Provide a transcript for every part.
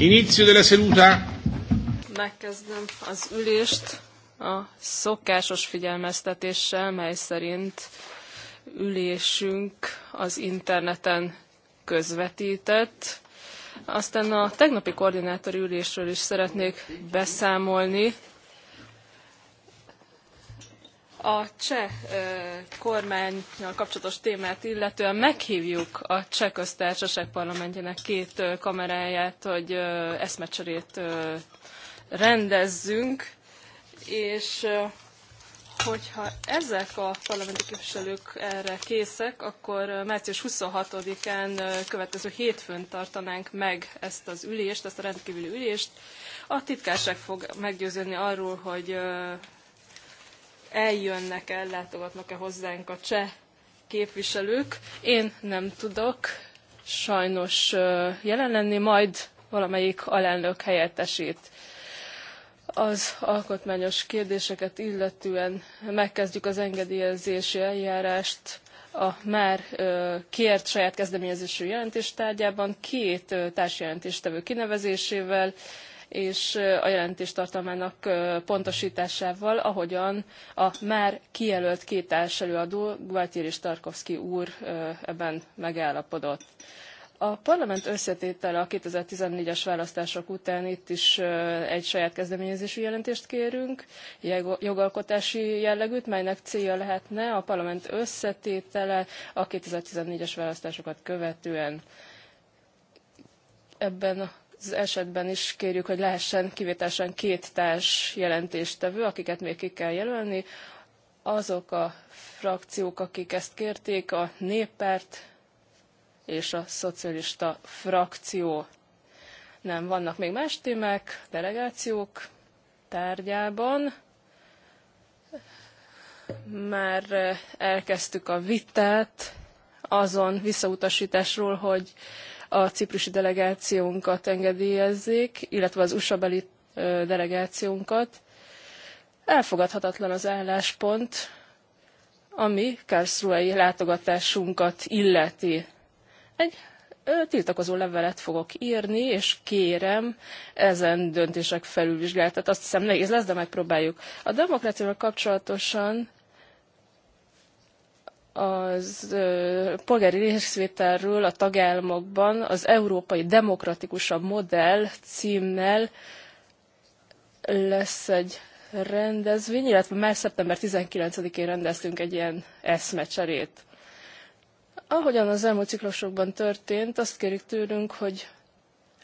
Inizio della seduta. Megkezdem az ülést a szokásos figyelmeztetéssel, mely szerint ülésünk az interneten közvetített. Aztán a tegnapi koordinátori ülésről is szeretnék beszámolni. A cseh kormányjal kapcsolatos témát illetően meghívjuk a cseh köztársaság parlamentjének két kameráját, hogy eszmecserét rendezzünk, és hogyha ezek a parlamenti képviselők erre készek, akkor március 26-án következő hétfőn tartanánk meg ezt az ülést, ezt a rendkívüli ülést. A titkárság fog meggyőződni arról, hogy eljönnek, ellátogatnak-e hozzánk a cseh képviselők. Én nem tudok sajnos jelen lenni, majd valamelyik alelnök helyettesít. Az alkotmányos kérdéseket illetően megkezdjük az engedélyezési eljárást a már kért saját kezdeményezésű jelentéstárgyában két társjelentéstevő kinevezésével, és a jelentés tartalmának pontosításával, ahogyan a már kijelölt két társelőadó, Gualtier és Tarkovsky úr ebben megállapodott. A parlament összetétele a 2014-es választások után itt is egy saját kezdeményezésű jelentést kérünk, jogalkotási jellegűt, melynek célja lehetne a parlament összetétele a 2014-es választásokat követően. Ebben a az esetben is kérjük, hogy lehessen kivételesen két társ jelentéstevő, akiket még ki kell jelölni. Azok a frakciók, akik ezt kérték, a néppárt és a szocialista frakció. Nem, vannak még más témák, delegációk tárgyában. Már eh, elkezdtük a vitát azon visszautasításról, hogy a ciprusi delegációnkat engedélyezzék, illetve az USA beli delegációnkat. Elfogadhatatlan az álláspont, ami Karlsruhe-i látogatásunkat illeti. Egy tiltakozó levelet fogok írni, és kérem ezen döntések felülvizsgálatát. Azt hiszem nehéz lesz, de megpróbáljuk. A demokráciával kapcsolatosan az polgári részvételről a tagállamokban az Európai Demokratikusabb Modell címmel lesz egy rendezvény, illetve már szeptember 19-én rendeztünk egy ilyen eszmecserét. Ahogyan az elmúlt ciklusokban történt, azt kérjük tőlünk, hogy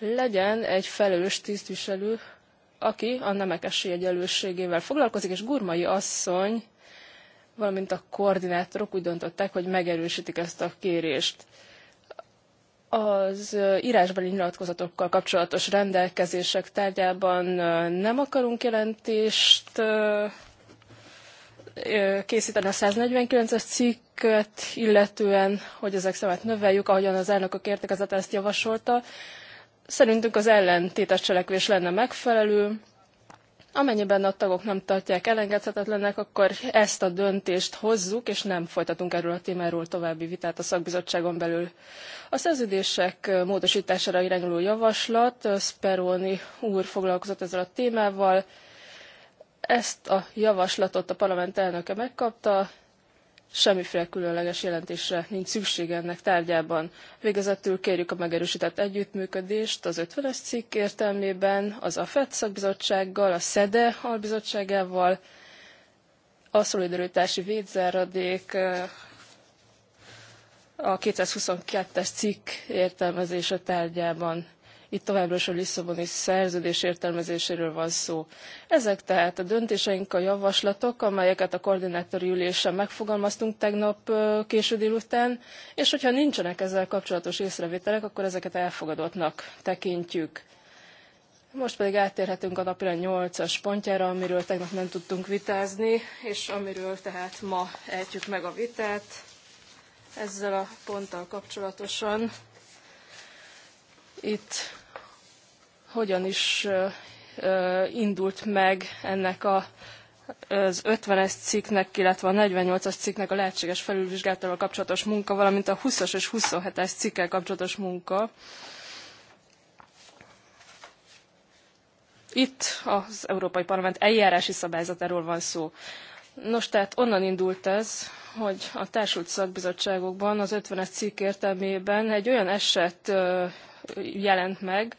legyen egy felelős tisztviselő, aki a nemek esélyegyelőségével foglalkozik, és Gurmai asszony valamint a koordinátorok úgy döntöttek, hogy megerősítik ezt a kérést. Az írásbeli nyilatkozatokkal kapcsolatos rendelkezések tárgyában nem akarunk jelentést készíteni a 149-es cikket, illetően, hogy ezek szemet növeljük, ahogyan az elnökök értekezete ezt javasolta. Szerintünk az ellentétes cselekvés lenne megfelelő, Amennyiben a tagok nem tartják elengedhetetlennek, akkor ezt a döntést hozzuk, és nem folytatunk erről a témáról további vitát a szakbizottságon belül. A szerződések módosítására irányuló javaslat, Speroni úr foglalkozott ezzel a témával, ezt a javaslatot a parlament elnöke megkapta, semmiféle különleges jelentésre nincs szükség ennek tárgyában. Végezetül kérjük a megerősített együttműködést az 50-es cikk értelmében, az AFET szakbizottsággal, a SZEDE albizottságával, a szolidaritási védzáradék, eh, a 222-es cikk értelmezése tárgyában. Itt továbbra is a Lisszaboni szerződés értelmezéséről van szó. Ezek tehát a döntéseink, a javaslatok, amelyeket a koordinátori ülésen megfogalmaztunk tegnap késő délután, és hogyha nincsenek ezzel kapcsolatos észrevételek, akkor ezeket elfogadottnak tekintjük. Most pedig áttérhetünk a napirend 8-as pontjára, amiről tegnap nem tudtunk vitázni, és amiről tehát ma ejtjük meg a vitát. Ezzel a ponttal kapcsolatosan itt hogyan is indult meg ennek a az 50-es cikknek, illetve a 48-as cikknek a lehetséges felülvizsgálatával kapcsolatos munka, valamint a 20-as és 27-es cikkel kapcsolatos munka. Itt az Európai Parlament eljárási szabályzatáról van szó. Nos, tehát onnan indult ez, hogy a társult szakbizottságokban az 50-es cikk értelmében egy olyan eset jelent meg,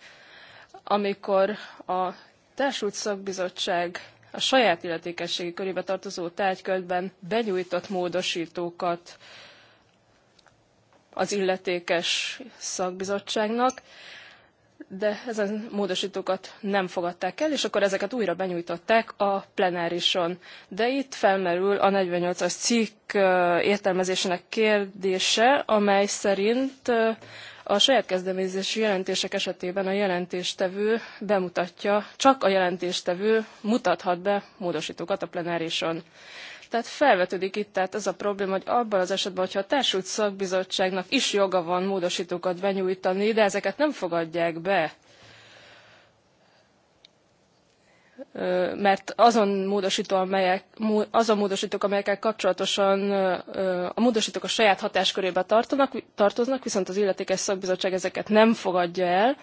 amikor a társult szakbizottság a saját illetékességi körébe tartozó tárgykörben benyújtott módosítókat az illetékes szakbizottságnak, de ezen módosítókat nem fogadták el, és akkor ezeket újra benyújtották a plenárison. De itt felmerül a 48-as cikk értelmezésének kérdése, amely szerint a saját kezdeményezésű jelentések esetében a jelentéstevő bemutatja, csak a jelentéstevő mutathat be módosítókat a plenárison. Tehát felvetődik itt tehát ez a probléma, hogy abban az esetben, hogyha a társult szakbizottságnak is joga van módosítókat benyújtani, de ezeket nem fogadják be, mert azon módosító, amelyek, azon módosítók, amelyekkel kapcsolatosan a módosítók a saját hatáskörébe tartanak, tartoznak, viszont az illetékes szakbizottság ezeket nem fogadja el.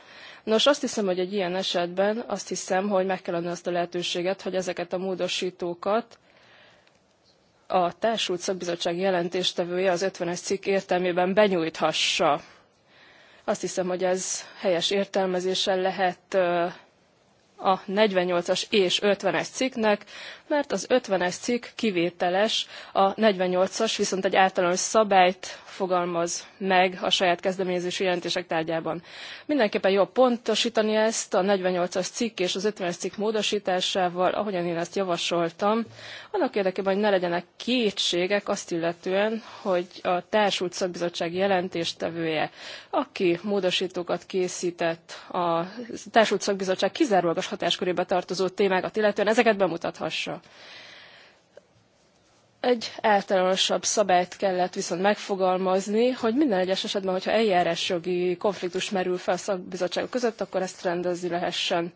Nos, azt hiszem, hogy egy ilyen esetben azt hiszem, hogy meg kell adni azt a lehetőséget, hogy ezeket a módosítókat a társult szakbizottság jelentéstevője az 50-es cikk értelmében benyújthassa. Azt hiszem, hogy ez helyes értelmezéssel lehet a 48-as és 50-es cikknek, mert az 50-es cikk kivételes, a 48-as viszont egy általános szabályt fogalmaz meg a saját kezdeményezési jelentések tárgyában. Mindenképpen jobb pontosítani ezt a 48-as cikk és az 50-es cikk módosításával, ahogyan én ezt javasoltam, annak érdekében, hogy ne legyenek kétségek azt illetően, hogy a társult szakbizottság jelentéstevője, aki módosítókat készített a társult szakbizottság kizárólagos hatáskörébe tartozó témákat illetően, ezeket bemutathassa. Egy általánosabb szabályt kellett viszont megfogalmazni, hogy minden egyes esetben, hogyha eljárásjogi konfliktus merül fel a szakbizottságok között, akkor ezt rendezni lehessen.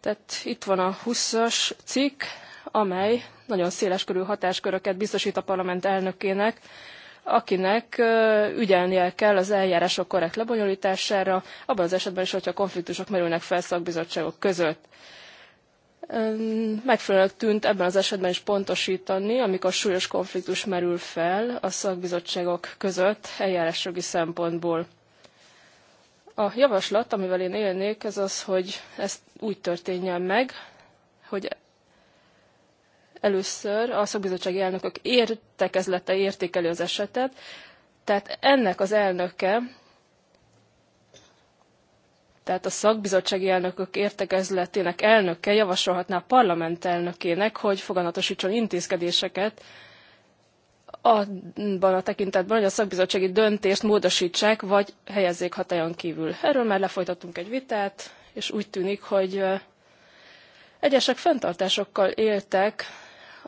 Tehát itt van a 20-as cikk, amely nagyon széles széleskörű hatásköröket biztosít a parlament elnökének, akinek ügyelnie kell az eljárások korrekt lebonyolítására, abban az esetben is, hogyha konfliktusok merülnek fel szakbizottságok között megfelelőnek tűnt ebben az esetben is pontosítani, amikor súlyos konfliktus merül fel a szakbizottságok között eljárásjogi szempontból. A javaslat, amivel én élnék, ez az, hogy ez úgy történjen meg, hogy először a szakbizottsági elnökök értekezlete értékeli az esetet, tehát ennek az elnöke tehát a szakbizottsági elnökök értekezletének elnöke javasolhatná a parlament elnökének, hogy foganatosítson intézkedéseket abban a tekintetben, hogy a szakbizottsági döntést módosítsák, vagy helyezzék hatályon kívül. Erről már lefolytattunk egy vitát, és úgy tűnik, hogy egyesek fenntartásokkal éltek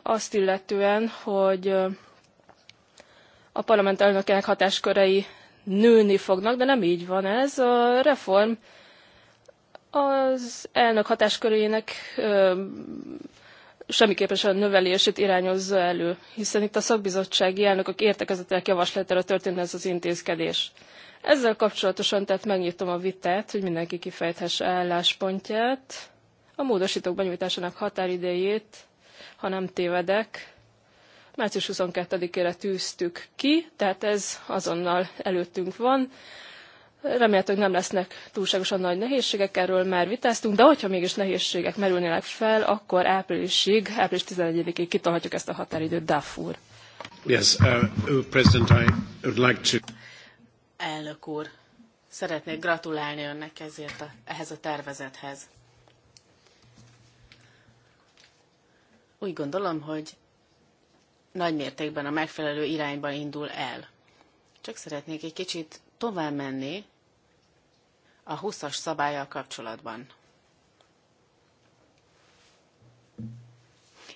azt illetően, hogy a parlament elnökének hatáskörei nőni fognak, de nem így van ez. A reform az elnök hatáskörének semmiképpen sem növelését irányozza elő, hiszen itt a szakbizottsági elnökök értekezetek javaslatára történt ez az intézkedés. Ezzel kapcsolatosan tehát megnyitom a vitát, hogy mindenki kifejthesse álláspontját, a módosítók benyújtásának határidejét, ha nem tévedek, március 22-ére tűztük ki, tehát ez azonnal előttünk van. Remélhetőleg nem lesznek túlságosan nagy nehézségek, erről már vitáztunk, de hogyha mégis nehézségek merülnének fel, akkor áprilisig, április 11-ig kitolhatjuk ezt a határidőt, Dafur. Yes, uh, uh, President, I would like to... Elnök úr, szeretnék gratulálni önnek ezért a, ehhez a tervezethez. Úgy gondolom, hogy nagy mértékben a megfelelő irányba indul el. Csak szeretnék egy kicsit tovább menni, a 20-as szabályjal kapcsolatban.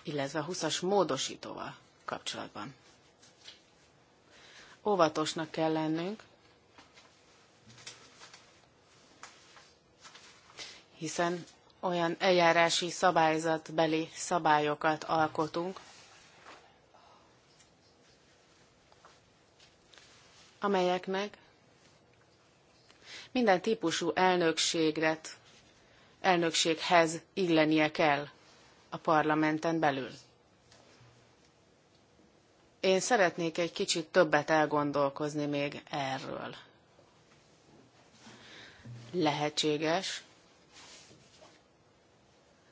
Illetve a 20-as módosítóval kapcsolatban. Óvatosnak kell lennünk, hiszen olyan eljárási szabályzatbeli szabályokat alkotunk, amelyeknek minden típusú elnökségret, elnökséghez illenie kell a parlamenten belül. Én szeretnék egy kicsit többet elgondolkozni még erről. Lehetséges,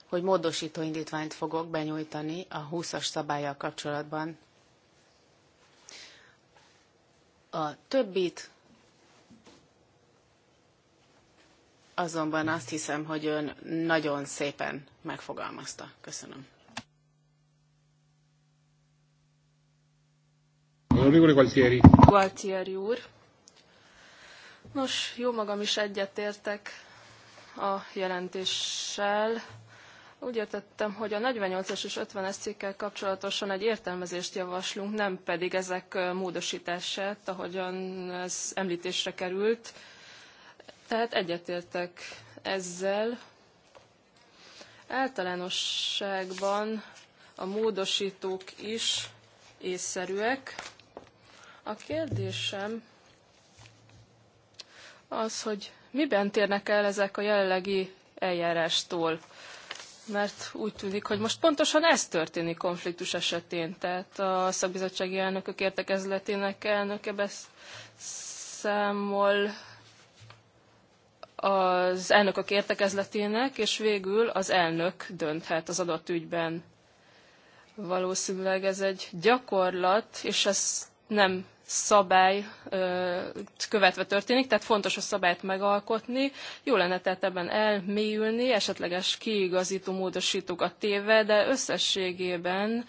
hogy módosító indítványt fogok benyújtani a 20-as szabályjal kapcsolatban. A többit azonban azt hiszem, hogy ön nagyon szépen megfogalmazta. Köszönöm. Gualtieri. Gualtieri úr. Nos, jó magam is egyetértek a jelentéssel. Úgy értettem, hogy a 48-as és 50-es cikkel kapcsolatosan egy értelmezést javaslunk, nem pedig ezek módosítását, ahogyan ez említésre került. Tehát egyetértek ezzel. Általánosságban a módosítók is észszerűek. A kérdésem az, hogy miben térnek el ezek a jelenlegi eljárástól. Mert úgy tűnik, hogy most pontosan ez történik konfliktus esetén. Tehát a szakbizottsági elnökök értekezletének elnöke beszámol az elnökök értekezletének, és végül az elnök dönthet az adott ügyben. Valószínűleg ez egy gyakorlat, és ez nem szabály követve történik, tehát fontos a szabályt megalkotni. Jó lenne tehát ebben elmélyülni, esetleges kiigazító módosítókat téve, de összességében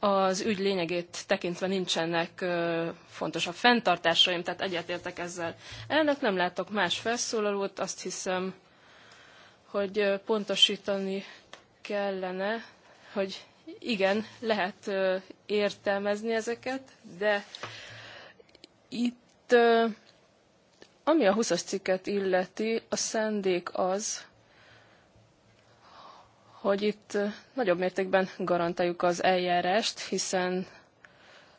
az ügy lényegét tekintve nincsenek fontosabb fenntartásaim, tehát egyetértek ezzel. Elnök nem látok más felszólalót, azt hiszem, hogy pontosítani kellene, hogy igen, lehet értelmezni ezeket, de itt, ami a 20-as cikket illeti, a szándék az, hogy itt eh, nagyobb mértékben garantáljuk az eljárást, hiszen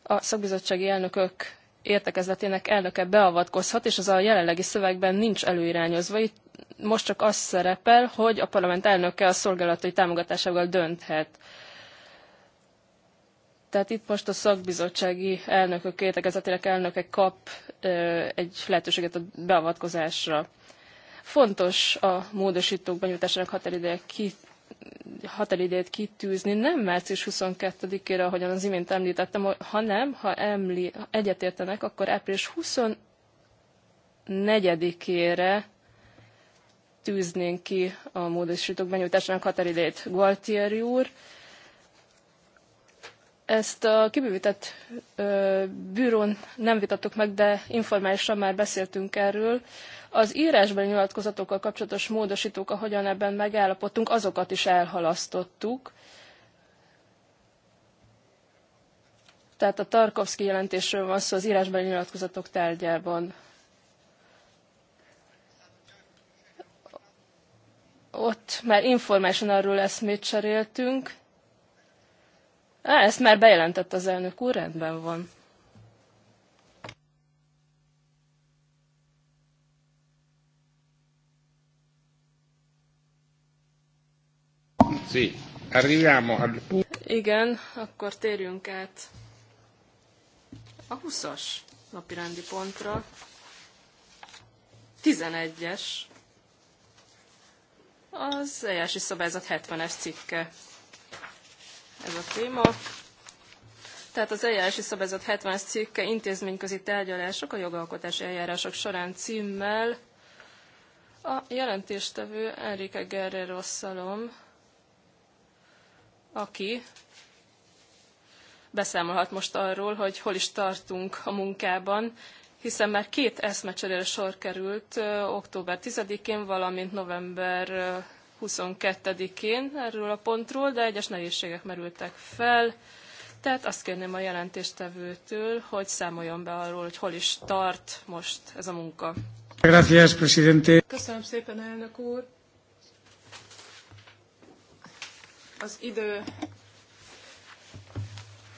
a szakbizottsági elnökök értekezletének elnöke beavatkozhat, és az a jelenlegi szövegben nincs előirányozva. Itt most csak az szerepel, hogy a parlament elnöke a szolgálatai támogatásával dönthet. Tehát itt most a szakbizottsági elnökök értekezletének elnöke kap eh, egy lehetőséget a beavatkozásra. Fontos a módosítók benyújtásának határideje határidőt kitűzni, nem március 22-ére, ahogyan az imént említettem, hanem ha emli, egyetértenek, akkor április 24-ére tűznénk ki a módosítók benyújtásának határidejét. Gualtieri úr, ezt a kibővített bűrón nem vitattuk meg, de informálisan már beszéltünk erről. Az írásbeli nyilatkozatokkal kapcsolatos módosítók, ahogyan ebben megállapodtunk, azokat is elhalasztottuk. Tehát a Tarkovszki jelentésről van szó az írásbeli nyilatkozatok tárgyában. Ott már informálisan arról eszmét cseréltünk, Á, ezt már bejelentett az elnök úr, rendben van. Igen, akkor térjünk át a 20-as napirendi pontra. 11-es. Az eljási szabályzat 70-es cikke ez a téma. Tehát az eljárási szabályzat 70 cikke intézményközi tárgyalások a jogalkotási eljárások során címmel a jelentéstevő Enrique Guerrero Szalom, aki beszámolhat most arról, hogy hol is tartunk a munkában, hiszen már két eszmecserére sor került október 10-én, valamint november 22-én erről a pontról, de egyes nehézségek merültek fel. Tehát azt kérném a jelentéstevőtől, hogy számoljon be arról, hogy hol is tart most ez a munka. Gracias, presidente. Köszönöm szépen, elnök úr. Az idő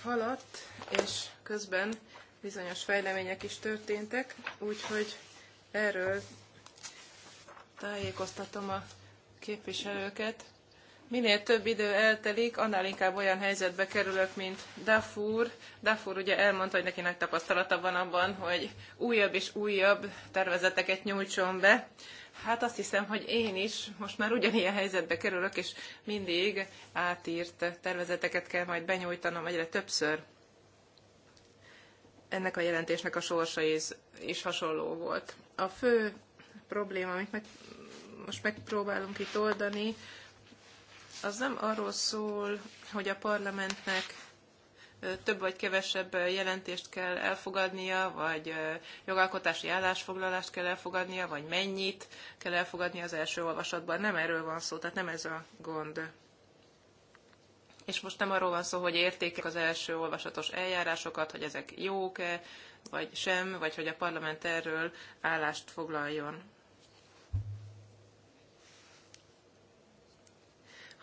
haladt, és közben bizonyos fejlemények is történtek, úgyhogy erről tájékoztatom a képviselőket. Minél több idő eltelik, annál inkább olyan helyzetbe kerülök, mint Dafur. Dafur ugye elmondta, hogy neki nagy tapasztalata van abban, hogy újabb és újabb tervezeteket nyújtson be. Hát azt hiszem, hogy én is most már ugyanilyen helyzetbe kerülök, és mindig átírt tervezeteket kell majd benyújtanom egyre többször. Ennek a jelentésnek a sorsa is, is hasonló volt. A fő probléma, amit meg most megpróbálunk itt oldani, az nem arról szól, hogy a parlamentnek több vagy kevesebb jelentést kell elfogadnia, vagy jogalkotási állásfoglalást kell elfogadnia, vagy mennyit kell elfogadnia az első olvasatban. Nem erről van szó, tehát nem ez a gond. És most nem arról van szó, hogy értékek az első olvasatos eljárásokat, hogy ezek jók-e, vagy sem, vagy hogy a parlament erről állást foglaljon.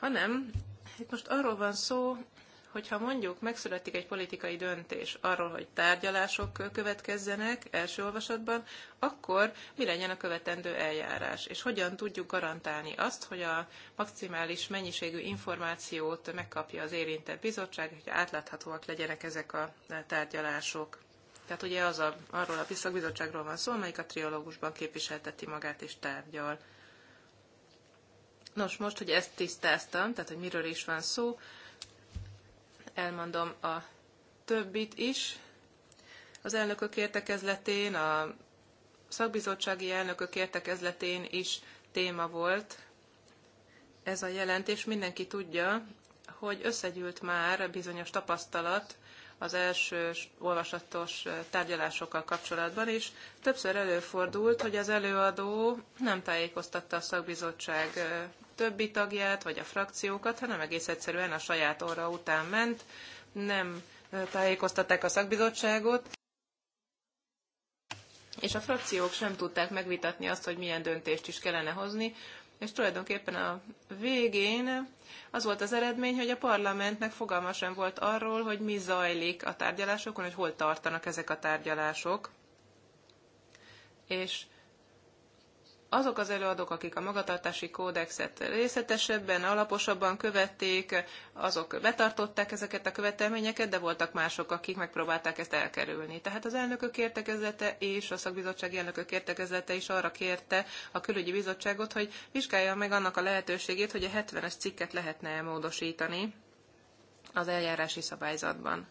hanem itt most arról van szó, hogyha mondjuk megszületik egy politikai döntés arról, hogy tárgyalások következzenek első olvasatban, akkor mi legyen a követendő eljárás, és hogyan tudjuk garantálni azt, hogy a maximális mennyiségű információt megkapja az érintett bizottság, hogy átláthatóak legyenek ezek a tárgyalások. Tehát ugye az a, arról a Piszak Bizottságról van szó, amelyik a triológusban képviselteti magát és tárgyal. Nos, most, hogy ezt tisztáztam, tehát hogy miről is van szó, elmondom a többit is. Az elnökök értekezletén, a szakbizottsági elnökök értekezletén is téma volt ez a jelentés. Mindenki tudja, hogy összegyűlt már bizonyos tapasztalat az első olvasatos tárgyalásokkal kapcsolatban is többször előfordult, hogy az előadó nem tájékoztatta a szakbizottság többi tagját, vagy a frakciókat, hanem egész egyszerűen a saját orra után ment, nem tájékoztatták a szakbizottságot, és a frakciók sem tudták megvitatni azt, hogy milyen döntést is kellene hozni, és tulajdonképpen a végén az volt az eredmény, hogy a parlamentnek fogalma sem volt arról, hogy mi zajlik a tárgyalásokon, hogy hol tartanak ezek a tárgyalások. És azok az előadók, akik a magatartási kódexet részletesebben, alaposabban követték, azok betartották ezeket a követelményeket, de voltak mások, akik megpróbálták ezt elkerülni. Tehát az elnökök értekezete és a szakbizottsági elnökök értekezete is arra kérte a külügyi bizottságot, hogy vizsgálja meg annak a lehetőségét, hogy a 70-es cikket lehetne elmódosítani az eljárási szabályzatban.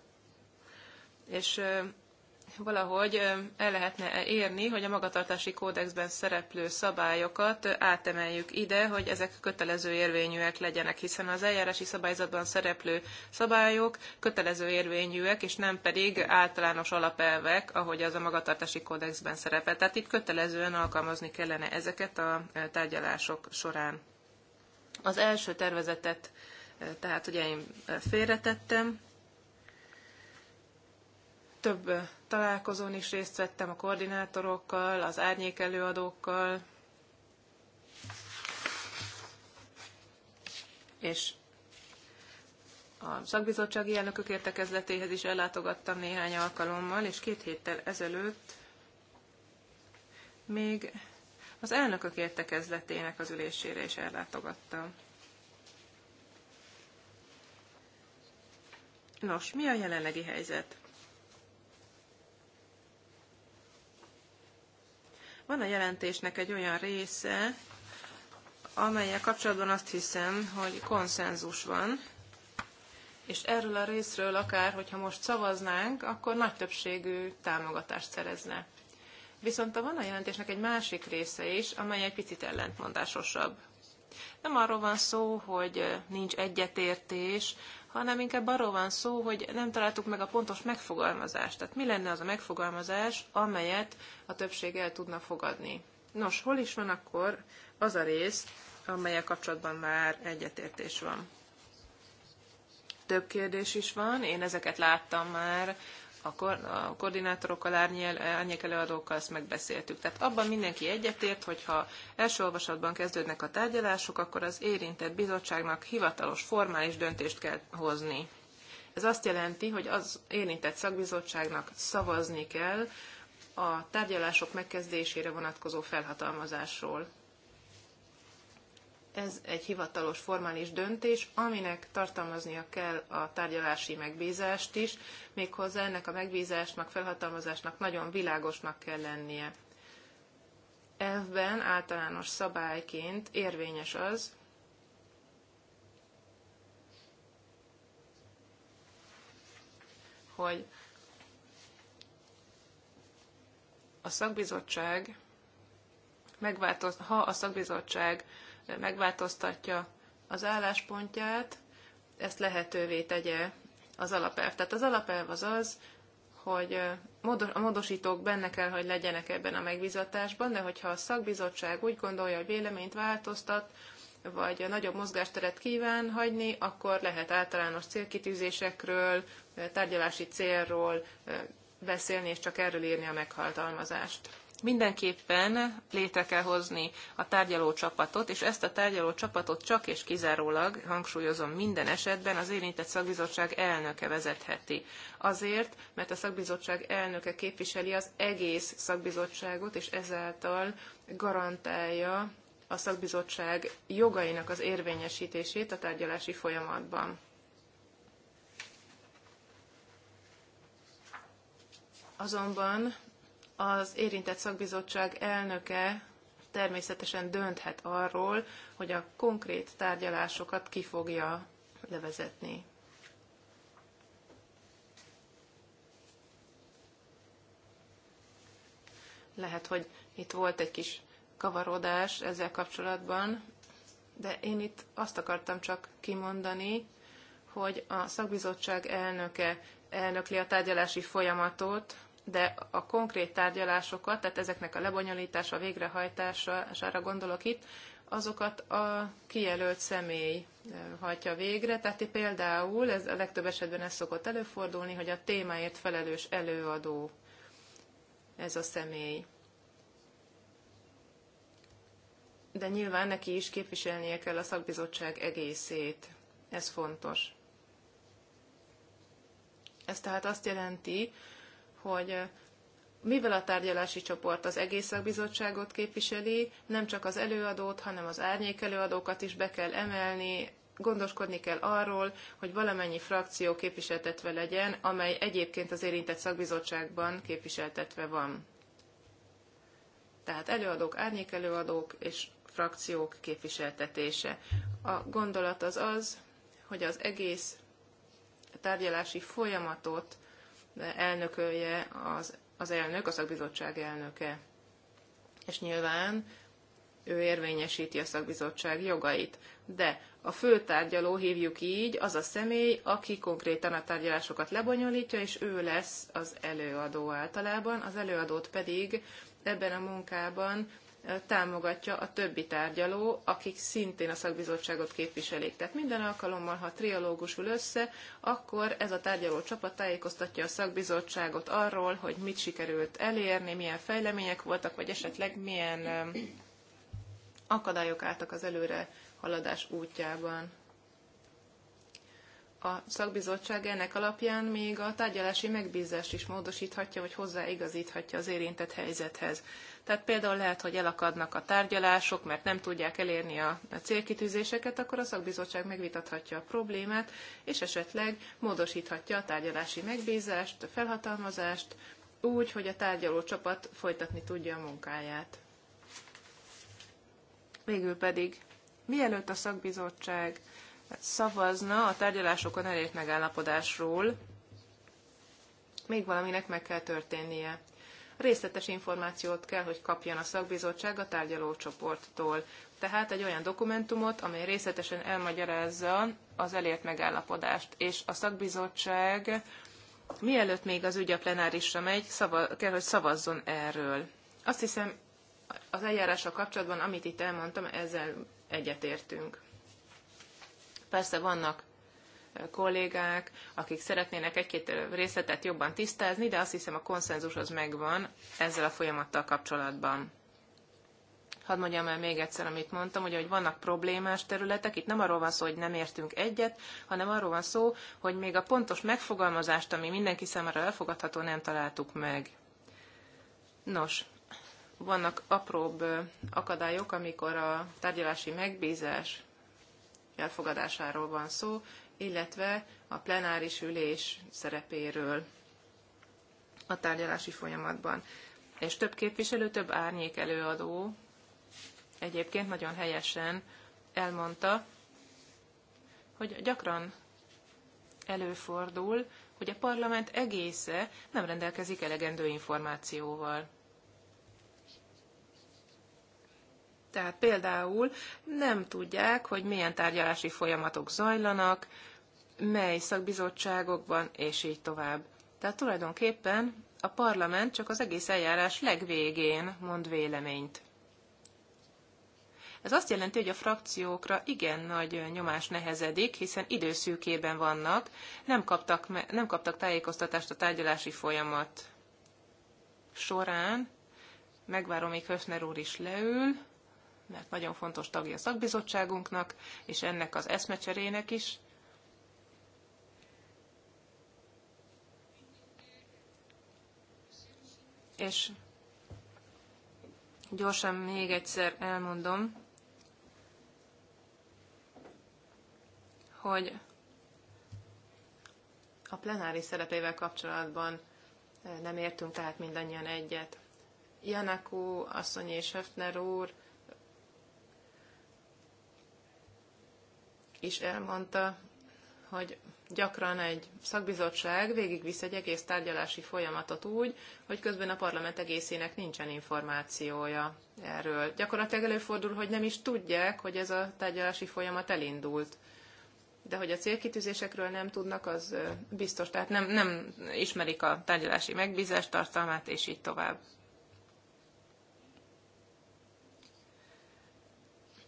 És valahogy el lehetne érni, hogy a magatartási kódexben szereplő szabályokat átemeljük ide, hogy ezek kötelező érvényűek legyenek, hiszen az eljárási szabályzatban szereplő szabályok kötelező érvényűek, és nem pedig általános alapelvek, ahogy az a magatartási kódexben szerepel. Tehát itt kötelezően alkalmazni kellene ezeket a tárgyalások során. Az első tervezetet, tehát ugye én félretettem, több találkozón is részt vettem a koordinátorokkal, az árnyék előadókkal, és a szakbizottsági elnökök értekezletéhez is ellátogattam néhány alkalommal, és két héttel ezelőtt még az elnökök értekezletének az ülésére is ellátogattam. Nos, mi a jelenlegi helyzet? Van a jelentésnek egy olyan része, amelyel kapcsolatban azt hiszem, hogy konszenzus van, és erről a részről akár, hogyha most szavaznánk, akkor nagy többségű támogatást szerezne. Viszont a van a jelentésnek egy másik része is, amely egy picit ellentmondásosabb. Nem arról van szó, hogy nincs egyetértés hanem inkább arról van szó, hogy nem találtuk meg a pontos megfogalmazást. Tehát mi lenne az a megfogalmazás, amelyet a többség el tudna fogadni. Nos, hol is van akkor az a rész, amelyek kapcsolatban már egyetértés van? Több kérdés is van, én ezeket láttam már a, kor, a koordinátorokkal, árnyék előadókkal ezt megbeszéltük. Tehát abban mindenki egyetért, hogyha első olvasatban kezdődnek a tárgyalások, akkor az érintett bizottságnak hivatalos, formális döntést kell hozni. Ez azt jelenti, hogy az érintett szakbizottságnak szavazni kell a tárgyalások megkezdésére vonatkozó felhatalmazásról ez egy hivatalos, formális döntés, aminek tartalmaznia kell a tárgyalási megbízást is, méghozzá ennek a megbízásnak, felhatalmazásnak nagyon világosnak kell lennie. Elvben általános szabályként érvényes az, hogy a szakbizottság megváltoz, ha a szakbizottság megváltoztatja az álláspontját, ezt lehetővé tegye az alapelv. Tehát az alapelv az az, hogy a módosítók benne kell, hogy legyenek ebben a megbizatásban, de hogyha a szakbizottság úgy gondolja, hogy véleményt változtat, vagy a nagyobb mozgásteret kíván hagyni, akkor lehet általános célkitűzésekről, tárgyalási célról beszélni, és csak erről írni a meghaltalmazást. Mindenképpen létre kell hozni a tárgyaló csapatot, és ezt a tárgyaló csapatot csak és kizárólag, hangsúlyozom minden esetben, az érintett szakbizottság elnöke vezetheti. Azért, mert a szakbizottság elnöke képviseli az egész szakbizottságot, és ezáltal garantálja a szakbizottság jogainak az érvényesítését a tárgyalási folyamatban. Azonban az érintett szakbizottság elnöke természetesen dönthet arról, hogy a konkrét tárgyalásokat ki fogja levezetni. Lehet, hogy itt volt egy kis kavarodás ezzel kapcsolatban, de én itt azt akartam csak kimondani, hogy a szakbizottság elnöke elnökli a tárgyalási folyamatot, de a konkrét tárgyalásokat, tehát ezeknek a lebonyolítása, a végrehajtására gondolok itt, azokat a kijelölt személy hajtja végre. Tehát például, ez a legtöbb esetben ez szokott előfordulni, hogy a témáért felelős előadó ez a személy. De nyilván neki is képviselnie kell a szakbizottság egészét. Ez fontos. Ez tehát azt jelenti, hogy mivel a tárgyalási csoport az egész szakbizottságot képviseli, nem csak az előadót, hanem az árnyék előadókat is be kell emelni, gondoskodni kell arról, hogy valamennyi frakció képviseltetve legyen, amely egyébként az érintett szakbizottságban képviseltetve van. Tehát előadók, árnyék előadók és frakciók képviseltetése. A gondolat az az, hogy az egész tárgyalási folyamatot elnökölje az, az elnök, a szakbizottság elnöke. És nyilván ő érvényesíti a szakbizottság jogait. De a főtárgyaló, hívjuk így, az a személy, aki konkrétan a tárgyalásokat lebonyolítja, és ő lesz az előadó általában, az előadót pedig ebben a munkában támogatja a többi tárgyaló, akik szintén a szakbizottságot képviselik. Tehát minden alkalommal, ha ül össze, akkor ez a tárgyaló csapat tájékoztatja a szakbizottságot arról, hogy mit sikerült elérni, milyen fejlemények voltak, vagy esetleg milyen akadályok álltak az előre haladás útjában. A szakbizottság ennek alapján még a tárgyalási megbízást is módosíthatja, vagy hozzáigazíthatja az érintett helyzethez. Tehát például lehet, hogy elakadnak a tárgyalások, mert nem tudják elérni a célkitűzéseket, akkor a szakbizottság megvitathatja a problémát, és esetleg módosíthatja a tárgyalási megbízást, felhatalmazást, úgy, hogy a tárgyaló csapat folytatni tudja a munkáját. Végül pedig, mielőtt a szakbizottság szavazna a tárgyalásokon elért megállapodásról, még valaminek meg kell történnie részletes információt kell, hogy kapjon a szakbizottság a tárgyalócsoporttól. Tehát egy olyan dokumentumot, amely részletesen elmagyarázza az elért megállapodást, és a szakbizottság mielőtt még az ügy a plenárisra megy, szava, kell, hogy szavazzon erről. Azt hiszem, az eljárással kapcsolatban, amit itt elmondtam, ezzel egyetértünk. Persze vannak kollégák, akik szeretnének egy-két részletet jobban tisztázni, de azt hiszem a konszenzus az megvan ezzel a folyamattal kapcsolatban. Hadd mondjam el még egyszer, amit mondtam, ugye, hogy vannak problémás területek, itt nem arról van szó, hogy nem értünk egyet, hanem arról van szó, hogy még a pontos megfogalmazást, ami mindenki számára elfogadható, nem találtuk meg. Nos, vannak apróbb akadályok, amikor a tárgyalási megbízás elfogadásáról van szó, illetve a plenáris ülés szerepéről a tárgyalási folyamatban. És több képviselő, több árnyék előadó egyébként nagyon helyesen elmondta, hogy gyakran előfordul, hogy a parlament egésze nem rendelkezik elegendő információval. Tehát például nem tudják, hogy milyen tárgyalási folyamatok zajlanak, mely szakbizottságokban, és így tovább. Tehát tulajdonképpen a parlament csak az egész eljárás legvégén mond véleményt. Ez azt jelenti, hogy a frakciókra igen nagy nyomás nehezedik, hiszen időszűkében vannak, nem kaptak, nem kaptak tájékoztatást a tárgyalási folyamat során. Megvárom, még Höfner úr is leül, mert nagyon fontos tagja a szakbizottságunknak, és ennek az eszmecserének is. és gyorsan még egyszer elmondom, hogy a plenári szerepével kapcsolatban eh, nem értünk tehát mindannyian egyet. Janakó asszony és Höfner úr is elmondta, hogy gyakran egy szakbizottság végigvisz egy egész tárgyalási folyamatot úgy, hogy közben a parlament egészének nincsen információja erről. Gyakorlatilag előfordul, hogy nem is tudják, hogy ez a tárgyalási folyamat elindult. De hogy a célkitűzésekről nem tudnak, az biztos, tehát nem, nem ismerik a tárgyalási megbízás tartalmát, és így tovább.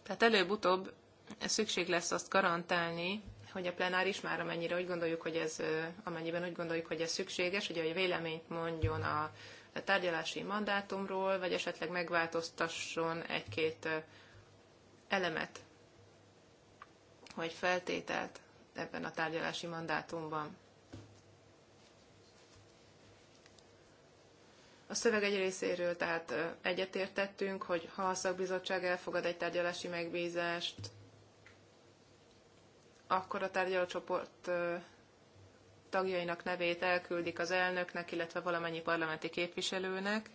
Tehát előbb-utóbb szükség lesz azt garantálni, hogy a plenáris már amennyire úgy gondoljuk, hogy ez, amennyiben úgy gondoljuk, hogy ez szükséges, ugye, hogy véleményt mondjon a tárgyalási mandátumról, vagy esetleg megváltoztasson egy-két elemet, vagy feltételt ebben a tárgyalási mandátumban. A szöveg egy részéről tehát egyetértettünk, hogy ha a szakbizottság elfogad egy tárgyalási megbízást, akkor a tárgyalócsoport tagjainak nevét elküldik az elnöknek, illetve valamennyi parlamenti képviselőnek,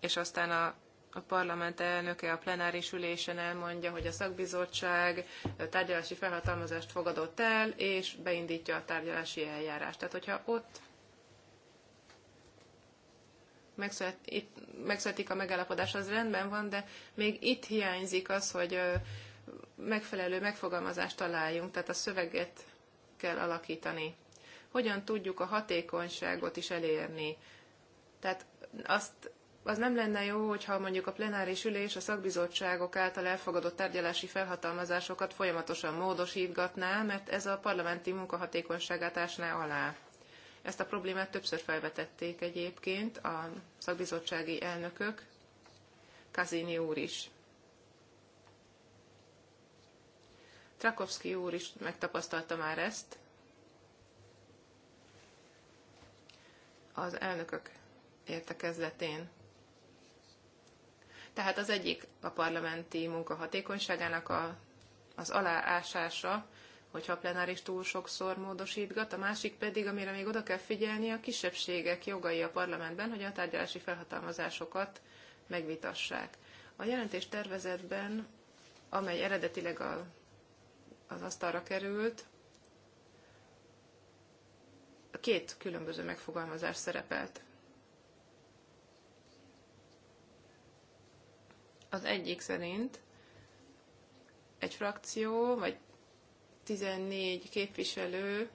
és aztán a a parlament elnöke a plenáris ülésen elmondja, hogy a szakbizottság tárgyalási felhatalmazást fogadott el, és beindítja a tárgyalási eljárást. Tehát, hogyha ott megszületik a megállapodás, az rendben van, de még itt hiányzik az, hogy megfelelő megfogalmazást találjunk, tehát a szöveget kell alakítani. Hogyan tudjuk a hatékonyságot is elérni? Tehát azt az nem lenne jó, hogyha mondjuk a plenáris ülés a szakbizottságok által elfogadott tárgyalási felhatalmazásokat folyamatosan módosítgatná, mert ez a parlamenti munkahatékonyságát ásná alá. Ezt a problémát többször felvetették egyébként a szakbizottsági elnökök, Kazini úr is. Trakowski úr is megtapasztalta már ezt. Az elnökök értekezletén. Tehát az egyik a parlamenti munka hatékonyságának a, az aláásása, hogyha a plenáris túl sokszor módosítgat, a másik pedig, amire még oda kell figyelni, a kisebbségek jogai a parlamentben, hogy a tárgyalási felhatalmazásokat megvitassák. A jelentés tervezetben, amely eredetileg a az asztalra került, két különböző megfogalmazás szerepelt. Az egyik szerint egy frakció, vagy 14 képviselő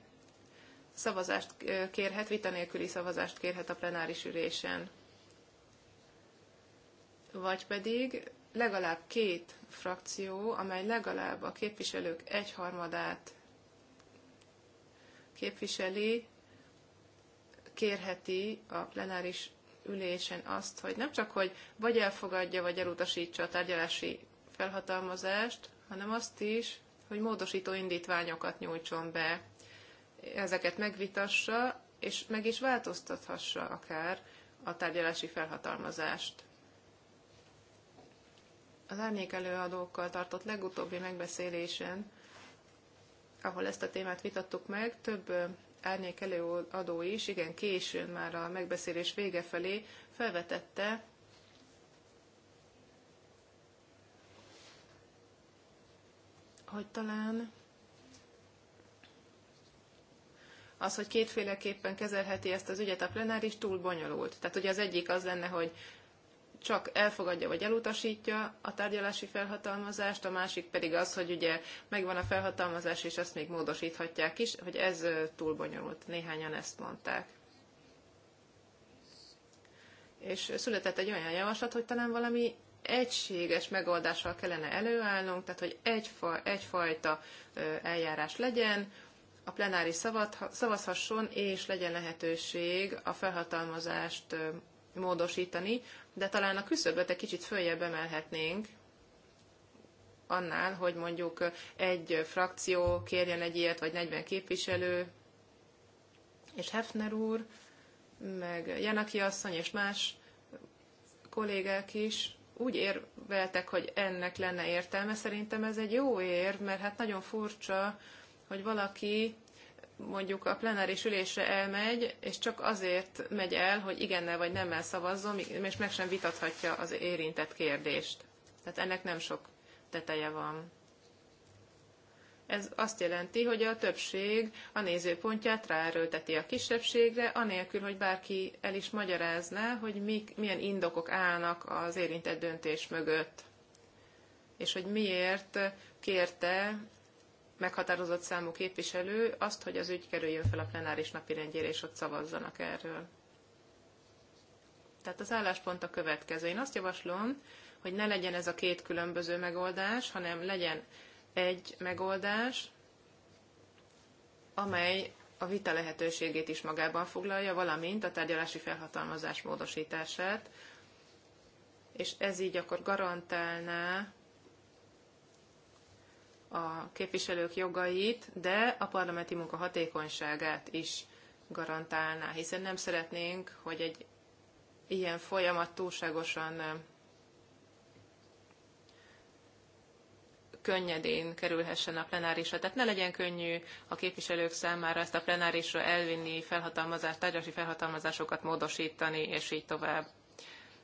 szavazást kérhet, vita nélküli szavazást kérhet a plenáris ülésen. Vagy pedig legalább két frakció, amely legalább a képviselők egyharmadát képviseli, kérheti a plenáris ülésen azt, hogy nem csak, hogy vagy elfogadja, vagy elutasítsa a tárgyalási felhatalmazást, hanem azt is, hogy módosító indítványokat nyújtson be, ezeket megvitassa, és meg is változtathassa akár a tárgyalási felhatalmazást. Az árnyék előadókkal tartott legutóbbi megbeszélésen, ahol ezt a témát vitattuk meg, több árnyék előadó is, igen, későn már a megbeszélés vége felé felvetette, hogy talán az, hogy kétféleképpen kezelheti ezt az ügyet a plenáris, túl bonyolult. Tehát ugye az egyik az lenne, hogy csak elfogadja vagy elutasítja a tárgyalási felhatalmazást, a másik pedig az, hogy ugye megvan a felhatalmazás, és ezt még módosíthatják is, hogy ez túl bonyolult. Néhányan ezt mondták. És született egy olyan javaslat, hogy talán valami egységes megoldással kellene előállnunk, tehát hogy egyfa, egyfajta eljárás legyen, a plenáris szavat, szavazhasson, és legyen lehetőség a felhatalmazást módosítani, de talán a küszöböt egy kicsit följebb emelhetnénk, annál, hogy mondjuk egy frakció kérjen egy ilyet, vagy 40 képviselő, és Hefner úr, meg Janaki asszony és más kollégák is úgy érveltek, hogy ennek lenne értelme. Szerintem ez egy jó ér, mert hát nagyon furcsa, hogy valaki mondjuk a plenáris ülésre elmegy, és csak azért megy el, hogy igennel vagy nemmel szavazzon, és meg sem vitathatja az érintett kérdést. Tehát ennek nem sok teteje van. Ez azt jelenti, hogy a többség a nézőpontját ráerőlteti a kisebbségre, anélkül, hogy bárki el is magyarázná, hogy mik, milyen indokok állnak az érintett döntés mögött, és hogy miért kérte meghatározott számú képviselő azt, hogy az ügy kerüljön fel a plenáris napirendjére, és ott szavazzanak erről. Tehát az álláspont a következő. Én azt javaslom, hogy ne legyen ez a két különböző megoldás, hanem legyen egy megoldás, amely a vita lehetőségét is magában foglalja, valamint a tárgyalási felhatalmazás módosítását, és ez így akkor garantálná a képviselők jogait, de a parlamenti munka hatékonyságát is garantálná, hiszen nem szeretnénk, hogy egy ilyen folyamat túlságosan könnyedén kerülhessen a plenárisra. Tehát ne legyen könnyű a képviselők számára ezt a plenárisra elvinni, felhatalmazást, tárgyalási felhatalmazásokat módosítani, és így tovább.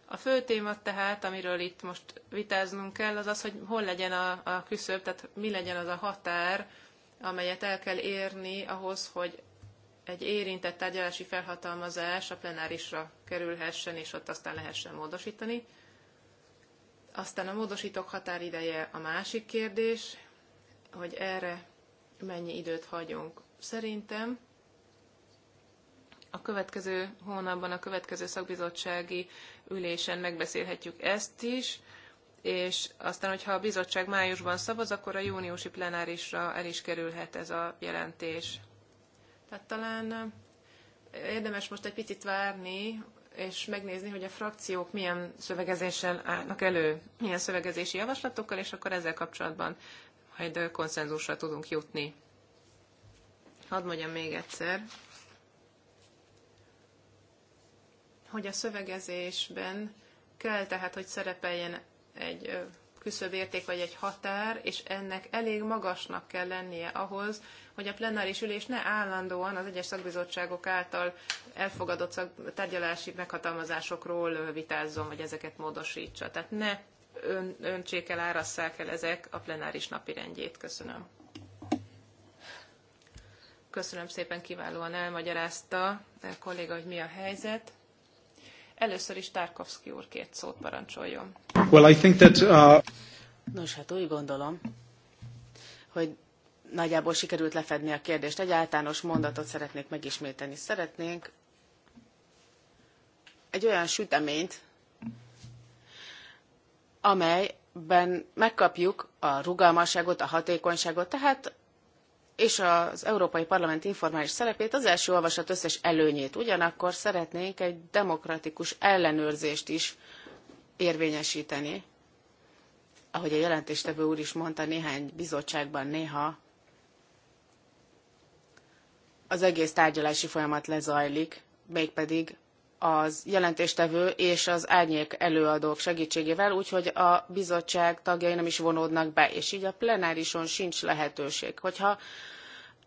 A fő téma tehát, amiről itt most vitáznunk kell, az az, hogy hol legyen a, a küszöb, tehát mi legyen az a határ, amelyet el kell érni ahhoz, hogy egy érintett tárgyalási felhatalmazás a plenárisra kerülhessen, és ott aztán lehessen módosítani. Aztán a módosítók határideje a másik kérdés, hogy erre mennyi időt hagyunk. Szerintem a következő hónapban, a következő szakbizottsági ülésen megbeszélhetjük ezt is, és aztán, hogyha a bizottság májusban szavaz, akkor a júniusi plenárisra el is kerülhet ez a jelentés. Tehát talán eh, érdemes most egy picit várni, és megnézni, hogy a frakciók milyen szövegezéssel állnak elő, milyen szövegezési javaslatokkal, és akkor ezzel kapcsolatban majd konszenzusra tudunk jutni. Hadd mondjam még egyszer, hogy a szövegezésben kell tehát, hogy szerepeljen egy küszöbérték vagy egy határ, és ennek elég magasnak kell lennie ahhoz, hogy a plenáris ülés ne állandóan az egyes szakbizottságok által elfogadott szak, tárgyalási meghatalmazásokról vitázzon, vagy ezeket módosítsa. Tehát ne ön, öntsékel árasszák el ezek a plenáris napi rendjét. Köszönöm. Köszönöm szépen, kiválóan elmagyarázta a eh, kolléga, hogy mi a helyzet. Először is Tarkovsky úr két szót parancsoljon. Well, I think that, uh... Nos, hát úgy gondolom, hogy nagyjából sikerült lefedni a kérdést. Egy általános mondatot szeretnék megismételni. Szeretnénk egy olyan süteményt, amelyben megkapjuk a rugalmasságot, a hatékonyságot, tehát és az Európai Parlament informális szerepét, az első olvasat összes előnyét. Ugyanakkor szeretnénk egy demokratikus ellenőrzést is érvényesíteni. Ahogy a jelentéstevő úr is mondta, néhány bizottságban néha az egész tárgyalási folyamat lezajlik, mégpedig az jelentéstevő és az árnyék előadók segítségével, úgyhogy a bizottság tagjai nem is vonódnak be, és így a plenárison sincs lehetőség. Hogyha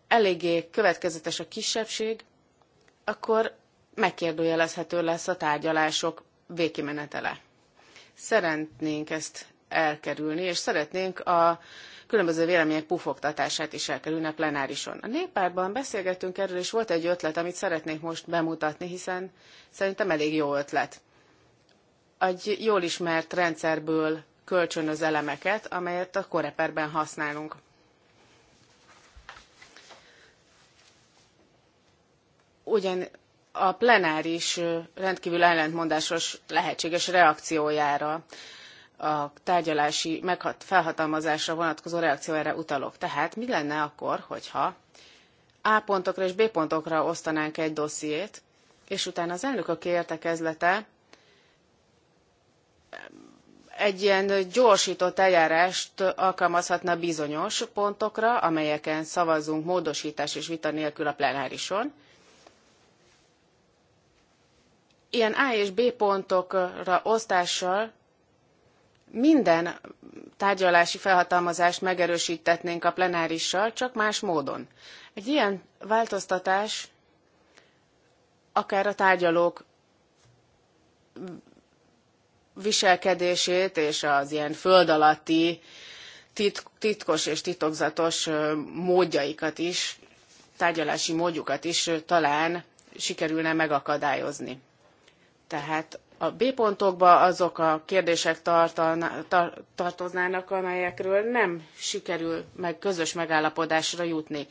eléggé következetes a kisebbség, akkor megkérdőjelezhető lesz a tárgyalások végkimenetele. Szeretnénk ezt elkerülni, és szeretnénk a különböző vélemények pufogtatását is elkerülnek plenárison. A néppártban beszélgettünk erről, és volt egy ötlet, amit szeretnék most bemutatni, hiszen szerintem elég jó ötlet. Egy jól ismert rendszerből kölcsönöz elemeket, amelyet a koreperben használunk. Ugyan a plenáris rendkívül ellentmondásos lehetséges reakciójára a tárgyalási meghat, felhatalmazásra vonatkozó reakció erre utalok. Tehát mi lenne akkor, hogyha A pontokra és B pontokra osztanánk egy dossziét, és utána az elnökök értekezlete egy ilyen gyorsított eljárást alkalmazhatna bizonyos pontokra, amelyeken szavazunk módosítás és vita nélkül a plenárison. Ilyen A és B pontokra osztással minden tárgyalási felhatalmazást megerősítetnénk a plenárissal, csak más módon. Egy ilyen változtatás akár a tárgyalók viselkedését és az ilyen föld alatti titkos és titokzatos módjaikat is, tárgyalási módjukat is talán sikerülne megakadályozni. Tehát a B pontokba azok a kérdések tartalna, tar, tartoznának, amelyekről nem sikerül meg közös megállapodásra jutni.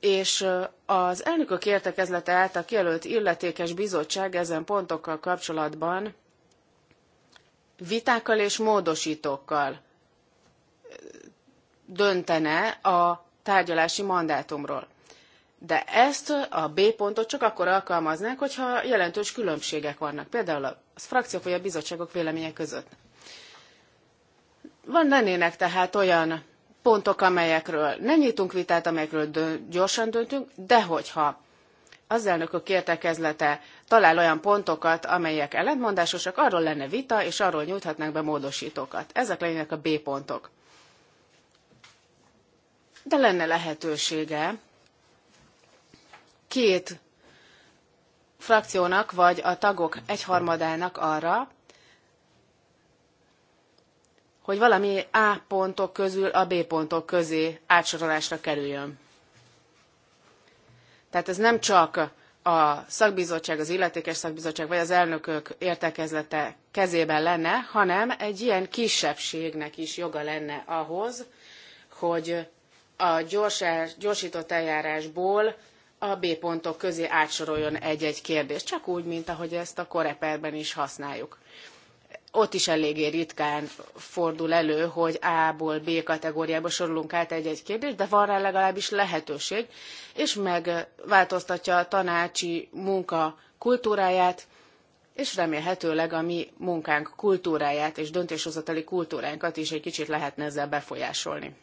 És az elnökök értekezlete által kijelölt illetékes bizottság ezen pontokkal kapcsolatban vitákkal és módosítókkal döntene a tárgyalási mandátumról. De ezt a B pontot csak akkor alkalmaznák, hogyha jelentős különbségek vannak, például a frakciók vagy a bizottságok vélemények között. Van lennének tehát olyan pontok, amelyekről nem nyitunk vitát, amelyekről dö- gyorsan döntünk, de hogyha az elnökök értekezlete talál olyan pontokat, amelyek ellentmondásosak, arról lenne vita, és arról nyújthatnánk be módosítókat. Ezek lennének a B pontok. De lenne lehetősége két frakciónak vagy a tagok egyharmadának arra, hogy valami A pontok közül a B pontok közé átsorolásra kerüljön. Tehát ez nem csak a szakbizottság, az illetékes szakbizottság vagy az elnökök értekezlete kezében lenne, hanem egy ilyen kisebbségnek is joga lenne ahhoz, hogy a gyors, gyorsított eljárásból a B pontok közé átsoroljon egy-egy kérdést, csak úgy, mint ahogy ezt a koreperben is használjuk. Ott is eléggé ritkán fordul elő, hogy A-ból B kategóriába sorolunk át egy-egy kérdést, de van rá legalábbis lehetőség, és megváltoztatja a tanácsi munka kultúráját, és remélhetőleg a mi munkánk kultúráját és döntéshozatali kultúránkat is egy kicsit lehetne ezzel befolyásolni.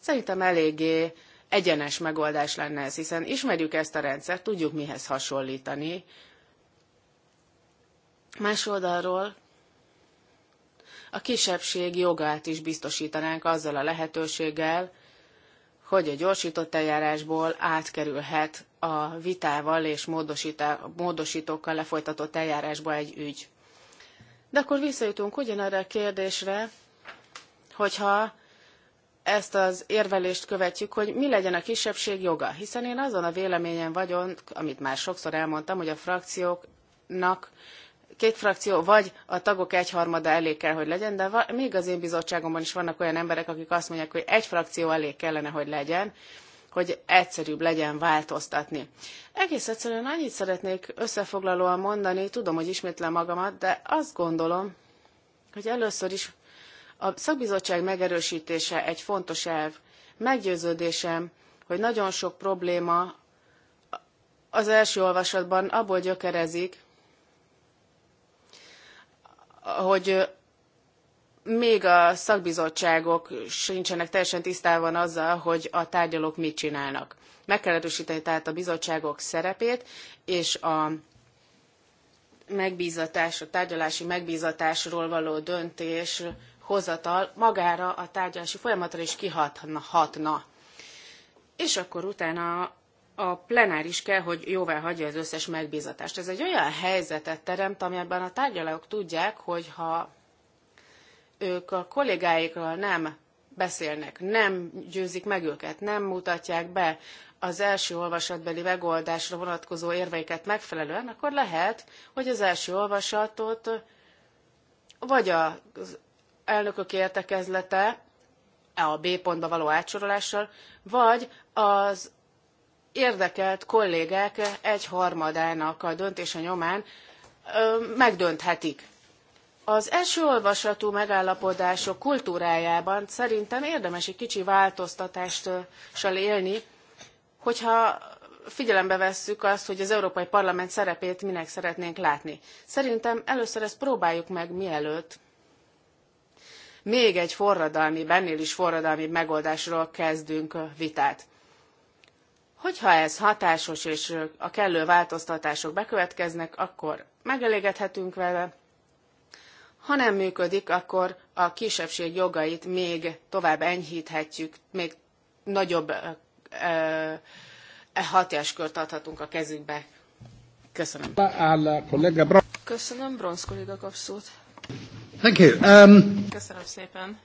Szerintem eléggé egyenes megoldás lenne ez, hiszen ismerjük ezt a rendszert, tudjuk mihez hasonlítani. Más oldalról a kisebbség jogát is biztosítanánk azzal a lehetőséggel, hogy a gyorsított eljárásból átkerülhet a vitával és módosítókkal lefolytatott eljárásba egy ügy. De akkor visszajutunk ugyanarra a kérdésre, hogyha ezt az érvelést követjük, hogy mi legyen a kisebbség joga. Hiszen én azon a véleményen vagyok, amit már sokszor elmondtam, hogy a frakcióknak két frakció, vagy a tagok egyharmada elé kell, hogy legyen, de még az én bizottságomban is vannak olyan emberek, akik azt mondják, hogy egy frakció elé kellene, hogy legyen, hogy egyszerűbb legyen változtatni. Egész egyszerűen annyit szeretnék összefoglalóan mondani, tudom, hogy ismétlem magamat, de azt gondolom, hogy először is a szakbizottság megerősítése egy fontos elv. Meggyőződésem, hogy nagyon sok probléma az első olvasatban abból gyökerezik, hogy még a szakbizottságok sincsenek teljesen tisztában azzal, hogy a tárgyalók mit csinálnak. Meg kell erősíteni tehát a bizottságok szerepét, és a megbízatás, a tárgyalási megbízatásról való döntés hozatal magára a tárgyalási folyamatra is kihatna. És akkor utána a plenáris kell, hogy jóvá hagyja az összes megbízatást. Ez egy olyan helyzetet teremt, amiben a tárgyalók tudják, hogy ha ők a kollégáikról nem beszélnek, nem győzik meg őket, nem mutatják be az első olvasatbeli megoldásra vonatkozó érveiket megfelelően, akkor lehet, hogy az első olvasatot vagy az elnökök értekezlete a B pontba való átsorolással, vagy az érdekelt kollégák egyharmadának a döntése nyomán megdönthetik. Az első olvasatú megállapodások kultúrájában szerintem érdemes egy kicsi változtatással élni, hogyha figyelembe vesszük azt, hogy az Európai Parlament szerepét minek szeretnénk látni. Szerintem először ezt próbáljuk meg mielőtt még egy forradalmi, bennél is forradalmi megoldásról kezdünk vitát. Hogyha ez hatásos és a kellő változtatások bekövetkeznek, akkor megelégedhetünk vele, ha nem működik, akkor a kisebbség jogait még tovább enyhíthetjük, még nagyobb e hatáskört adhatunk a kezükbe. Köszönöm. Köszönöm, Bronsz kolléga Thank you. Um... Köszönöm szépen.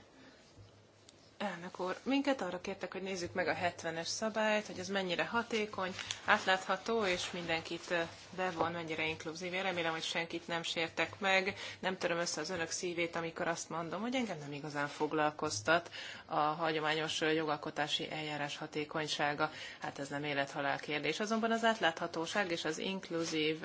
Elnök úr, minket arra kértek, hogy nézzük meg a 70-es szabályt, hogy ez mennyire hatékony, átlátható, és mindenkit bevon, mennyire inkluzív. Én remélem, hogy senkit nem sértek meg, nem töröm össze az önök szívét, amikor azt mondom, hogy engem nem igazán foglalkoztat a hagyományos jogalkotási eljárás hatékonysága. Hát ez nem élethalál kérdés. Azonban az átláthatóság és az inkluzív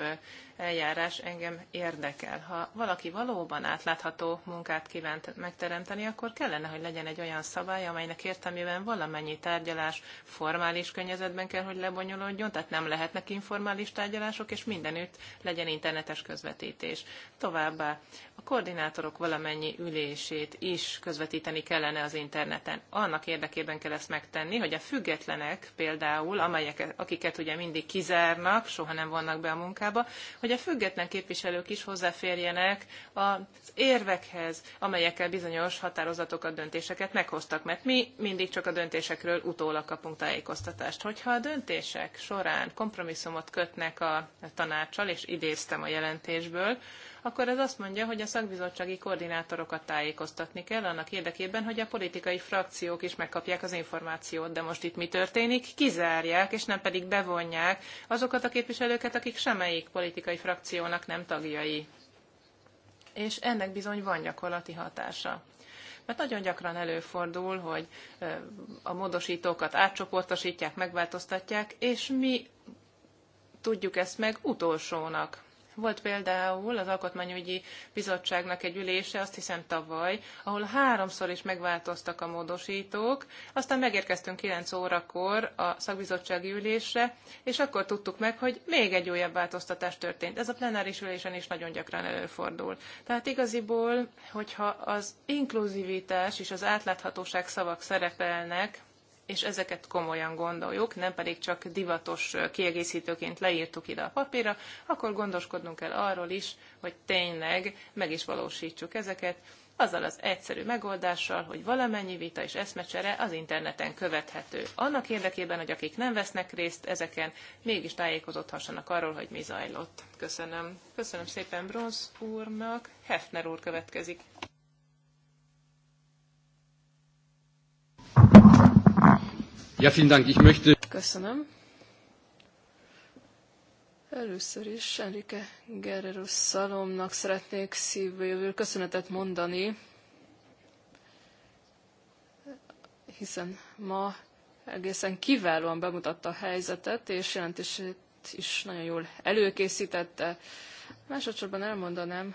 eljárás engem érdekel. Ha valaki valóban átlátható munkát kívánt megteremteni, akkor kellene, hogy legyen egy olyan szabály, jogszabály, amelynek értelmében valamennyi tárgyalás formális környezetben kell, hogy lebonyolódjon, tehát nem lehetnek informális tárgyalások, és mindenütt legyen internetes közvetítés. Továbbá a koordinátorok valamennyi ülését is közvetíteni kellene az interneten. Annak érdekében kell ezt megtenni, hogy a függetlenek például, amelyek, akiket ugye mindig kizárnak, soha nem vannak be a munkába, hogy a független képviselők is hozzáférjenek az érvekhez, amelyekkel bizonyos határozatokat, döntéseket meghoztak voltak, mert mi mindig csak a döntésekről utólag kapunk tájékoztatást. Hogyha a döntések során kompromisszumot kötnek a tanácsal, és idéztem a jelentésből, akkor ez azt mondja, hogy a szakbizottsági koordinátorokat tájékoztatni kell annak érdekében, hogy a politikai frakciók is megkapják az információt. De most itt mi történik? Kizárják, és nem pedig bevonják azokat a képviselőket, akik semmelyik politikai frakciónak nem tagjai. És ennek bizony van gyakorlati hatása. Mert nagyon gyakran előfordul, hogy a módosítókat átcsoportosítják, megváltoztatják, és mi tudjuk ezt meg utolsónak. Volt például az Alkotmányügyi Bizottságnak egy ülése, azt hiszem tavaly, ahol háromszor is megváltoztak a módosítók, aztán megérkeztünk 9 órakor a szakbizottsági ülésre, és akkor tudtuk meg, hogy még egy újabb változtatás történt. Ez a plenáris ülésen is nagyon gyakran előfordul. Tehát igaziból, hogyha az inkluzivitás és az átláthatóság szavak szerepelnek, és ezeket komolyan gondoljuk, nem pedig csak divatos kiegészítőként leírtuk ide a papírra, akkor gondoskodnunk kell arról is, hogy tényleg meg is valósítsuk ezeket, azzal az egyszerű megoldással, hogy valamennyi vita és eszmecsere az interneten követhető. Annak érdekében, hogy akik nem vesznek részt ezeken, mégis tájékozódhassanak arról, hogy mi zajlott. Köszönöm. Köszönöm szépen Bronz úrnak. Hefner úr következik. Ja, vielen Dank, ich möchte... Köszönöm. Először is Enrique Guerrero Szalomnak szeretnék szívből köszönetet mondani, hiszen ma egészen kiválóan bemutatta a helyzetet, és jelentését is nagyon jól előkészítette. Másodszorban elmondanám,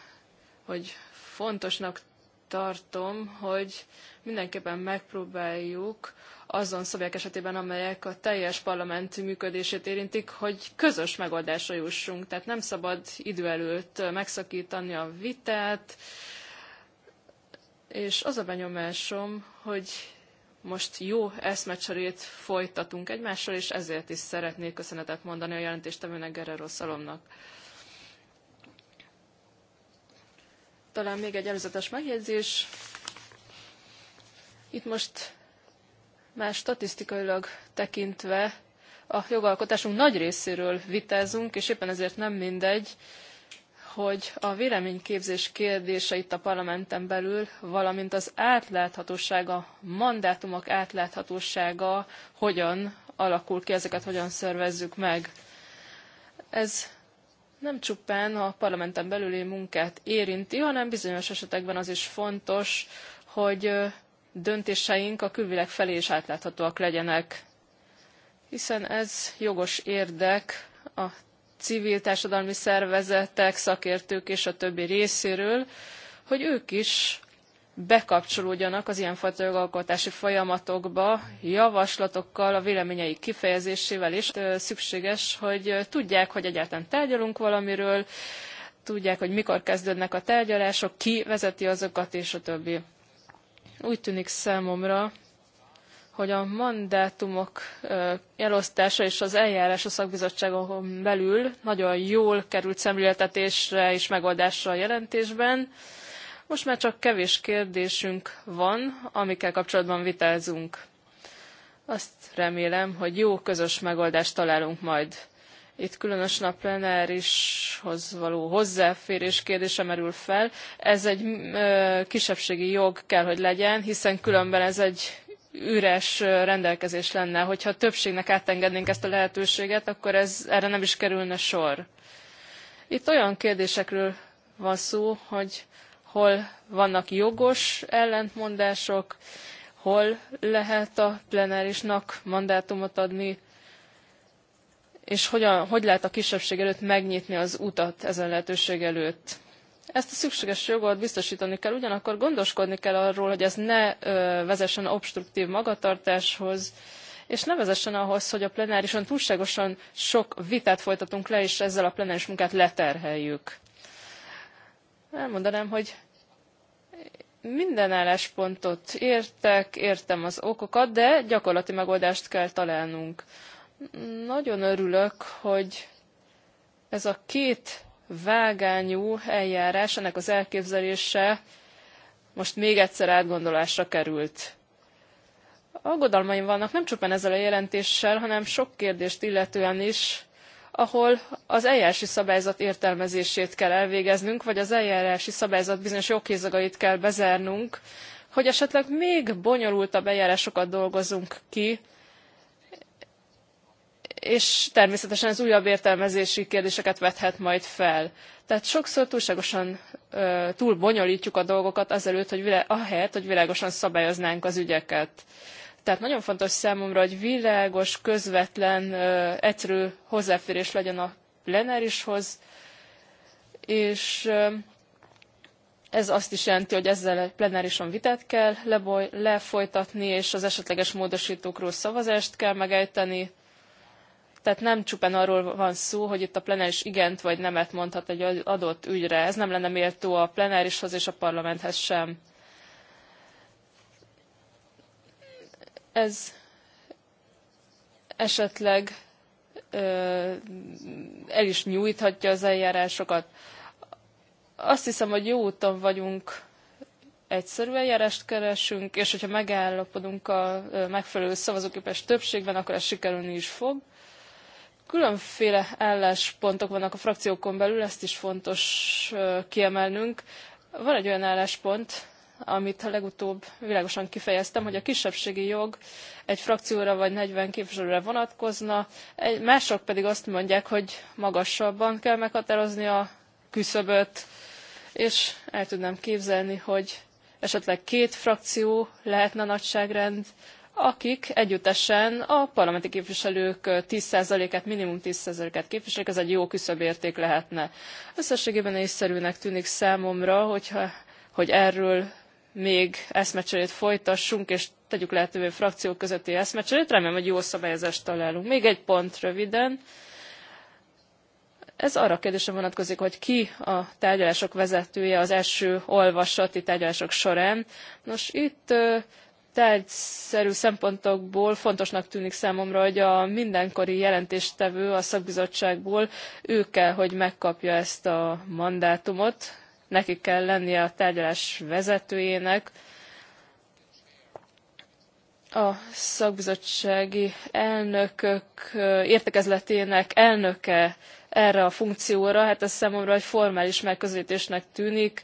hogy fontosnak tartom, hogy mindenképpen megpróbáljuk azon szövegek esetében, amelyek a teljes parlament működését érintik, hogy közös megoldásra jussunk. Tehát nem szabad idő előtt megszakítani a vitát, és az a benyomásom, hogy most jó eszmecserét folytatunk egymással, és ezért is szeretnék köszönetet mondani a jelentéstevőnek Gerero Szalomnak. Talán még egy előzetes megjegyzés. Itt most már statisztikailag tekintve a jogalkotásunk nagy részéről vitázunk, és éppen ezért nem mindegy, hogy a véleményképzés kérdése itt a parlamenten belül, valamint az átláthatósága, mandátumok átláthatósága hogyan alakul ki, ezeket hogyan szervezzük meg. Ez nem csupán a parlamenten belüli munkát érinti, hanem bizonyos esetekben az is fontos, hogy döntéseink a külvilág felé is átláthatóak legyenek. Hiszen ez jogos érdek a civil társadalmi szervezetek, szakértők és a többi részéről, hogy ők is bekapcsolódjanak az ilyenfajta jogalkotási folyamatokba, javaslatokkal, a véleményeik kifejezésével is szükséges, hogy tudják, hogy egyáltalán tárgyalunk valamiről, tudják, hogy mikor kezdődnek a tárgyalások, ki vezeti azokat, és a többi. Úgy tűnik számomra, hogy a mandátumok elosztása és az eljárás a szakbizottságon belül nagyon jól került szemléltetésre és megoldásra a jelentésben. Most már csak kevés kérdésünk van, amikkel kapcsolatban vitázunk. Azt remélem, hogy jó közös megoldást találunk majd. Itt különösen a plenárishoz való hozzáférés kérdése merül fel. Ez egy kisebbségi jog kell, hogy legyen, hiszen különben ez egy üres rendelkezés lenne. Hogyha a többségnek átengednénk ezt a lehetőséget, akkor ez, erre nem is kerülne sor. Itt olyan kérdésekről van szó, hogy hol vannak jogos ellentmondások, hol lehet a plenárisnak mandátumot adni, és hogyan, hogy lehet a kisebbség előtt megnyitni az utat ezen lehetőség előtt. Ezt a szükséges jogot biztosítani kell, ugyanakkor gondoskodni kell arról, hogy ez ne vezessen obstruktív magatartáshoz, és ne vezessen ahhoz, hogy a plenárison túlságosan sok vitát folytatunk le, és ezzel a plenáris munkát leterheljük. Elmondanám, hogy minden álláspontot értek, értem az okokat, de gyakorlati megoldást kell találnunk. Nagyon örülök, hogy ez a két vágányú eljárás, ennek az elképzelése most még egyszer átgondolásra került. Aggodalmaim vannak nem csupán ezzel a jelentéssel, hanem sok kérdést illetően is, ahol az eljárási szabályzat értelmezését kell elvégeznünk, vagy az eljárási szabályzat bizonyos jogkézagait kell bezárnunk, hogy esetleg még bonyolultabb eljárásokat dolgozunk ki, és természetesen ez újabb értelmezési kérdéseket vethet majd fel. Tehát sokszor túlságosan ö, túl bonyolítjuk a dolgokat azelőtt, hogy vilá- ahelyett, hogy világosan szabályoznánk az ügyeket. Tehát nagyon fontos számomra, hogy világos, közvetlen, ö, egyszerű hozzáférés legyen a plenárishoz, és ö, ez azt is jelenti, hogy ezzel plenárison vitát kell leboly, lefolytatni, és az esetleges módosítókról szavazást kell megejteni, tehát nem csupán arról van szó, hogy itt a plenáris igent vagy nemet mondhat egy adott ügyre. Ez nem lenne méltó a plenárishoz és a parlamenthez sem. Ez esetleg ö, el is nyújthatja az eljárásokat. Azt hiszem, hogy jó úton vagyunk, egyszerű eljárást keresünk, és hogyha megállapodunk a megfelelő szavazóképes többségben, akkor ez sikerülni is fog. Különféle álláspontok vannak a frakciókon belül, ezt is fontos kiemelnünk. Van egy olyan álláspont, amit a legutóbb világosan kifejeztem, hogy a kisebbségi jog egy frakcióra vagy 40 képviselőre vonatkozna, mások pedig azt mondják, hogy magasabban kell meghatározni a küszöböt, és el tudnám képzelni, hogy esetleg két frakció lehetne a nagyságrend, akik együttesen a parlamenti képviselők 10%-et, minimum 10%-et képviselik, ez egy jó küszöbérték lehetne. Összességében észszerűnek tűnik számomra, hogyha, hogy erről még eszmecserét folytassunk, és tegyük lehetővé frakciók közötti eszmecserét. Remélem, hogy jó szabályozást találunk. Még egy pont röviden. Ez arra a kérdésre vonatkozik, hogy ki a tárgyalások vezetője az első olvasati tárgyalások során. Nos, itt tárgyszerű szempontokból fontosnak tűnik számomra, hogy a mindenkori jelentéstevő a szakbizottságból ő kell, hogy megkapja ezt a mandátumot, neki kell lennie a tárgyalás vezetőjének, a szakbizottsági elnökök értekezletének elnöke erre a funkcióra, hát ez számomra egy formális megközelítésnek tűnik,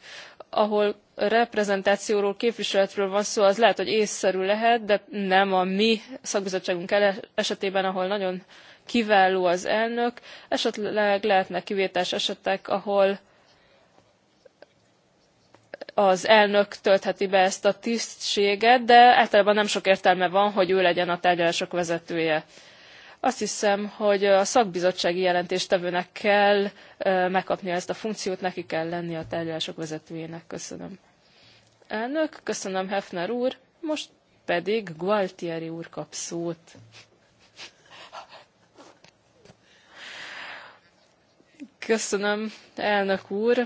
ahol reprezentációról, képviseletről van szó, az lehet, hogy észszerű lehet, de nem a mi szakbizottságunk esetében, ahol nagyon kiváló az elnök. Esetleg lehetnek kivételes esetek, ahol az elnök töltheti be ezt a tisztséget, de általában nem sok értelme van, hogy ő legyen a tárgyalások vezetője. Azt hiszem, hogy a szakbizottsági jelentéstevőnek kell megkapnia ezt a funkciót, neki kell lenni a tárgyalások vezetőjének. Köszönöm. Elnök, köszönöm Hefner úr, most pedig Gualtieri úr kap szót. Köszönöm, elnök úr.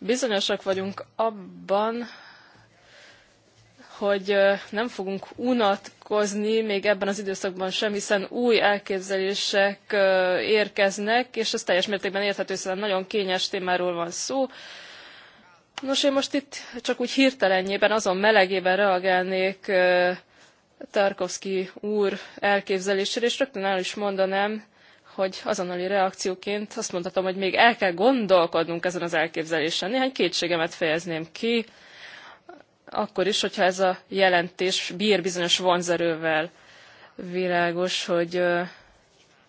Bizonyosak vagyunk abban, hogy nem fogunk unatkozni még ebben az időszakban sem, hiszen új elképzelések érkeznek, és ez teljes mértékben érthető, hiszen nagyon kényes témáról van szó. Nos, én most itt csak úgy hirtelennyében, azon melegében reagálnék Tarkovsky úr elképzelésére, és rögtön el is mondanám, hogy azonnali reakcióként azt mondhatom, hogy még el kell gondolkodnunk ezen az elképzelésen. Néhány kétségemet fejezném ki, akkor is, hogyha ez a jelentés bír bizonyos vonzerővel. Világos, hogy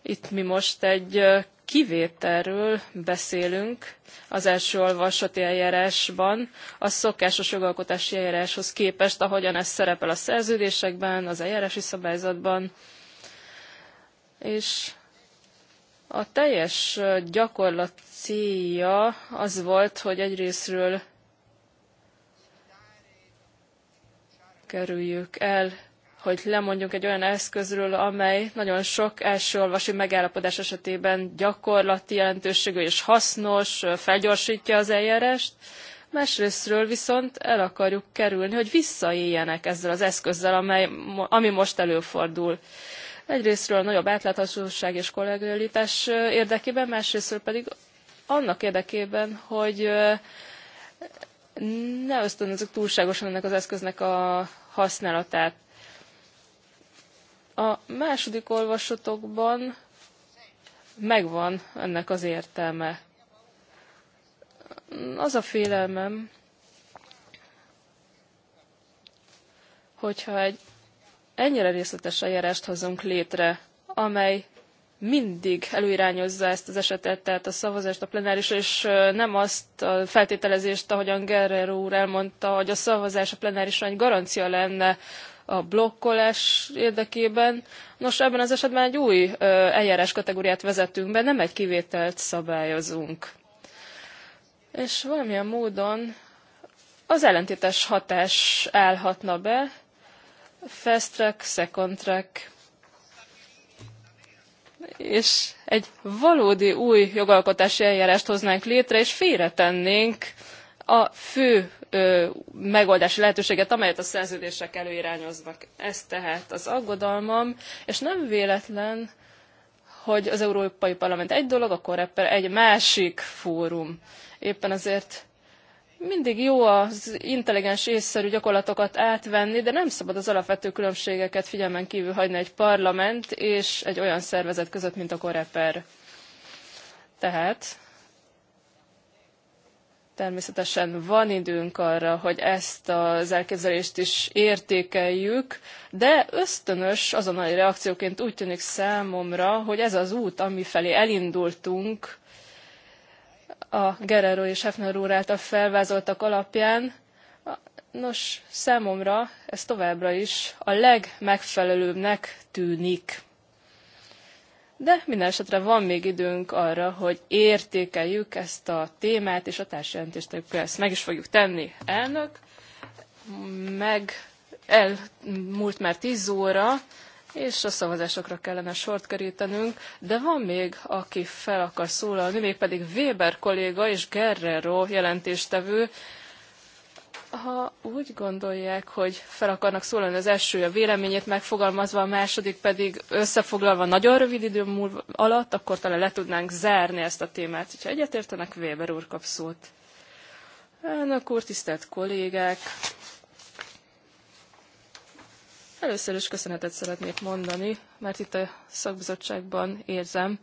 itt mi most egy kivételről beszélünk az első olvasati eljárásban, a szokásos jogalkotási eljáráshoz képest, ahogyan ez szerepel a szerződésekben, az eljárási szabályzatban, és a teljes gyakorlat célja az volt, hogy egyrésztről kerüljük el, hogy lemondjunk egy olyan eszközről, amely nagyon sok első olvasó megállapodás esetében gyakorlati jelentőségű és hasznos, felgyorsítja az eljárást, másrésztről viszont el akarjuk kerülni, hogy visszaéljenek ezzel az eszközzel, amely, ami most előfordul. Egyrésztről a nagyobb átláthatóság és kollegialitás érdekében, másrésztről pedig annak érdekében, hogy ne ösztönözzük túlságosan ennek az eszköznek a használatát. A második olvasatokban megvan ennek az értelme. Az a félelmem, hogyha egy ennyire részletes eljárást hozunk létre, amely mindig előirányozza ezt az esetet, tehát a szavazást a plenáris és nem azt a feltételezést, ahogyan Gerrer úr elmondta, hogy a szavazás a plenárisra egy garancia lenne a blokkolás érdekében. Nos, ebben az esetben egy új eljárás kategóriát vezetünk be, nem egy kivételt szabályozunk. És valamilyen módon az ellentétes hatás állhatna be, fast track, second track, és egy valódi új jogalkotási eljárást hoznánk létre, és félretennénk a fő ö, megoldási lehetőséget, amelyet a szerződések előirányoznak. Ez tehát az aggodalmam, és nem véletlen, hogy az Európai Parlament egy dolog, a Koreper egy másik fórum. Éppen azért mindig jó az intelligens észszerű gyakorlatokat átvenni, de nem szabad az alapvető különbségeket figyelmen kívül hagyni egy parlament és egy olyan szervezet között, mint a Koreper. Tehát természetesen van időnk arra, hogy ezt az elképzelést is értékeljük, de ösztönös azonnali reakcióként úgy tűnik számomra, hogy ez az út, amifelé elindultunk, a Guerrero és Hefner úr által felvázoltak alapján. Nos, számomra ez továbbra is a legmegfelelőbbnek tűnik. De minden esetre van még időnk arra, hogy értékeljük ezt a témát, és a társjelentéstevőkkel ezt meg is fogjuk tenni. Elnök, meg elmúlt már 10 óra, és a szavazásokra kellene sort kerítenünk, de van még, aki fel akar szólalni, mégpedig Weber kolléga és Guerrero jelentéstevő, ha úgy gondolják, hogy fel akarnak szólalni az első a véleményét megfogalmazva, a második pedig összefoglalva nagyon rövid idő múlva alatt, akkor talán le tudnánk zárni ezt a témát. Ha egyetértenek, Weber úr kap szót. Elnök úr, tisztelt kollégák! Először is köszönetet szeretnék mondani, mert itt a szakbizottságban érzem,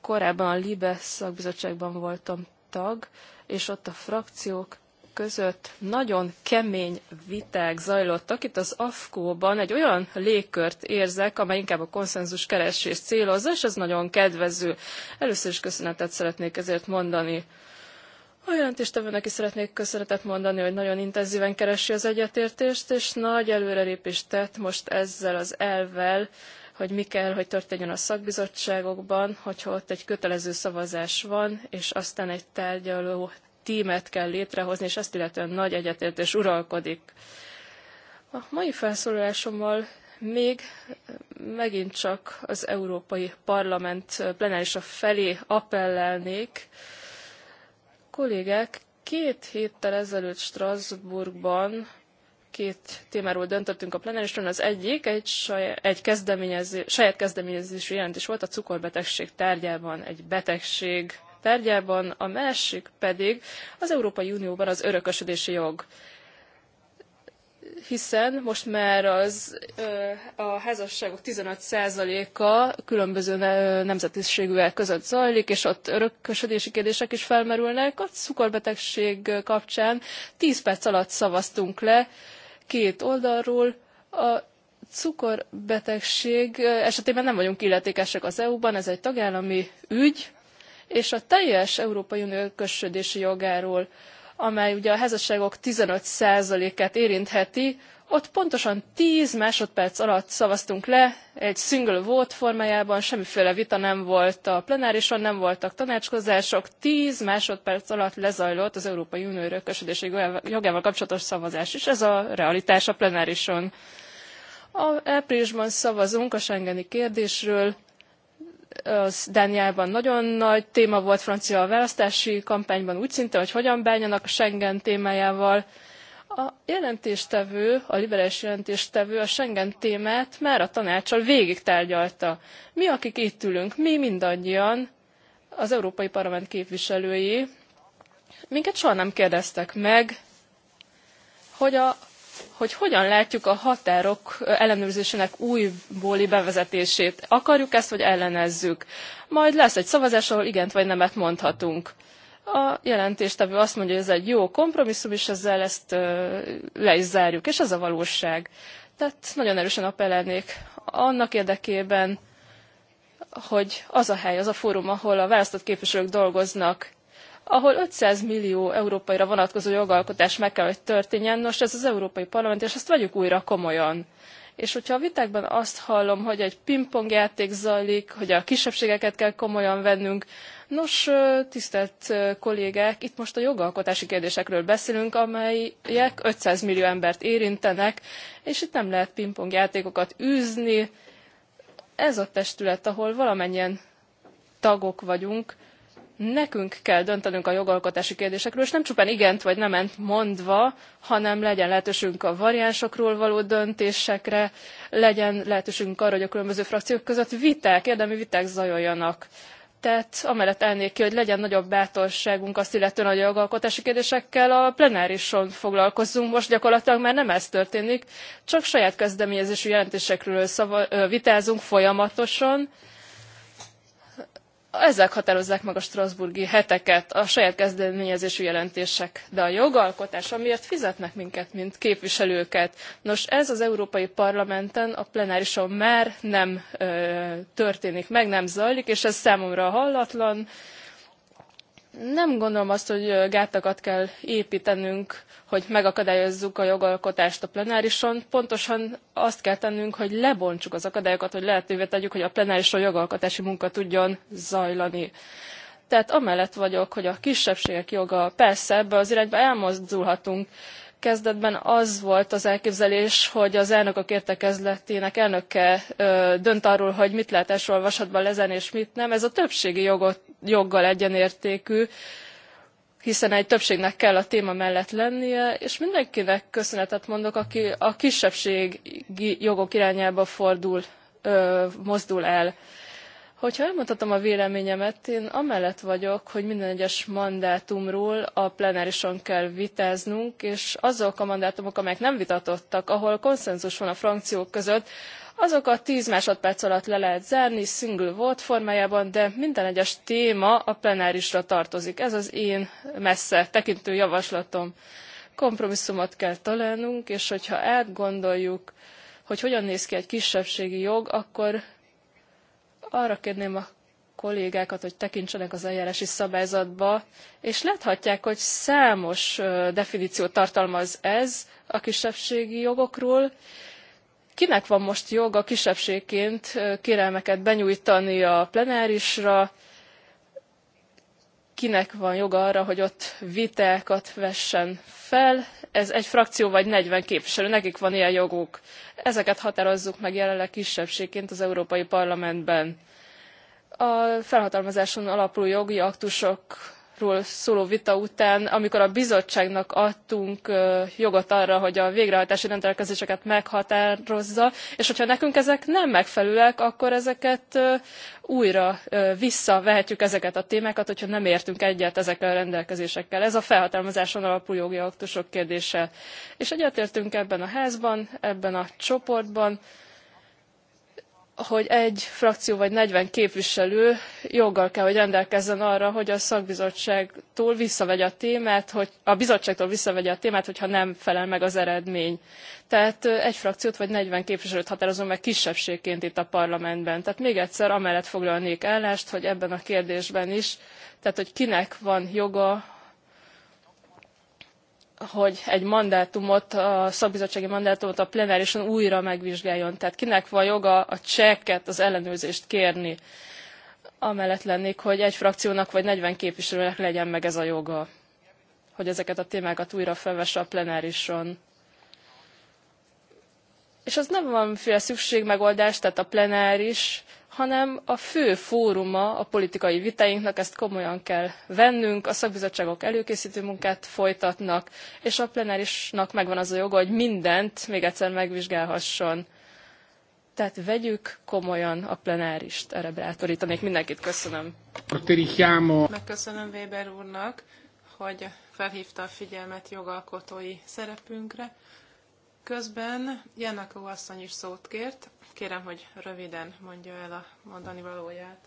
korábban a LIBE szakbizottságban voltam tag, és ott a frakciók között nagyon kemény viták zajlottak. Itt az AFKO-ban egy olyan légkört érzek, amely inkább a konszenzus keresés célozza, és ez nagyon kedvező. Először is köszönetet szeretnék ezért mondani. A jelentéstevőnek is szeretnék köszönetet mondani, hogy nagyon intenzíven keresi az egyetértést, és nagy előrelépést tett most ezzel az elvel, hogy mi kell, hogy történjen a szakbizottságokban, hogyha ott egy kötelező szavazás van, és aztán egy tárgyaló tímet kell létrehozni, és ezt illetően nagy egyetértés uralkodik. A mai felszólalásommal még megint csak az Európai Parlament plenárisa felé appellelnék, Kollégák, két héttel ezelőtt Strasbourgban két témáról döntöttünk a plenárison. Az egyik egy, saj, egy kezdeményezés, saját kezdeményezésű jelentés volt a cukorbetegség tárgyában, egy betegség tárgyában, a másik pedig az Európai Unióban az örökösödési jog hiszen most már az a házasságok 15%-a különböző nemzetiségűek között zajlik, és ott örökösödési kérdések is felmerülnek. A cukorbetegség kapcsán 10 perc alatt szavaztunk le két oldalról. A cukorbetegség esetében nem vagyunk illetékesek az EU-ban, ez egy tagállami ügy, és a teljes Európai Unió örökösödési jogáról amely ugye a házasságok 15%-át érintheti, ott pontosan 10 másodperc alatt szavaztunk le, egy single vote formájában, semmiféle vita nem volt a plenárison, nem voltak tanácskozások, 10 másodperc alatt lezajlott az Európai Unió örökösödési jogával kapcsolatos szavazás, és ez a realitás a plenárison. A áprilisban szavazunk a Schengeni kérdésről, az Dániában nagyon nagy téma volt francia választási kampányban úgy szinte, hogy hogyan bánjanak a Schengen témájával. A jelentéstevő, a liberális jelentéstevő a Schengen témát már a tanácsal végig tárgyalta. Mi, akik itt ülünk, mi mindannyian, az Európai Parlament képviselői, minket soha nem kérdeztek meg, hogy a hogy hogyan látjuk a határok ellenőrzésének újbóli bevezetését. Akarjuk ezt, vagy ellenezzük? Majd lesz egy szavazás, ahol igent vagy nemet mondhatunk. A jelentéstevő azt mondja, hogy ez egy jó kompromisszum, és ezzel ezt le is zárjuk, és ez a valóság. Tehát nagyon erősen apelelnék annak érdekében, hogy az a hely, az a fórum, ahol a választott képviselők dolgoznak, ahol 500 millió európaira vonatkozó jogalkotás meg kell, hogy történjen. Nos, ez az Európai Parlament, és ezt vegyük újra komolyan. És hogyha a vitákban azt hallom, hogy egy játék zajlik, hogy a kisebbségeket kell komolyan vennünk, nos, tisztelt kollégák, itt most a jogalkotási kérdésekről beszélünk, amelyek 500 millió embert érintenek, és itt nem lehet játékokat űzni. Ez a testület, ahol valamennyien tagok vagyunk, nekünk kell döntenünk a jogalkotási kérdésekről, és nem csupán igent vagy nemet mondva, hanem legyen lehetőségünk a variánsokról való döntésekre, legyen lehetőségünk arra, hogy a különböző frakciók között viták, érdemi viták zajoljanak. Tehát amellett elnék ki, hogy legyen nagyobb bátorságunk azt illetően, hogy a jogalkotási kérdésekkel a plenárison foglalkozzunk. Most gyakorlatilag már nem ez történik, csak saját kezdeményezésű jelentésekről szava, vitázunk folyamatosan, ezek határozzák meg a Strasburgi heteket, a saját kezdeményezésű jelentések, de a jogalkotás, amiért fizetnek minket, mint képviselőket. Nos, ez az Európai Parlamenten, a plenárison már nem ö, történik meg, nem zajlik, és ez számomra hallatlan. Ö, nem gondolom azt, hogy gátakat kell építenünk, hogy megakadályozzuk a jogalkotást a plenárison. Pontosan azt kell tennünk, hogy lebontsuk az akadályokat, hogy lehetővé tegyük, hogy a plenárison jogalkotási munka tudjon zajlani. Tehát amellett vagyok, hogy a kisebbségek joga persze ebbe az irányba elmozdulhatunk, kezdetben az volt az elképzelés, hogy az elnökök értekezletének elnöke ö, dönt arról, hogy mit lehet első olvasatban lezenni és mit nem. Ez a többségi jogot, joggal egyenértékű, hiszen egy többségnek kell a téma mellett lennie, és mindenkinek köszönetet mondok, aki a kisebbségi jogok irányába fordul, ö, mozdul el. Hogyha elmondhatom a véleményemet, én amellett vagyok, hogy minden egyes mandátumról a plenárison kell vitáznunk, és azok a mandátumok, amelyek nem vitatottak, ahol konszenzus van a frakciók között, azokat 10 másodperc alatt le lehet zárni, single vote formájában, de minden egyes téma a plenárisra tartozik. Ez az én messze tekintő javaslatom. Kompromisszumot kell találnunk, és hogyha átgondoljuk, hogy hogyan néz ki egy kisebbségi jog, akkor arra kérném a kollégákat, hogy tekintsenek az eljárási szabályzatba, és láthatják, hogy számos definíciót tartalmaz ez a kisebbségi jogokról. Kinek van most joga kisebbségként kérelmeket benyújtani a plenárisra, kinek van joga arra, hogy ott vitákat vessen fel, ez egy frakció vagy 40 képviselő, nekik van ilyen joguk. Ezeket határozzuk meg jelenleg kisebbségként az Európai Parlamentben. A felhatalmazáson alapuló jogi aktusok ról szóló vita után, amikor a bizottságnak adtunk jogot arra, hogy a végrehajtási rendelkezéseket meghatározza, és hogyha nekünk ezek nem megfelelőek, akkor ezeket újra visszavehetjük ezeket a témákat, hogyha nem értünk egyet ezekkel a rendelkezésekkel. Ez a felhatalmazáson alapuló jogi aktusok kérdése. És egyetértünk ebben a házban, ebben a csoportban, hogy egy frakció vagy 40 képviselő joggal kell, hogy rendelkezzen arra, hogy a szakbizottságtól visszavegye a témát, hogy a bizottságtól visszavegye a témát, hogyha nem felel meg az eredmény. Tehát egy frakciót vagy 40 képviselőt határozom meg kisebbségként itt a parlamentben. Tehát még egyszer amellett foglalnék állást, hogy ebben a kérdésben is, tehát hogy kinek van joga hogy egy mandátumot, a szakbizottsági mandátumot a plenárison újra megvizsgáljon. Tehát kinek van joga a csekket, az ellenőrzést kérni? Amellett lennék, hogy egy frakciónak vagy 40 képviselőnek legyen meg ez a joga, hogy ezeket a témákat újra felvesse a plenárison. És az nem valamiféle szükségmegoldás, tehát a plenáris hanem a fő fóruma a politikai vitáinknak, ezt komolyan kell vennünk, a szakbizottságok előkészítő munkát folytatnak, és a plenárisnak megvan az a joga, hogy mindent még egyszer megvizsgálhasson. Tehát vegyük komolyan a plenárist, erre bátorítanék mindenkit, köszönöm. Megköszönöm Weber úrnak, hogy felhívta a figyelmet jogalkotói szerepünkre. Közben Janakó asszony is szót kért. Kérem, hogy röviden mondja el a mondani valóját.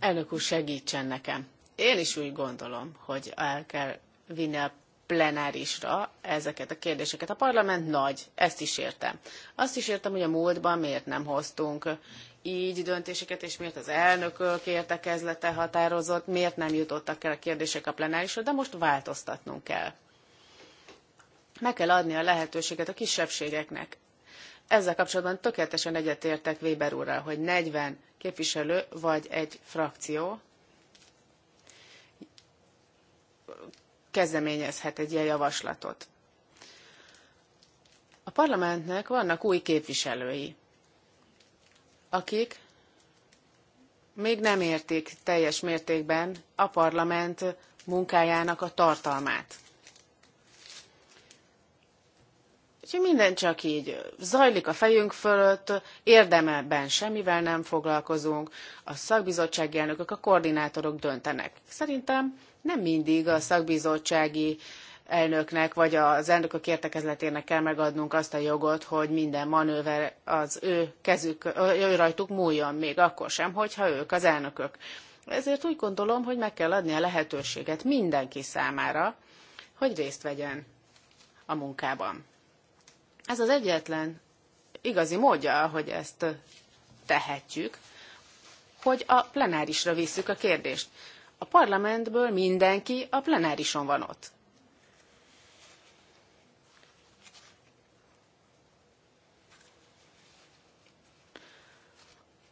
Elnök úr, segítsen nekem. Én is úgy gondolom, hogy el kell vinni a plenárisra ezeket a kérdéseket. A parlament nagy, ezt is értem. Azt is értem, hogy a múltban miért nem hoztunk így döntéseket, és miért az elnökök értekezlete határozott, miért nem jutottak el a kérdések a plenárisra, de most változtatnunk kell meg kell adni a lehetőséget a kisebbségeknek. Ezzel kapcsolatban tökéletesen egyetértek Weber úrral, hogy 40 képviselő vagy egy frakció kezdeményezhet egy ilyen javaslatot. A parlamentnek vannak új képviselői, akik még nem értik teljes mértékben a parlament munkájának a tartalmát. Úgyhogy minden csak így zajlik a fejünk fölött, érdemeben semmivel nem foglalkozunk, a szakbizottsági elnökök, a koordinátorok döntenek. Szerintem nem mindig a szakbizottsági elnöknek vagy az elnökök értekezletének kell megadnunk azt a jogot, hogy minden manőver az ő kezük, ő rajtuk múljon még akkor sem, hogyha ők az elnökök. Ezért úgy gondolom, hogy meg kell adni a lehetőséget mindenki számára, hogy részt vegyen a munkában. Ez az egyetlen igazi módja, hogy ezt tehetjük, hogy a plenárisra visszük a kérdést. A parlamentből mindenki a plenárison van ott.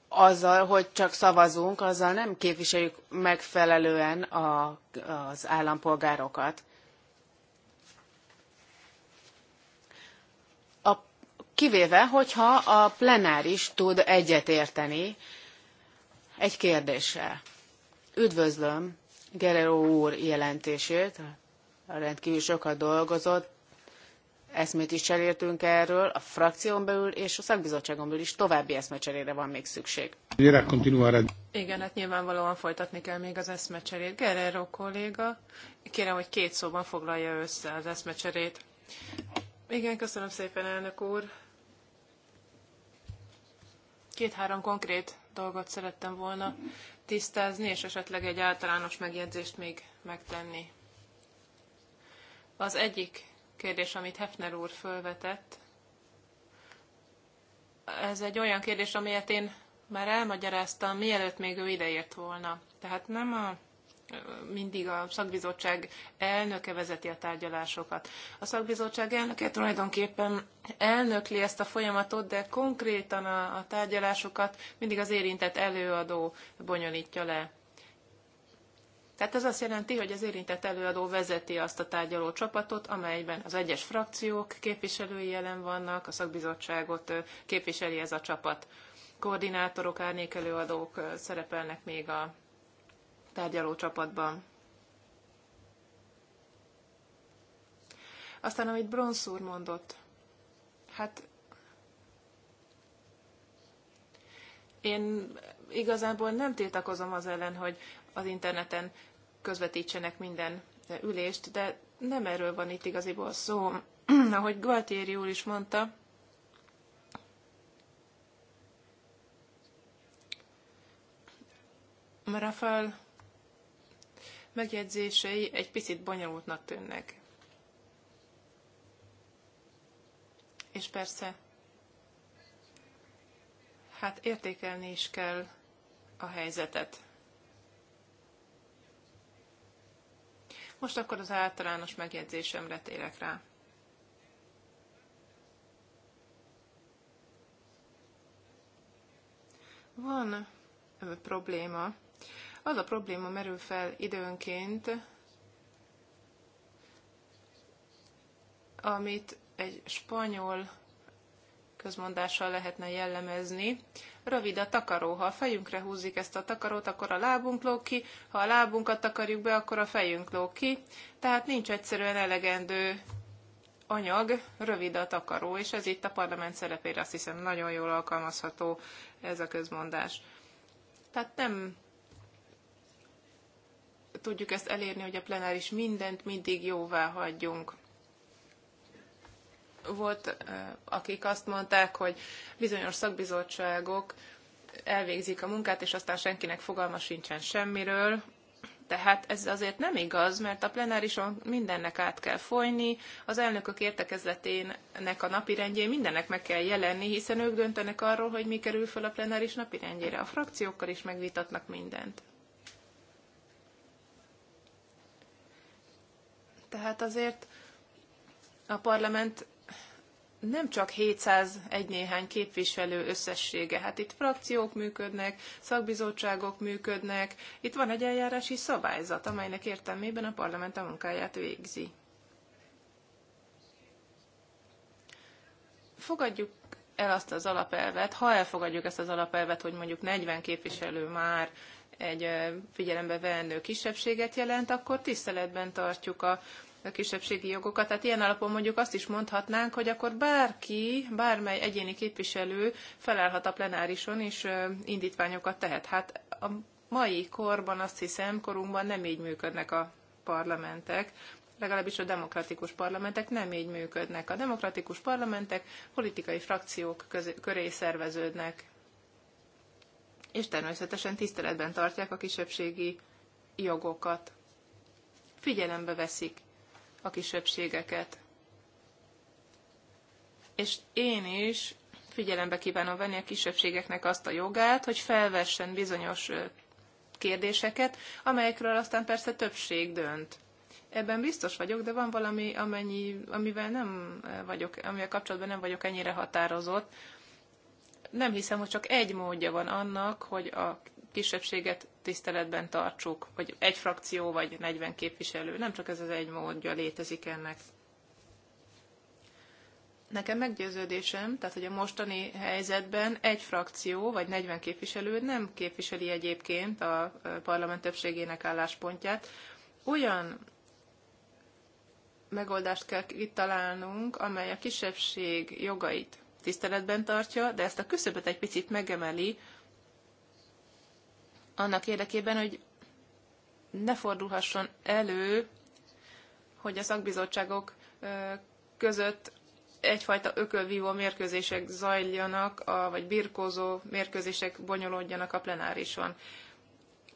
azzal, hogy csak szavazunk, azzal nem képviseljük megfelelően a, az állampolgárokat. kivéve, hogyha a plenáris tud egyetérteni egy kérdéssel. Üdvözlöm Gerero úr jelentését, rendkívül sokat dolgozott, eszmét is cseréltünk erről, a frakción belül és a szakbizottságon belül is további eszmecserére van még szükség. Igen, hát nyilvánvalóan folytatni kell még az eszmecserét. Gerero kolléga, kérem, hogy két szóban foglalja össze az eszmecserét. Igen, köszönöm szépen, elnök úr. Két-három konkrét dolgot szerettem volna tisztázni, és esetleg egy általános megjegyzést még megtenni. Az egyik kérdés, amit Hefner úr fölvetett, ez egy olyan kérdés, amelyet én már elmagyaráztam, mielőtt még ő ideért volna. Tehát nem a mindig a szakbizottság elnöke vezeti a tárgyalásokat. A szakbizottság elnöke tulajdonképpen elnökli ezt a folyamatot, de konkrétan a, a tárgyalásokat mindig az érintett előadó bonyolítja le. Tehát ez azt jelenti, hogy az érintett előadó vezeti azt a tárgyaló csapatot, amelyben az egyes frakciók képviselői jelen vannak, a szakbizottságot képviseli ez a csapat. Koordinátorok, árnyékelőadók szerepelnek még a tárgyaló csapatban. Aztán, amit Bronsz úr mondott, hát én igazából nem tiltakozom az ellen, hogy az interneten közvetítsenek minden ülést, de nem erről van itt igaziból szó. Ahogy Gualtieri úr is mondta, Rafael megjegyzései egy picit bonyolultnak tűnnek. És persze, hát értékelni is kell a helyzetet. Most akkor az általános megjegyzésemre térek rá. Van probléma az a probléma merül fel időnként, amit egy spanyol közmondással lehetne jellemezni. Rövid a takaró. Ha a fejünkre húzzuk ezt a takarót, akkor a lábunk lóg ki, ha a lábunkat takarjuk be, akkor a fejünk lóg ki. Tehát nincs egyszerűen elegendő anyag, rövid a takaró, és ez itt a parlament szerepére azt hiszem nagyon jól alkalmazható ez a közmondás. Tehát nem tudjuk ezt elérni, hogy a plenáris mindent mindig jóvá hagyjunk. Volt, akik azt mondták, hogy bizonyos szakbizottságok elvégzik a munkát, és aztán senkinek fogalma sincsen semmiről, tehát ez azért nem igaz, mert a plenárison mindennek át kell folyni, az elnökök értekezletének a rendjén mindennek meg kell jelenni, hiszen ők döntenek arról, hogy mi kerül föl a plenáris napirendjére. A frakciókkal is megvitatnak mindent. Tehát azért a parlament nem csak 700 egy néhány képviselő összessége. Hát itt frakciók működnek, szakbizottságok működnek, itt van egy eljárási szabályzat, amelynek értelmében a parlament a munkáját végzi. Fogadjuk el azt az alapelvet, ha elfogadjuk ezt az alapelvet, hogy mondjuk 40 képviselő már egy figyelembe veendő kisebbséget jelent, akkor tiszteletben tartjuk a kisebbségi jogokat. Tehát ilyen alapon mondjuk azt is mondhatnánk, hogy akkor bárki, bármely egyéni képviselő felállhat a plenárison, és indítványokat tehet. Hát a mai korban azt hiszem, korunkban nem így működnek a parlamentek, legalábbis a demokratikus parlamentek nem így működnek. A demokratikus parlamentek politikai frakciók közé, köré szerveződnek, és természetesen tiszteletben tartják a kisebbségi jogokat. Figyelembe veszik a kisebbségeket. És én is figyelembe kívánom venni a kisebbségeknek azt a jogát, hogy felvessen bizonyos kérdéseket, amelyekről aztán persze többség dönt. Ebben biztos vagyok, de van valami, amennyi, amivel nem vagyok, amivel kapcsolatban nem vagyok ennyire határozott. Nem hiszem, hogy csak egy módja van annak, hogy a kisebbséget tiszteletben tartsuk, vagy egy frakció, vagy 40 képviselő. Nem csak ez az egy módja létezik ennek. Nekem meggyőződésem, tehát hogy a mostani helyzetben egy frakció vagy 40 képviselő nem képviseli egyébként a parlament többségének álláspontját. Olyan megoldást kell itt találnunk, amely a kisebbség jogait tiszteletben tartja, de ezt a küszöbet egy picit megemeli, annak érdekében, hogy ne fordulhasson elő, hogy a szakbizottságok között egyfajta ökölvívó mérkőzések zajljanak, a, vagy birkózó mérkőzések bonyolódjanak a plenárison.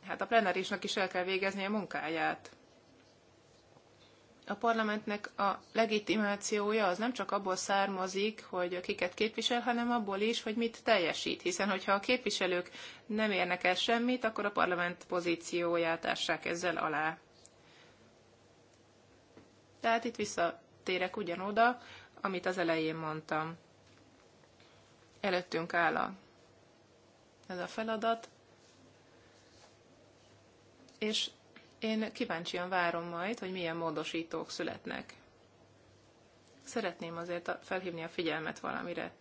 Hát a plenárisnak is el kell végezni a munkáját a parlamentnek a legitimációja az nem csak abból származik, hogy kiket képvisel, hanem abból is, hogy mit teljesít. Hiszen, hogyha a képviselők nem érnek el semmit, akkor a parlament pozícióját ássák ezzel alá. Tehát itt visszatérek ugyanoda, amit az elején mondtam. Előttünk áll a, ez a feladat, és én kíváncsian várom majd, hogy milyen módosítók születnek. Szeretném azért felhívni a figyelmet valamire.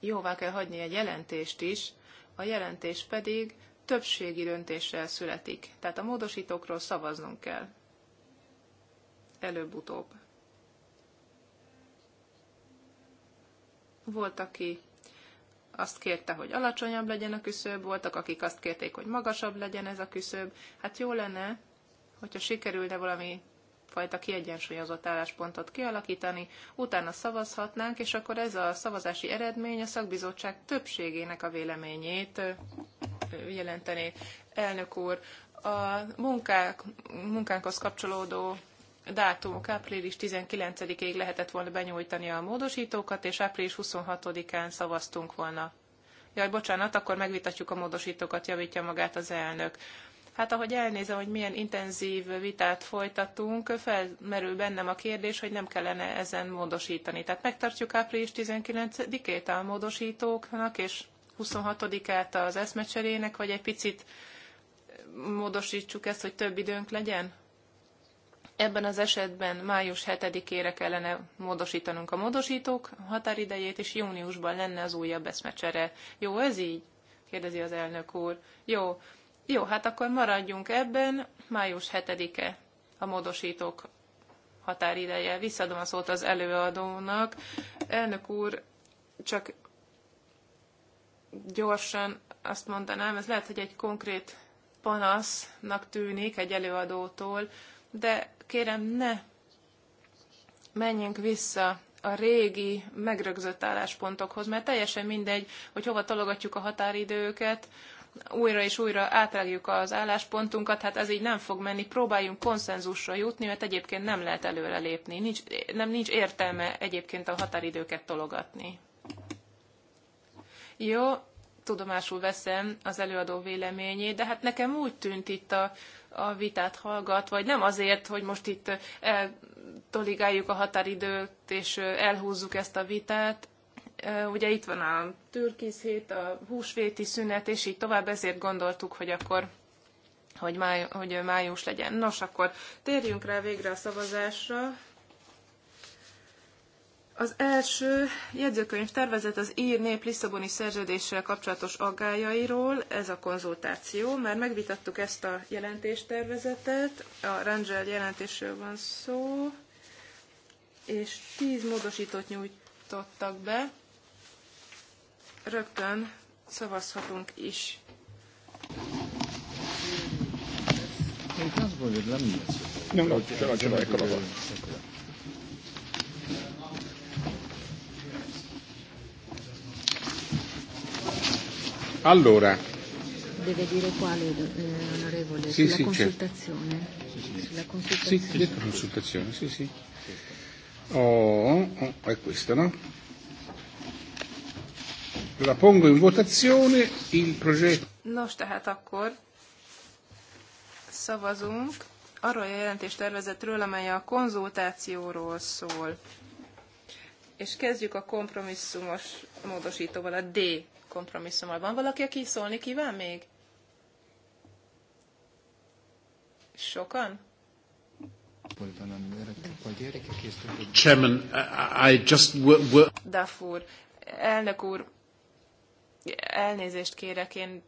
Jóvá kell hagyni egy jelentést is, a jelentés pedig többségi döntéssel születik, tehát a módosítókról szavaznunk kell. Előbb-utóbb. Volt, aki azt kérte, hogy alacsonyabb legyen a küszöb, voltak, akik azt kérték, hogy magasabb legyen ez a küszöb. Hát jó lenne, hogyha sikerülne valami fajta kiegyensúlyozott álláspontot kialakítani, utána szavazhatnánk, és akkor ez a szavazási eredmény a szakbizottság többségének a véleményét jelentené. Elnök úr, a munkák, munkánkhoz kapcsolódó dátumok április 19-ig lehetett volna benyújtani a módosítókat, és április 26-án szavaztunk volna. Jaj, bocsánat, akkor megvitatjuk a módosítókat, javítja magát az elnök. Hát ahogy elnézem, hogy milyen intenzív vitát folytatunk, felmerül bennem a kérdés, hogy nem kellene ezen módosítani. Tehát megtartjuk április 19-ét a módosítóknak, és 26-át az eszmecserének, vagy egy picit módosítsuk ezt, hogy több időnk legyen? Ebben az esetben május 7-ére kellene módosítanunk a módosítók határidejét, és júniusban lenne az újabb eszmecsere. Jó ez így? kérdezi az elnök úr. Jó, jó, hát akkor maradjunk ebben, május 7-e a módosítók határideje. Visszadom a szót az előadónak. Elnök úr, csak gyorsan azt mondanám, ez lehet, hogy egy konkrét panasznak tűnik egy előadótól, de kérem ne menjünk vissza a régi megrögzött álláspontokhoz, mert teljesen mindegy, hogy hova tologatjuk a határidőket, újra és újra átrágjuk az álláspontunkat, hát ez így nem fog menni, próbáljunk konszenzusra jutni, mert egyébként nem lehet előre lépni. nincs, nem nincs értelme egyébként a határidőket tologatni. Jó, tudomásul veszem az előadó véleményét, de hát nekem úgy tűnt itt a a vitát hallgat, vagy nem azért, hogy most itt eh, toligáljuk a határidőt, és eh, elhúzzuk ezt a vitát. Eh, ugye itt van a türkisz hét, a húsvéti szünet, és így tovább, ezért gondoltuk, hogy akkor hogy, máj, hogy május legyen. Nos, akkor térjünk rá végre a szavazásra. Az első jegyzőkönyv tervezet az ír nép Lisszaboni szerződéssel kapcsolatos aggájairól, ez a konzultáció. Már megvitattuk ezt a jelentéstervezetet, a Rangel jelentésről van szó, és tíz módosítót nyújtottak be. Rögtön szavazhatunk is. Nem, nem, nem, nem. nem, nem, nem, nem, nem, nem, nem Allora. Deve dire quale, eh, onorevole, sì, sulla sì, consultazione. Certo. Sulla consultazione. Sì, detto consultazione, sì, sì. Oh, oh, è questo, no? La pongo in votazione il progetto. Nos, tehát akkor szavazunk arról a jelentéstervezetről, amely a konzultációról szól. És kezdjük a kompromisszumos módosítóval, a D kompromisszummal. Van valaki, aki szólni kíván még? Sokan? Chairman, I just... Duff úr, elnök úr, elnézést kérek, én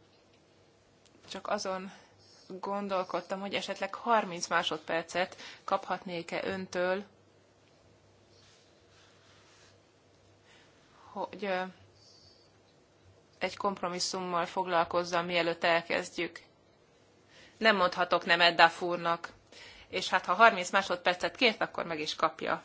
csak azon gondolkodtam, hogy esetleg 30 másodpercet kaphatnék-e öntől, hogy egy kompromisszummal foglalkozzam, mielőtt elkezdjük. Nem mondhatok nem Edda fúrnak. És hát ha 30 másodpercet kért, akkor meg is kapja.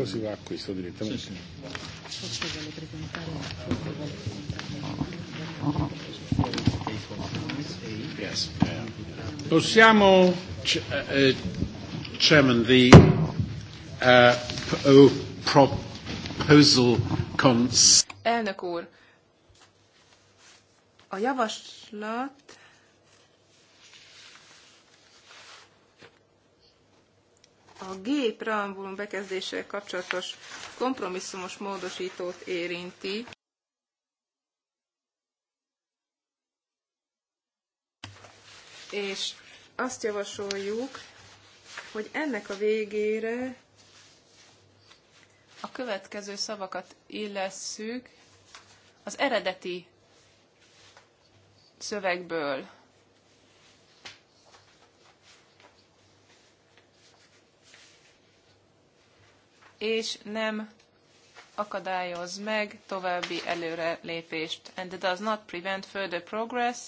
questo si va a questo direttamente. Sì, sì. Possiamo, uh, uh, Chairman, the uh, uh, proposal cons. Elnök úr, a javaslat a G preambulum bekezdéssel kapcsolatos kompromisszumos módosítót érinti. És azt javasoljuk, hogy ennek a végére a következő szavakat illesszük az eredeti szövegből és nem akadályoz meg további előre lépést, And it does not prevent further progress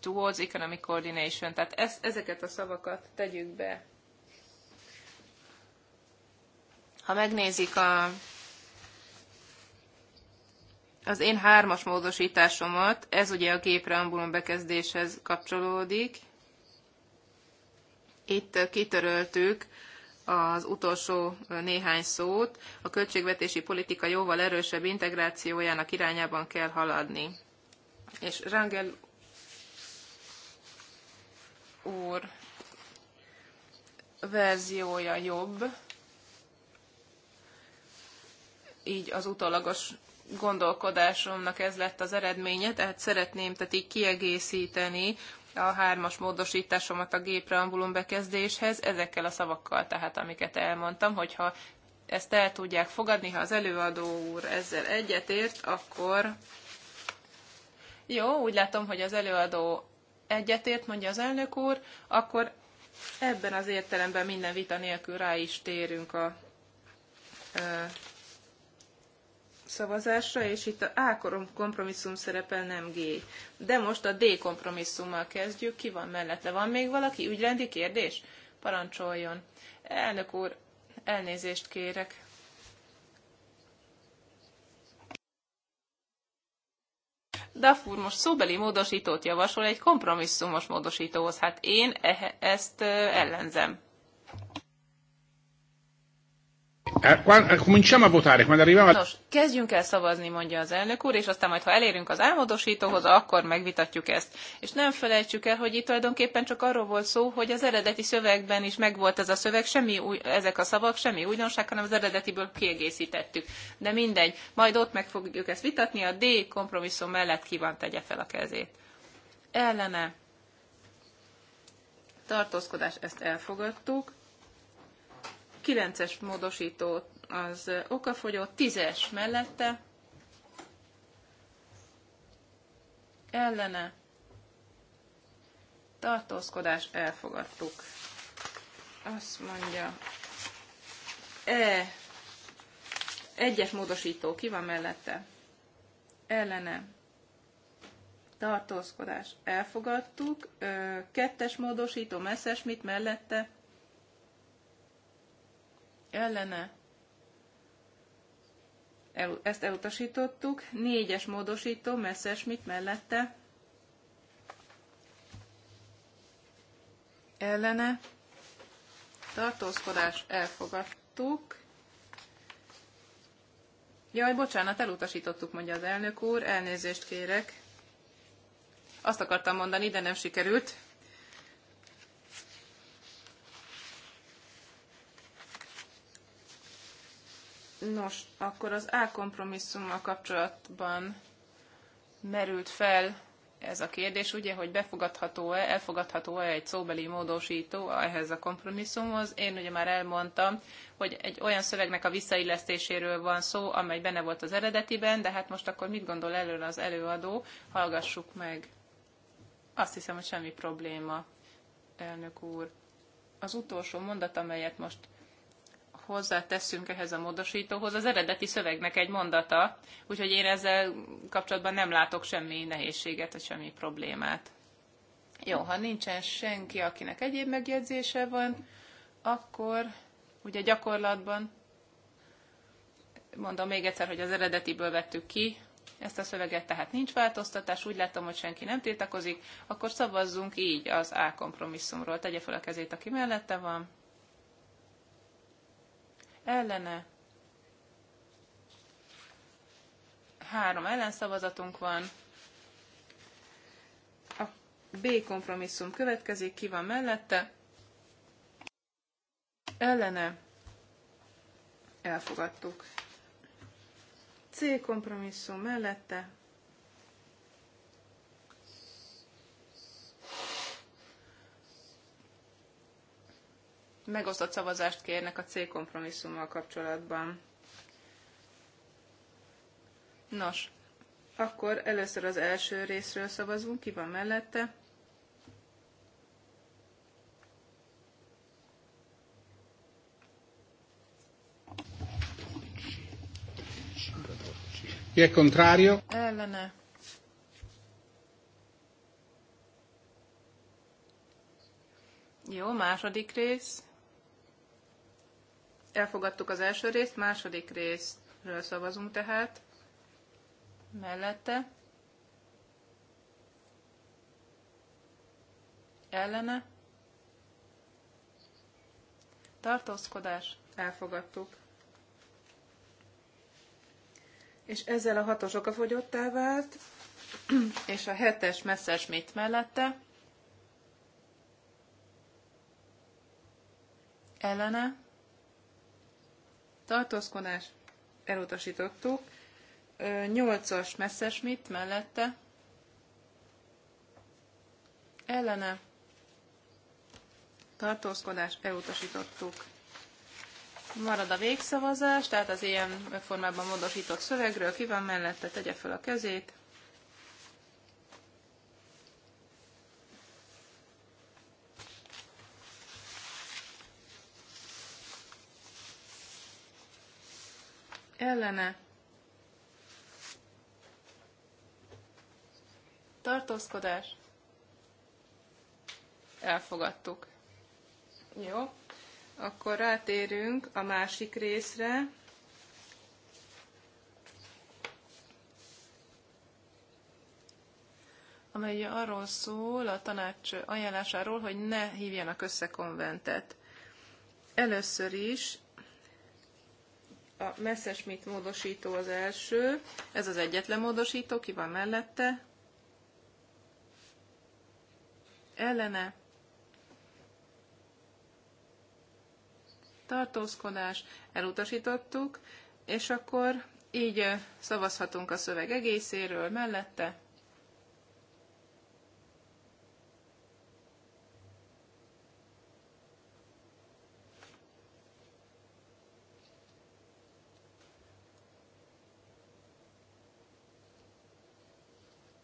towards economic coordination. Tehát ez, ezeket a szavakat tegyük be. Ha megnézik a, az én hármas módosításomat, ez ugye a gépreambulon bekezdéshez kapcsolódik, itt kitöröltük az utolsó néhány szót. A költségvetési politika jóval erősebb integrációjának irányában kell haladni. És Rangel úr verziója jobb, így az utolagos gondolkodásomnak ez lett az eredménye, tehát szeretném tehát így kiegészíteni a hármas módosításomat a gépreambulum bekezdéshez, ezekkel a szavakkal tehát, amiket elmondtam, hogyha ezt el tudják fogadni, ha az előadó úr ezzel egyetért, akkor jó, úgy látom, hogy az előadó egyetért, mondja az elnök úr, akkor ebben az értelemben minden vita nélkül rá is térünk a szavazásra, és itt a A kompromisszum szerepel, nem G. De most a D kompromisszummal kezdjük. Ki van mellette? Van még valaki? Ügyrendi kérdés? Parancsoljon. Elnök úr, elnézést kérek. Dafur most szóbeli módosítót javasol egy kompromisszumos módosítóhoz. Hát én e- ezt ellenzem. Eh, eh, cominciamo a votare, quando arriviamo... Nos, kezdjünk el szavazni, mondja az elnök úr, és aztán majd, ha elérünk az álmodosítóhoz, akkor megvitatjuk ezt. És nem felejtsük el, hogy itt tulajdonképpen csak arról volt szó, hogy az eredeti szövegben is megvolt ez a szöveg, semmi új, ezek a szavak, semmi újdonság, hanem az eredetiből kiegészítettük. De mindegy, majd ott meg fogjuk ezt vitatni, a D kompromisszum mellett ki van, tegye fel a kezét. Ellene. Tartózkodás, ezt elfogadtuk 9-es módosító az okafogyó, 10-es mellette, ellene, tartózkodás, elfogadtuk. Azt mondja, E, egyes módosító, ki van mellette? Ellene, tartózkodás, elfogadtuk. Kettes módosító, messzes, mit mellette? ellene. El, ezt elutasítottuk. Négyes módosító, Messerschmitt mellette. Ellene. Tartózkodás elfogadtuk. Jaj, bocsánat, elutasítottuk, mondja az elnök úr, elnézést kérek. Azt akartam mondani, de nem sikerült. Nos, akkor az A kompromisszummal kapcsolatban merült fel ez a kérdés, ugye, hogy befogadható-e, elfogadható-e egy szóbeli módosító ehhez a kompromisszumhoz. Én ugye már elmondtam, hogy egy olyan szövegnek a visszaillesztéséről van szó, amely benne volt az eredetiben, de hát most akkor mit gondol előre az előadó, hallgassuk meg. Azt hiszem, hogy semmi probléma, elnök úr. Az utolsó mondat, amelyet most hozzáteszünk ehhez a módosítóhoz az eredeti szövegnek egy mondata, úgyhogy én ezzel kapcsolatban nem látok semmi nehézséget, vagy semmi problémát. Jó, ha nincsen senki, akinek egyéb megjegyzése van, akkor ugye gyakorlatban, mondom még egyszer, hogy az eredetiből vettük ki ezt a szöveget, tehát nincs változtatás, úgy látom, hogy senki nem tiltakozik, akkor szavazzunk így az A kompromisszumról. Tegye fel a kezét, aki mellette van ellene. Három ellenszavazatunk van. A B kompromisszum következik, ki van mellette. Ellene. Elfogadtuk. C kompromisszum mellette megosztott szavazást kérnek a C kompromisszummal kapcsolatban. Nos, akkor először az első részről szavazunk, ki van mellette. Ki è contrario? Ellene. Jó, második rész. Elfogadtuk az első részt, második részről szavazunk tehát. Mellette. Ellene. Tartózkodás. Elfogadtuk. És ezzel a hatos okafogyottá vált, és a hetes mit mellette. Ellene tartózkodás, elutasítottuk. 8-as Messerschmitt mellette, ellene, tartózkodás, elutasítottuk. Marad a végszavazás, tehát az ilyen formában módosított szövegről, ki van mellette, tegye fel a kezét. ellene tartózkodás elfogadtuk. Jó, akkor rátérünk a másik részre. amely arról szól a tanács ajánlásáról, hogy ne hívjanak össze konventet. Először is a Messerschmitt módosító az első, ez az egyetlen módosító, ki van mellette? Ellene. Tartózkodás, elutasítottuk, és akkor így szavazhatunk a szöveg egészéről mellette.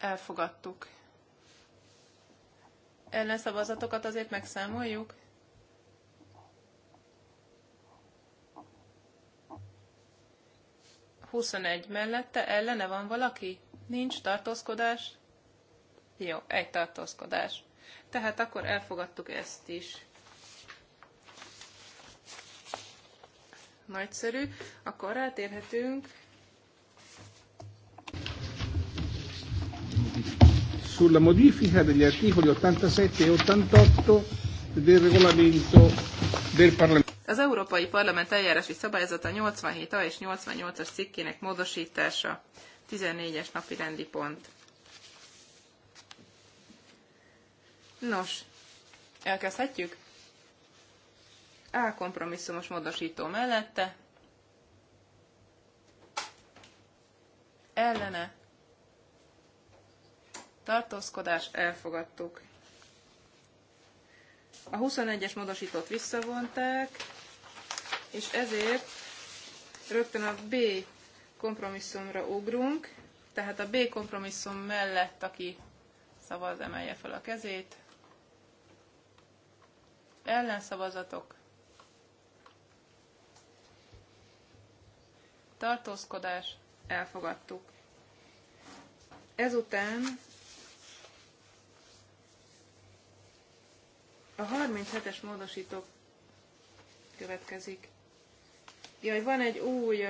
elfogadtuk. Ellenszavazatokat azért megszámoljuk. Huszonegy mellette ellene van valaki? Nincs tartózkodás? Jó, egy tartózkodás. Tehát akkor elfogadtuk ezt is. Nagyszerű. Akkor rátérhetünk sulla modifica degli articoli 87 e 88 del regolamento del Parlamento. Az Európai Parlament eljárási szabályzata 87A és 88-as cikkének módosítása 14-es napi rendi pont. Nos, elkezdhetjük? A kompromisszumos módosító mellette, ellene, tartózkodás, elfogadtuk. A 21-es módosítót visszavonták, és ezért rögtön a B kompromisszumra ugrunk, tehát a B kompromisszum mellett, aki szavaz, emelje fel a kezét. Ellenszavazatok. Tartózkodás. Elfogadtuk. Ezután A 37-es módosítók következik. Jaj, van egy új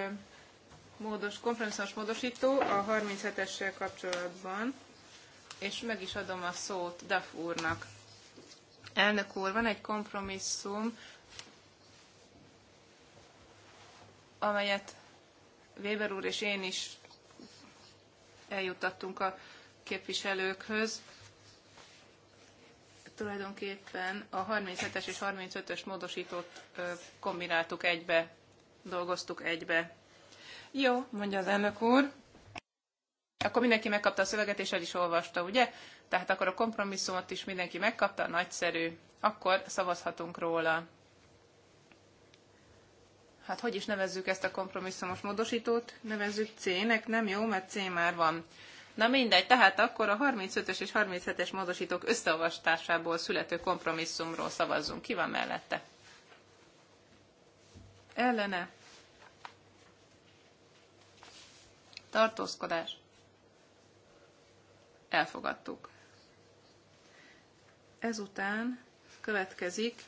módos, konferenciás módosító a 37-essel kapcsolatban, és meg is adom a szót Duff úrnak. Elnök úr, van egy kompromisszum, amelyet Weber úr és én is eljuttattunk a képviselőkhöz tulajdonképpen a 37-es és 35-ös módosítót kombináltuk egybe, dolgoztuk egybe. Jó, mondja az elnök úr. Akkor mindenki megkapta a szöveget, és el is olvasta, ugye? Tehát akkor a kompromisszumot is mindenki megkapta, nagyszerű. Akkor szavazhatunk róla. Hát hogy is nevezzük ezt a kompromisszumos módosítót? Nevezzük C-nek, nem jó, mert C már van. Na mindegy, tehát akkor a 35-ös és 37-es módosítók összeavastásából születő kompromisszumról szavazzunk. Ki van mellette? Ellene. Tartózkodás. Elfogadtuk. Ezután következik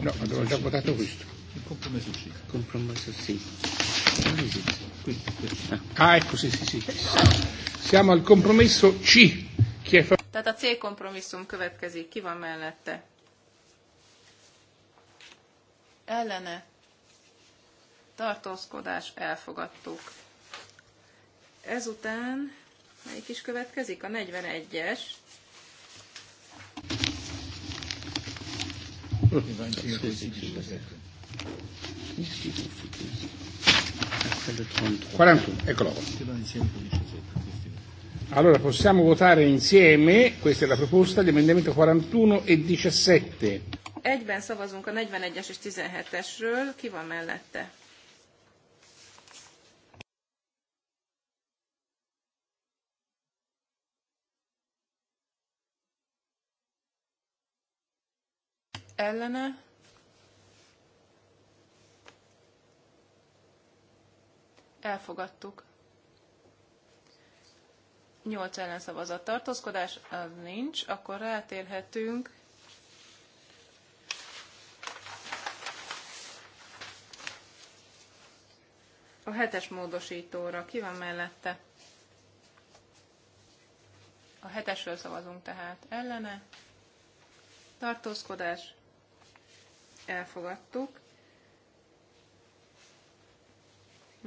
No, abbiamo a votato questo. Compromesso sì. Compromesso sì. Qui, qui. Ah, ah, ecco, sì, sì, sì. Siamo al compromesso C. Chi è fa- Tehát a C kompromisszum következik. Ki van mellette? Ellene. Tartózkodás. Elfogadtuk. Ezután melyik is következik? A 41-es. Köszönöm. hogy 41, eccolo. Allora possiamo votare insieme, questa è la proposta, gli emendamenti 41 e 17. Egyben szavazunk a 41-es és 17-esről, ki van mellette? Ellene? elfogadtuk. Nyolc ellenszavazat tartózkodás, az nincs, akkor rátérhetünk a hetes módosítóra. Ki van mellette? A hetesről szavazunk tehát ellene. Tartózkodás. Elfogadtuk.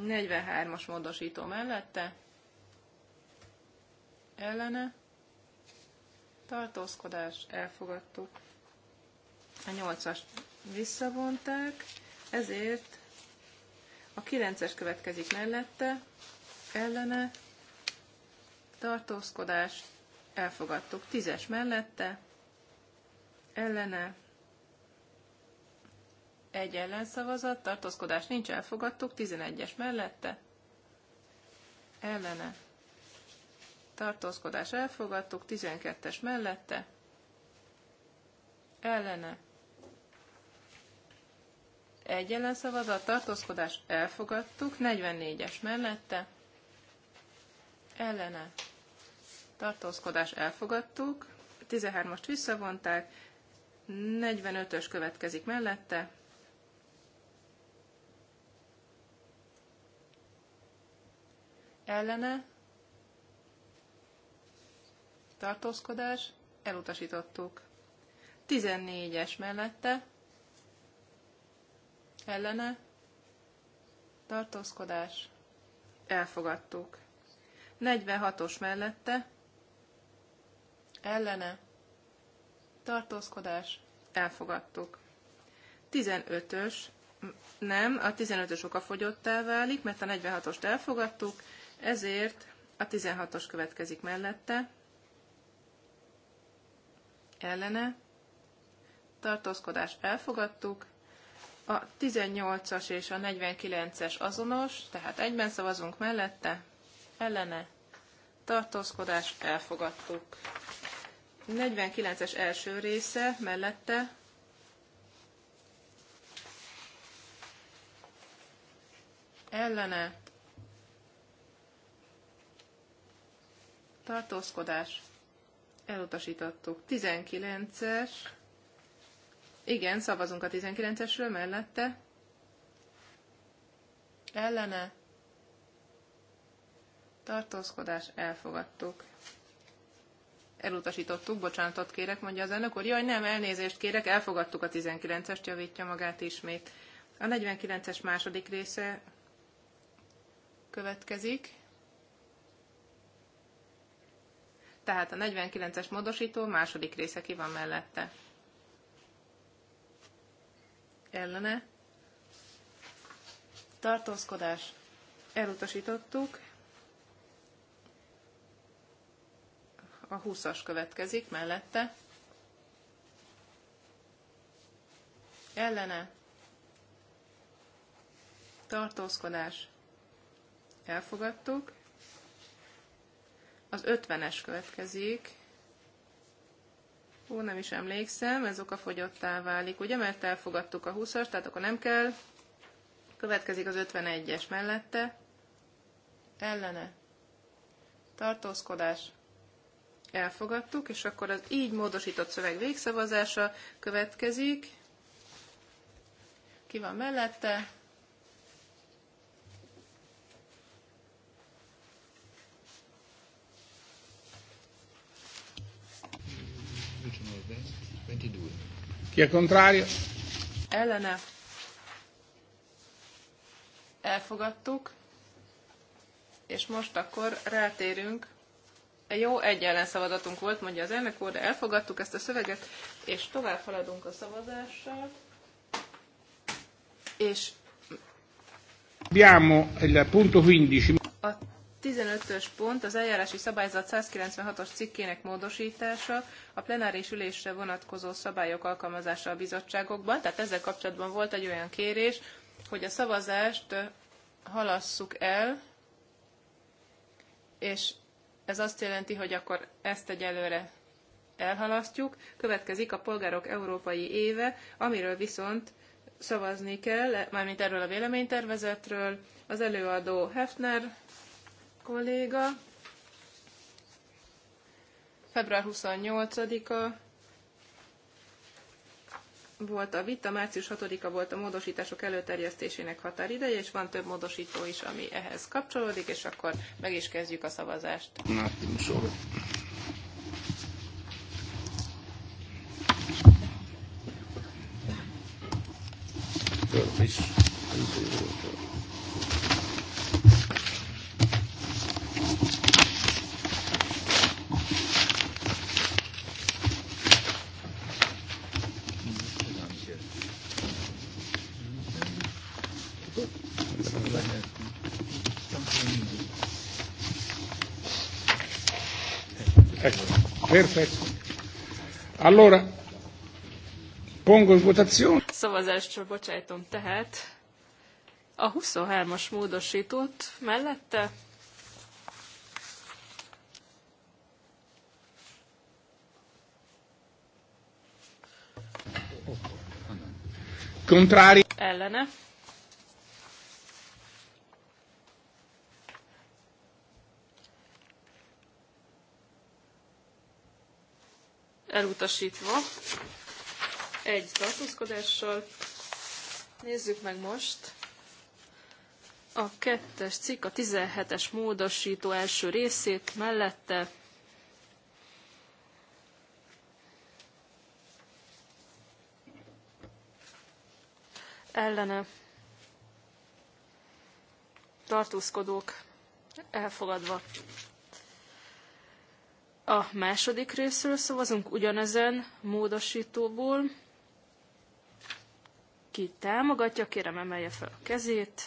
43-as módosító mellette, ellene, tartózkodás, elfogadtuk. A 8-as visszavonták, ezért a 9-es következik mellette, ellene, tartózkodás, elfogadtuk. 10-es mellette, ellene, egy ellenszavazat, tartózkodás nincs, elfogadtuk, 11-es mellette, ellene, tartózkodás elfogadtuk, 12-es mellette, ellene, egy ellenszavazat, tartózkodás elfogadtuk, 44-es mellette, ellene, tartózkodás elfogadtuk, 13-ast visszavonták, 45-ös következik mellette, ellene tartózkodás, elutasítottuk. 14-es mellette ellene tartózkodás, elfogadtuk. 46-os mellette ellene tartózkodás, elfogadtuk. 15-ös nem, a 15-ös okafogyottá válik, mert a 46-ost elfogadtuk, ezért a 16-os következik mellette, ellene, tartózkodás elfogadtuk, a 18-as és a 49-es azonos, tehát egyben szavazunk mellette, ellene, tartózkodás elfogadtuk. 49-es első része mellette, ellene, tartózkodás, elutasítottuk. 19-es, igen, szavazunk a 19-esről mellette, ellene, tartózkodás, elfogadtuk. Elutasítottuk, bocsánatot kérek, mondja az elnök úr. Jaj, nem, elnézést kérek, elfogadtuk a 19-est, javítja magát ismét. A 49-es második része következik. Tehát a 49-es módosító második része ki van mellette. Ellene. Tartózkodás. Elutasítottuk. A 20-as következik mellette. Ellene. Tartózkodás. Elfogadtuk. Az 50-es következik. Ó, nem is emlékszem, ez fogyottá válik, ugye, mert elfogadtuk a 20-as, tehát akkor nem kell. Következik az 51-es mellette. Ellene. Tartózkodás. Elfogadtuk, és akkor az így módosított szöveg végszavazása következik. Ki van mellette? 22. Chi è contrario? Ellene. Elfogadtuk. És most akkor rátérünk. Jó, egy szavazatunk volt, mondja az elnök úr, de elfogadtuk ezt a szöveget, és tovább haladunk a szavazással. És Abbiamo il punto 15. A 15-ös pont az eljárási szabályzat 196-os cikkének módosítása, a plenáris ülésre vonatkozó szabályok alkalmazása a bizottságokban. Tehát ezzel kapcsolatban volt egy olyan kérés, hogy a szavazást halasszuk el, és ez azt jelenti, hogy akkor ezt egyelőre elhalasztjuk. Következik a Polgárok Európai Éve, amiről viszont szavazni kell, mármint erről a véleménytervezetről. Az előadó Hefner kolléga. Február 28-a volt a vita, március 6-a volt a módosítások előterjesztésének határideje, és van több módosító is, ami ehhez kapcsolódik, és akkor meg is kezdjük a szavazást. Na, szóval. Is. Perfetto. Allora, pongo in votazione. Szavazásra bocsájtom tehát a 23-as módosítót mellette. Contrari. Ellene. elutasítva egy tartózkodással. Nézzük meg most a kettes cikk, a 17-es módosító első részét mellette ellene tartózkodók elfogadva. A második részről szavazunk ugyanezen módosítóból. Ki támogatja, kérem emelje fel a kezét.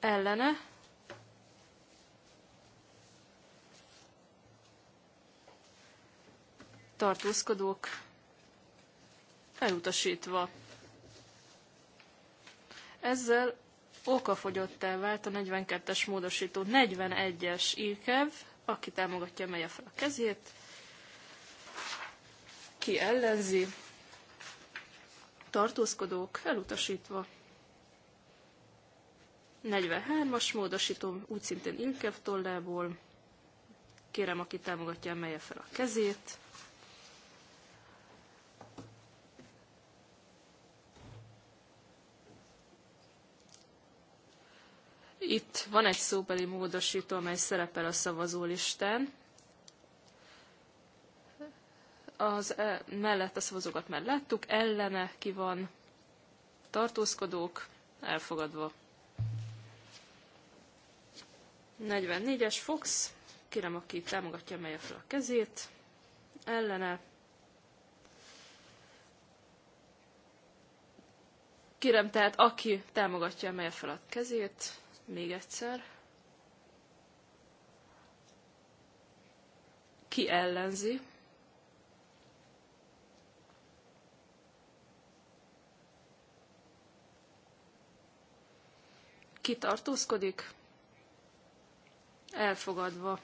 Ellene. Tartózkodók. Elutasítva. Ezzel okafogyottá vált a 42-es módosító 41-es Ilkev, aki támogatja, emelje fel a kezét, ki ellenzi, tartózkodók elutasítva. 43-as módosító, úgy szintén Ilkev tollából, kérem, aki támogatja, emelje fel a kezét, Itt van egy szóbeli módosító, amely szerepel a szavazólistán. Az e mellett a szavazókat már láttuk, ellene ki van tartózkodók, elfogadva. 44-es Fox, kérem, aki támogatja, emelje fel a kezét, ellene. Kérem, tehát aki támogatja, emelje fel a kezét, még egyszer. Ki ellenzi? Ki tartózkodik? Elfogadva.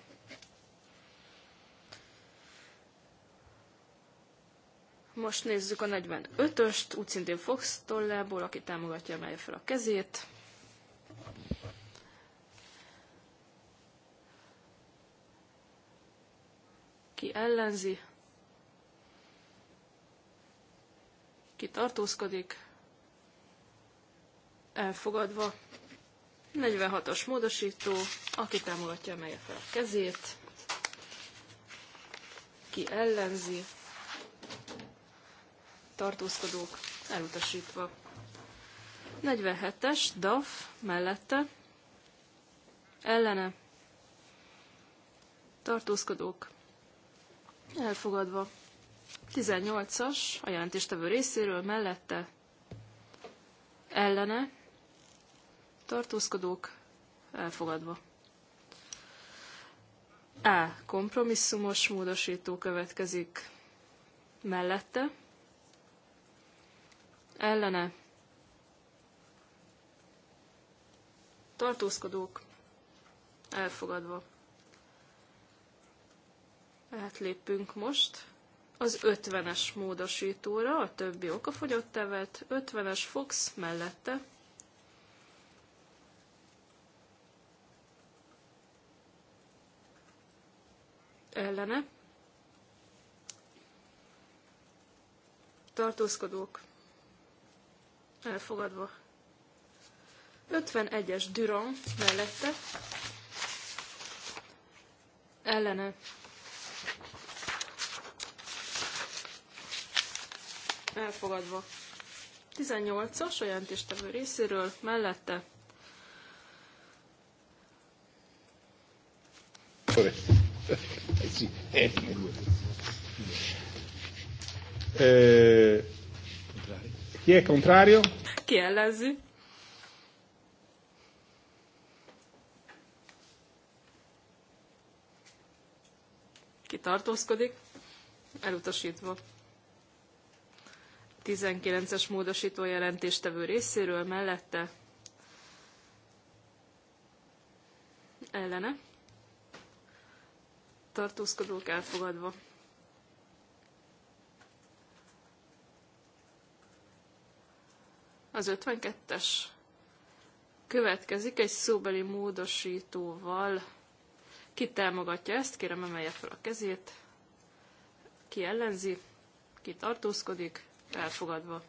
Most nézzük a 45-öst, úgy szintén Fox tollából, aki támogatja, emelje fel a kezét. ki ellenzi, ki tartózkodik, elfogadva. 46 as módosító, aki támogatja, emelje fel a kezét, ki ellenzi, tartózkodók elutasítva. 47-es, DAF mellette, ellene, tartózkodók elfogadva. 18-as a jelentéstevő részéről mellette ellene tartózkodók elfogadva. A. E, kompromisszumos módosító következik mellette. Ellene tartózkodók elfogadva. Átlépünk most az 50-es módosítóra, a többi okafogyott tevet, 50-es Fox mellette. Ellene. Tartózkodók. Elfogadva. 51-es Duron mellette. Ellene elfogadva. 18-as a jelentéstevő részéről, mellette. Ki è contrario? Ki ellenzi? Ki tartózkodik? Elutasítva. 19-es módosító jelentéstevő részéről mellette ellene tartózkodók elfogadva. Az 52-es következik egy szóbeli módosítóval. Ki támogatja ezt? Kérem, emelje fel a kezét. Ki ellenzi? Ki tartózkodik? elfogadva.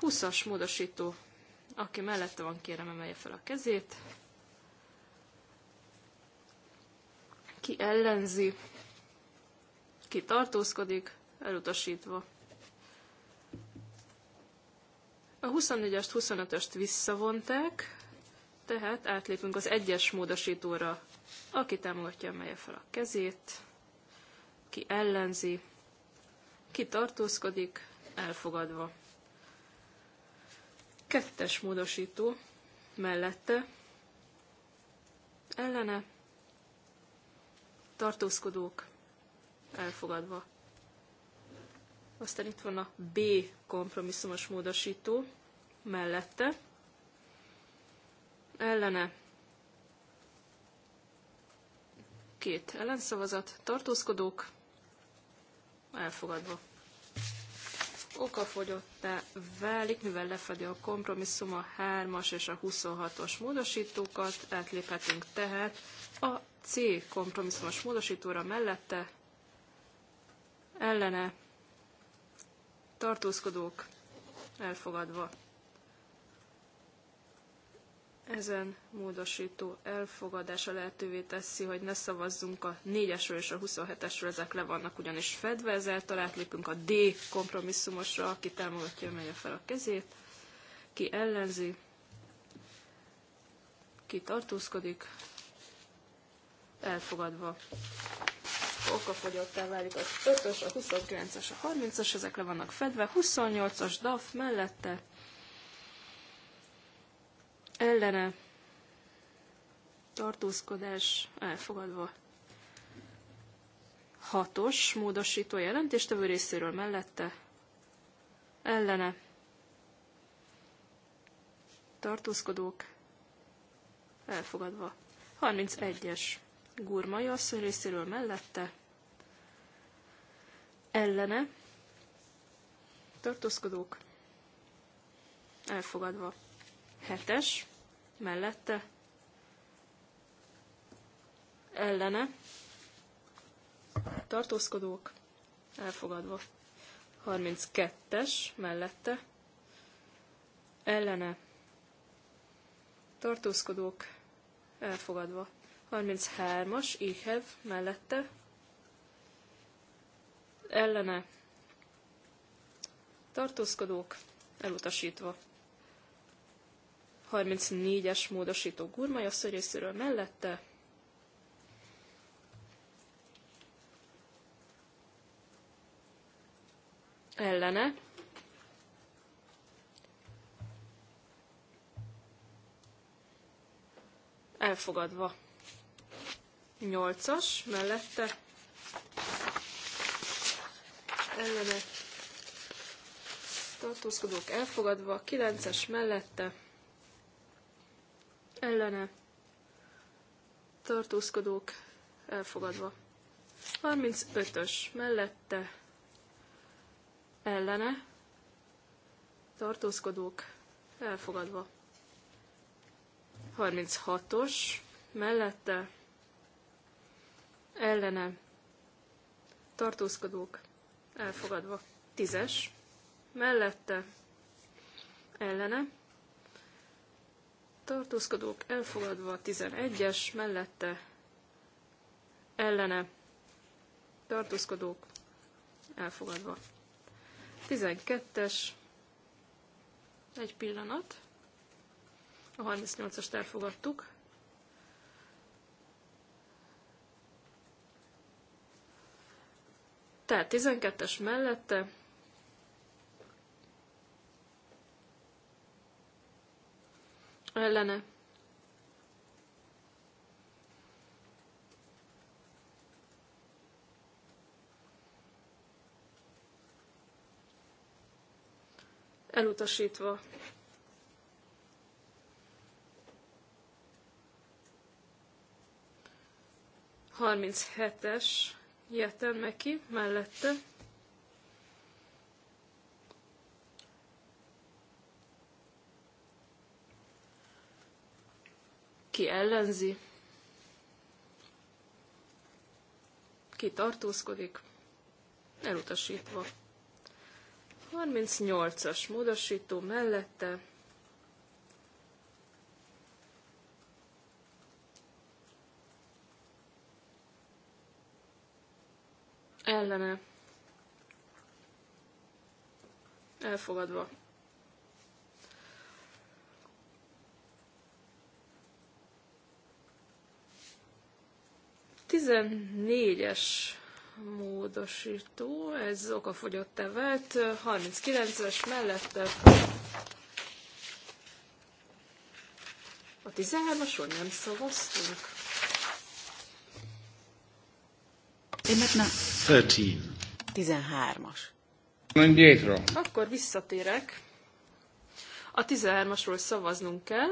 20-as módosító, aki mellette van, kérem emelje fel a kezét. Ki ellenzi, ki tartózkodik, elutasítva. A 24-est, 25 est visszavonták, tehát átlépünk az egyes módosítóra. Aki támogatja, emelje fel a kezét, ki ellenzi, ki tartózkodik, elfogadva. Kettes módosító mellette ellene tartózkodók elfogadva. Aztán itt van a B kompromisszumos módosító mellette ellene két ellenszavazat, tartózkodók elfogadva okafogyottá válik, mivel lefedi a kompromisszum a 3-as és a 26-os módosítókat, átléphetünk tehát a C kompromisszumos módosítóra mellette ellene tartózkodók elfogadva. Ezen módosító elfogadása lehetővé teszi, hogy ne szavazzunk a 4-esről és a 27-esről, ezek le vannak ugyanis fedve, ezáltal átlépünk a D kompromisszumosra, aki támogatja, emelje fel a kezét, ki ellenzi, ki tartózkodik, elfogadva. Okafogyottá válik az 5-ös, a 29-es, a 30-as, ezek le vannak fedve, 28-as DAF mellette, ellene tartózkodás elfogadva. Hatos módosító jelentéstevő részéről mellette ellene tartózkodók elfogadva. 31-es gurmai asszony részéről mellette ellene tartózkodók elfogadva. Hetes mellette ellene tartózkodók elfogadva. 32-es mellette ellene tartózkodók elfogadva. 33-as éhev, mellette ellene tartózkodók elutasítva. 34-es módosító gurmai asszony részéről mellette. Ellene. Elfogadva. 8-as mellette. Ellene tartózkodók elfogadva, 9-es mellette ellene tartózkodók elfogadva. 35-ös mellette ellene tartózkodók elfogadva. 36-os mellette ellene tartózkodók elfogadva. 10-es mellette ellene tartózkodók elfogadva, 11-es mellette ellene tartózkodók elfogadva. 12-es, egy pillanat, a 38-ast elfogadtuk. Tehát 12-es mellette ellene elutasítva. Harminc hetes jeten neki mellette Ki ellenzi? Ki tartózkodik? Elutasítva. 38-as módosító mellette ellene elfogadva. 14-es módosító, ez okafogyott vált, 39-es mellette a 13-asról nem szavaztunk. Én meg nem. 13. 13-as. Indietro. Akkor visszatérek. A 13-asról szavaznunk kell.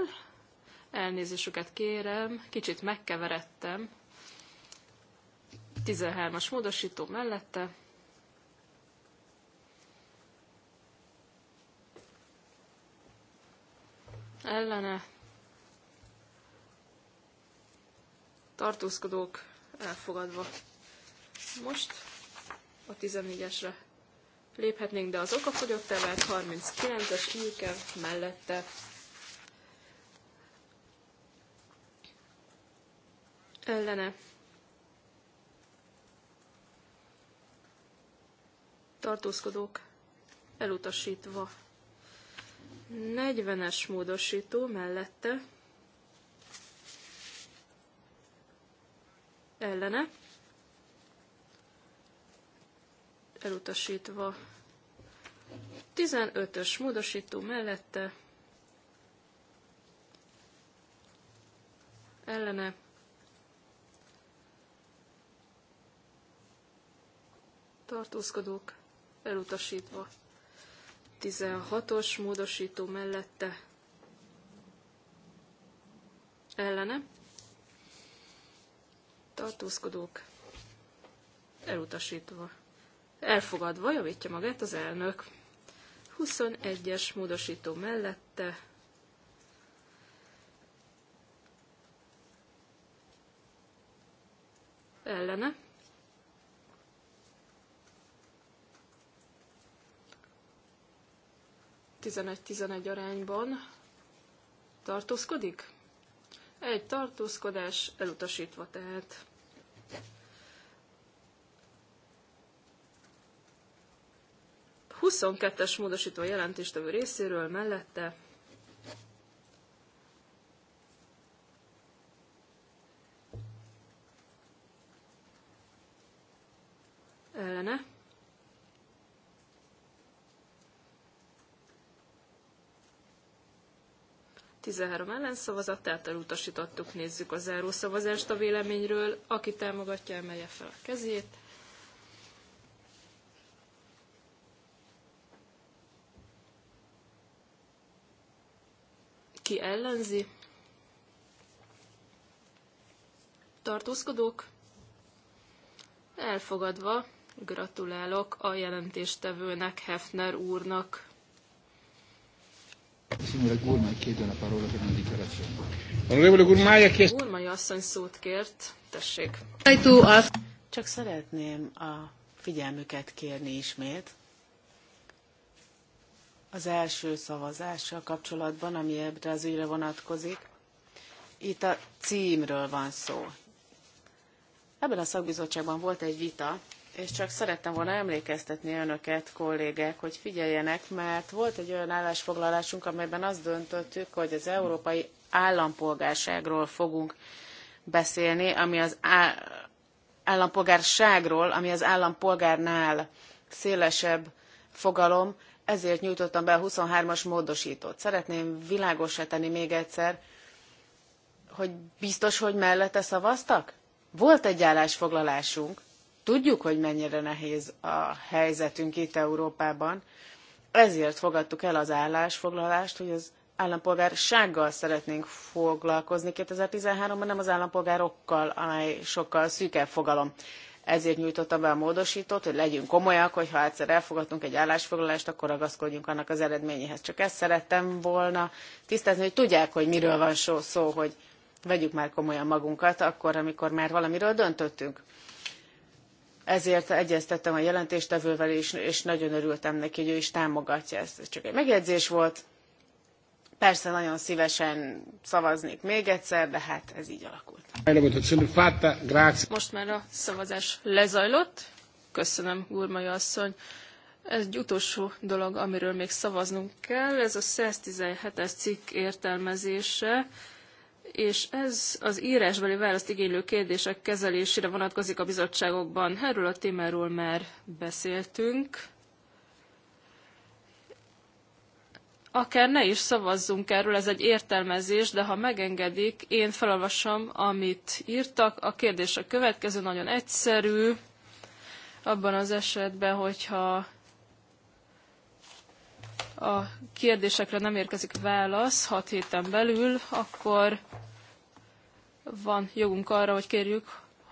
Elnézésüket kérem, kicsit megkeveredtem. 13-as módosító mellette. Ellene. Tartózkodók elfogadva. Most a 14-esre léphetnénk, de az okafogyott tevet 39-es ülke mellette. Ellene tartózkodók elutasítva. 40-es módosító mellette ellene elutasítva. 15-ös módosító mellette ellene tartózkodók elutasítva. 16-os módosító mellette ellene tartózkodók elutasítva. Elfogadva javítja magát az elnök. 21-es módosító mellette ellene 11-11 arányban tartózkodik? Egy tartózkodás elutasítva tehát. es módosító jelentéstevő részéről mellette ellene 13 ellenszavazat, tehát elutasítottuk, nézzük a szavazást a véleményről. Aki támogatja, emelje fel a kezét. Ki ellenzi? Tartózkodók? Elfogadva, gratulálok a jelentéstevőnek, Hefner úrnak. Signora Gurmai, chiedo la parola per una dichiarazione. Onorevole Gurmai, ha chiesto... Gurmai asszony szót kért. Tessék. Csak szeretném a figyelmüket kérni ismét. Az első szavazással kapcsolatban, ami ebben az ügyre vonatkozik, itt a címről van szó. Ebben a szakbizottságban volt egy vita és csak szerettem volna emlékeztetni önöket, kollégák, hogy figyeljenek, mert volt egy olyan állásfoglalásunk, amelyben azt döntöttük, hogy az európai állampolgárságról fogunk beszélni, ami az állampolgárságról, ami az állampolgárnál szélesebb fogalom, ezért nyújtottam be a 23-as módosítót. Szeretném világosra tenni még egyszer, hogy biztos, hogy mellette szavaztak? Volt egy állásfoglalásunk, Tudjuk, hogy mennyire nehéz a helyzetünk itt Európában, ezért fogadtuk el az állásfoglalást, hogy az állampolgársággal szeretnénk foglalkozni 2013-ban, nem az állampolgárokkal, amely sokkal szűkebb fogalom. Ezért nyújtottam be a módosítót, hogy legyünk komolyak, hogy ha egyszer elfogadtunk egy állásfoglalást, akkor ragaszkodjunk annak az eredményéhez. Csak ezt szerettem volna tisztázni, hogy tudják, hogy miről van szó hogy vegyük már komolyan magunkat, akkor, amikor már valamiről döntöttünk ezért egyeztettem a jelentéstevővel is, és nagyon örültem neki, hogy ő is támogatja ezt. Ez csak egy megjegyzés volt. Persze nagyon szívesen szavaznék még egyszer, de hát ez így alakult. Most már a szavazás lezajlott. Köszönöm, Gurmai asszony. Ez egy utolsó dolog, amiről még szavaznunk kell. Ez a 117-es cikk értelmezése és ez az írásbeli választ igénylő kérdések kezelésére vonatkozik a bizottságokban. Erről a témáról már beszéltünk. Akár ne is szavazzunk erről, ez egy értelmezés, de ha megengedik, én felolvasom, amit írtak. A kérdés a következő, nagyon egyszerű. Abban az esetben, hogyha a kérdésekre nem érkezik válasz hat héten belül, akkor van jogunk arra, hogy kérjük,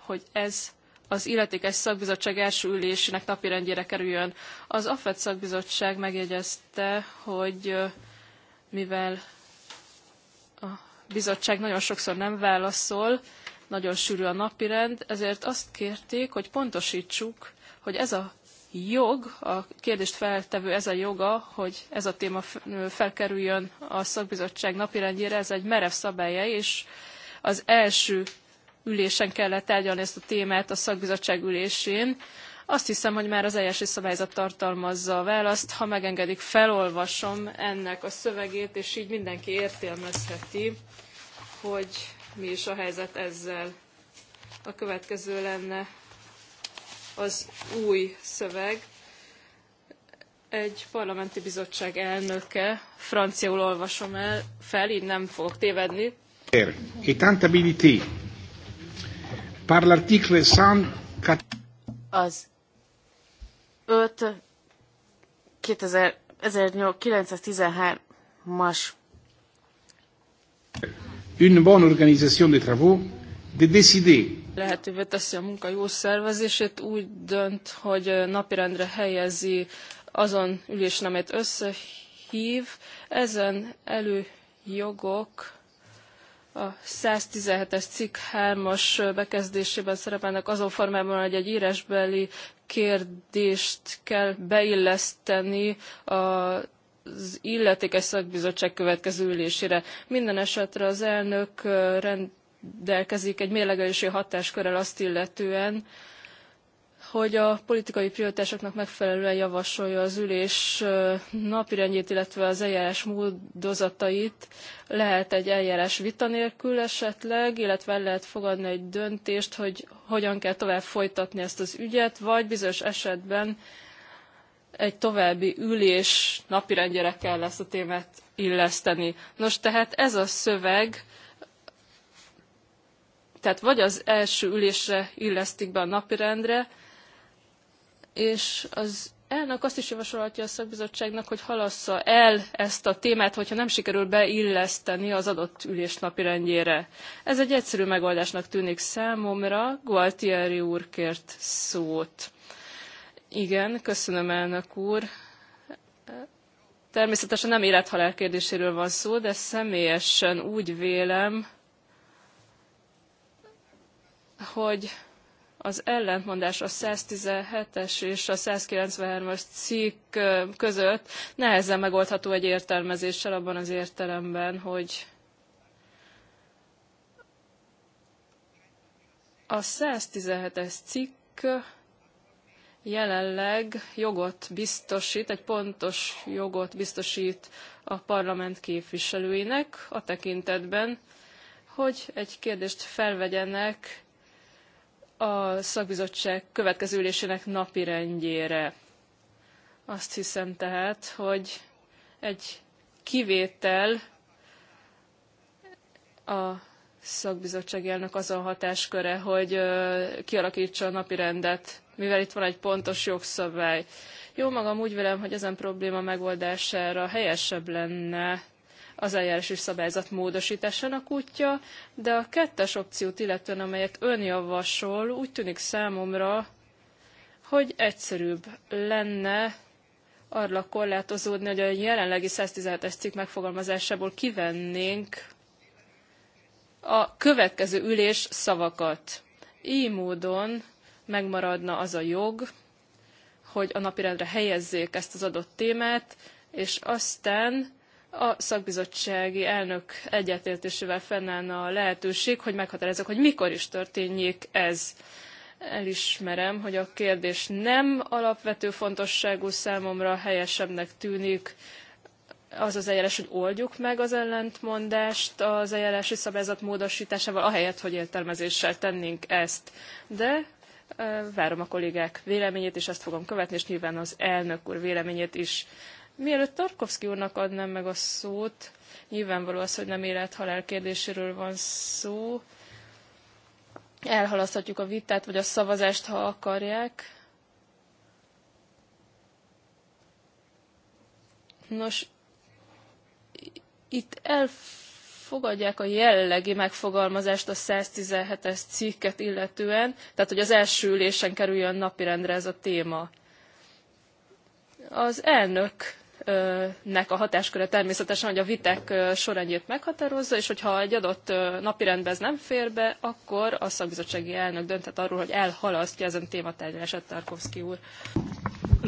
hogy ez az illetékes szakbizottság első ülésének napirendjére kerüljön. Az AFET szakbizottság megjegyezte, hogy mivel a bizottság nagyon sokszor nem válaszol, nagyon sűrű a napirend, ezért azt kérték, hogy pontosítsuk, hogy ez a jog, a kérdést feltevő ez a joga, hogy ez a téma felkerüljön a szakbizottság napirendjére, ez egy merev szabálya, és az első ülésen kellett tárgyalni ezt a témát a szakbizottság ülésén. Azt hiszem, hogy már az eljárási szabályzat tartalmazza a választ. Ha megengedik, felolvasom ennek a szövegét, és így mindenki értelmezheti, hogy mi is a helyzet ezzel. A következő lenne az új szöveg. Egy parlamenti bizottság elnöke, franciául olvasom el, fel, így nem fogok tévedni. Et er, e tentabilité par l'article 104... Az 5 2000, 1913-as une bonne organisation des travaux de décider lehetővé teszi a munka jó szervezését, úgy dönt, hogy napirendre helyezi azon ülésen, amelyet összehív. Ezen előjogok a 117-es cikk 3-as bekezdésében szerepelnek azon formában, hogy egy írásbeli kérdést kell beilleszteni a az illetékes szakbizottság következő ülésére. Minden esetre az elnök rend, rendelkezik egy mérlegelési hatáskörrel azt illetően, hogy a politikai prioritásoknak megfelelően javasolja az ülés napirendjét, illetve az eljárás módozatait. Lehet egy eljárás vita nélkül esetleg, illetve el lehet fogadni egy döntést, hogy hogyan kell tovább folytatni ezt az ügyet, vagy bizonyos esetben egy további ülés napirendjére kell ezt a témát illeszteni. Nos, tehát ez a szöveg tehát vagy az első ülésre illesztik be a napirendre, és az elnök azt is javasolhatja a szakbizottságnak, hogy halassza el ezt a témát, hogyha nem sikerül beilleszteni az adott ülés napirendjére. Ez egy egyszerű megoldásnak tűnik számomra. Gualtieri úr kért szót. Igen, köszönöm elnök úr. Természetesen nem élethalál kérdéséről van szó, de személyesen úgy vélem, hogy az ellentmondás a 117-es és a 193-as cikk között nehezen megoldható egy értelmezéssel abban az értelemben, hogy a 117-es cikk jelenleg jogot biztosít, egy pontos jogot biztosít a parlament képviselőinek a tekintetben, hogy egy kérdést felvegyenek a szakbizottság következő ülésének napirendjére. Azt hiszem tehát, hogy egy kivétel a szakbizottság elnök az hatásköre, hogy kialakítsa a napirendet, mivel itt van egy pontos jogszabály. Jó magam úgy vélem, hogy ezen probléma megoldására helyesebb lenne az eljárási szabályzat módosításának útja, de a kettes opciót illetően, amelyet ön javasol, úgy tűnik számomra, hogy egyszerűbb lenne arra korlátozódni, hogy a jelenlegi 117-es cikk megfogalmazásából kivennénk a következő ülés szavakat. Így módon megmaradna az a jog, hogy a napirendre helyezzék ezt az adott témát, és aztán a szakbizottsági elnök egyetértésével fennállna a lehetőség, hogy meghatározok, hogy mikor is történjék ez. Elismerem, hogy a kérdés nem alapvető fontosságú számomra helyesebbnek tűnik, az az eljárás, hogy oldjuk meg az ellentmondást az eljárási szabályzat módosításával, ahelyett, hogy értelmezéssel tennénk ezt. De várom a kollégák véleményét, és ezt fogom követni, és nyilván az elnök úr véleményét is. Mielőtt Tarkovsky úrnak adnám meg a szót, nyilvánvaló az, hogy nem élet-halál kérdéséről van szó, elhalaszthatjuk a vitát, vagy a szavazást, ha akarják. Nos, itt elfogadják a jellegi megfogalmazást a 117-es cikket illetően, tehát hogy az első ülésen kerüljön napirendre ez a téma. Az elnök nek a hatásköre természetesen, hogy a vitek sorrendjét meghatározza, és hogyha egy adott napirendbe ez nem fér be, akkor a szakbizottsági elnök dönthet arról, hogy elhalasztja ezen tématárgyalását Tarkovsky úr.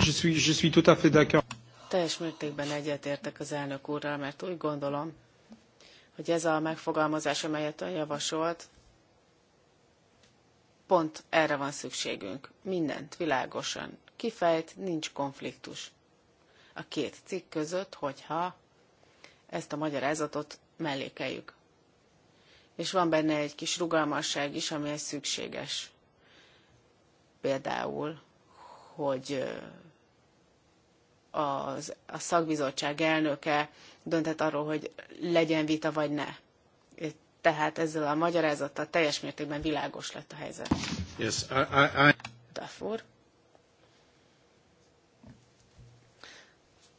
Je suis, je suis tout à fait d'accord. Teljes mértékben egyetértek az elnök úrral, mert úgy gondolom, hogy ez a megfogalmazás, amelyet ön javasolt, pont erre van szükségünk. Mindent világosan kifejt, nincs konfliktus a két cikk között, hogyha ezt a magyarázatot mellékeljük. És van benne egy kis rugalmasság is, amihez szükséges. Például, hogy az, a szakbizottság elnöke döntett arról, hogy legyen vita vagy ne. Tehát ezzel a magyarázattal teljes mértékben világos lett a helyzet. Yes, I, I, I... Dafur.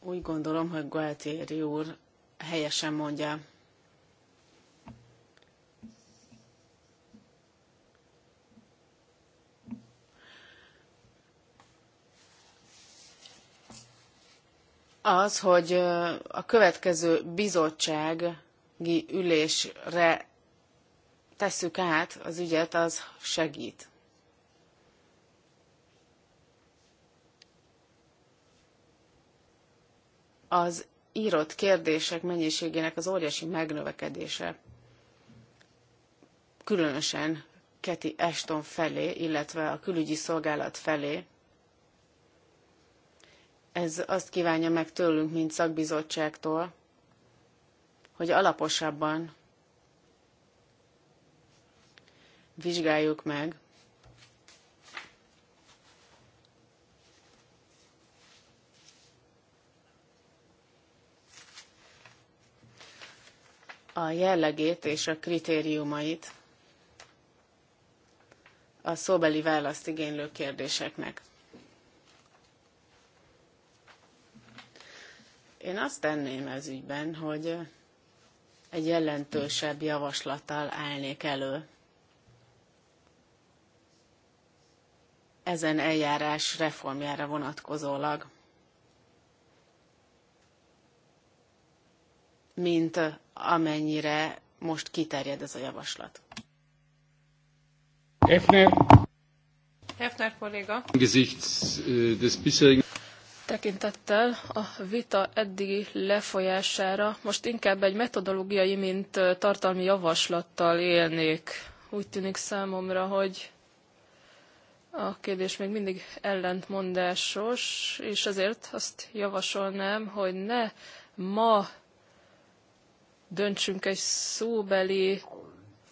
Úgy gondolom, hogy Gualtieri úr helyesen mondja. az, hogy a következő bizottsági ülésre tesszük át az ügyet, az segít. az írott kérdések mennyiségének az óriási megnövekedése, különösen Keti Eston felé, illetve a külügyi szolgálat felé, ez azt kívánja meg tőlünk, mint szakbizottságtól, hogy alaposabban vizsgáljuk meg a jellegét és a kritériumait a szóbeli választ igénylő kérdéseknek. Én azt tenném ez ügyben, hogy egy jelentősebb javaslattal állnék elő. Ezen eljárás reformjára vonatkozólag, mint amennyire most kiterjed ez a javaslat. Hefner. Hefner kolléga. Äh, Tekintettel a vita eddigi lefolyására most inkább egy metodológiai, mint tartalmi javaslattal élnék. Úgy tűnik számomra, hogy a kérdés még mindig ellentmondásos, és ezért azt javasolnám, hogy ne ma döntsünk egy szóbeli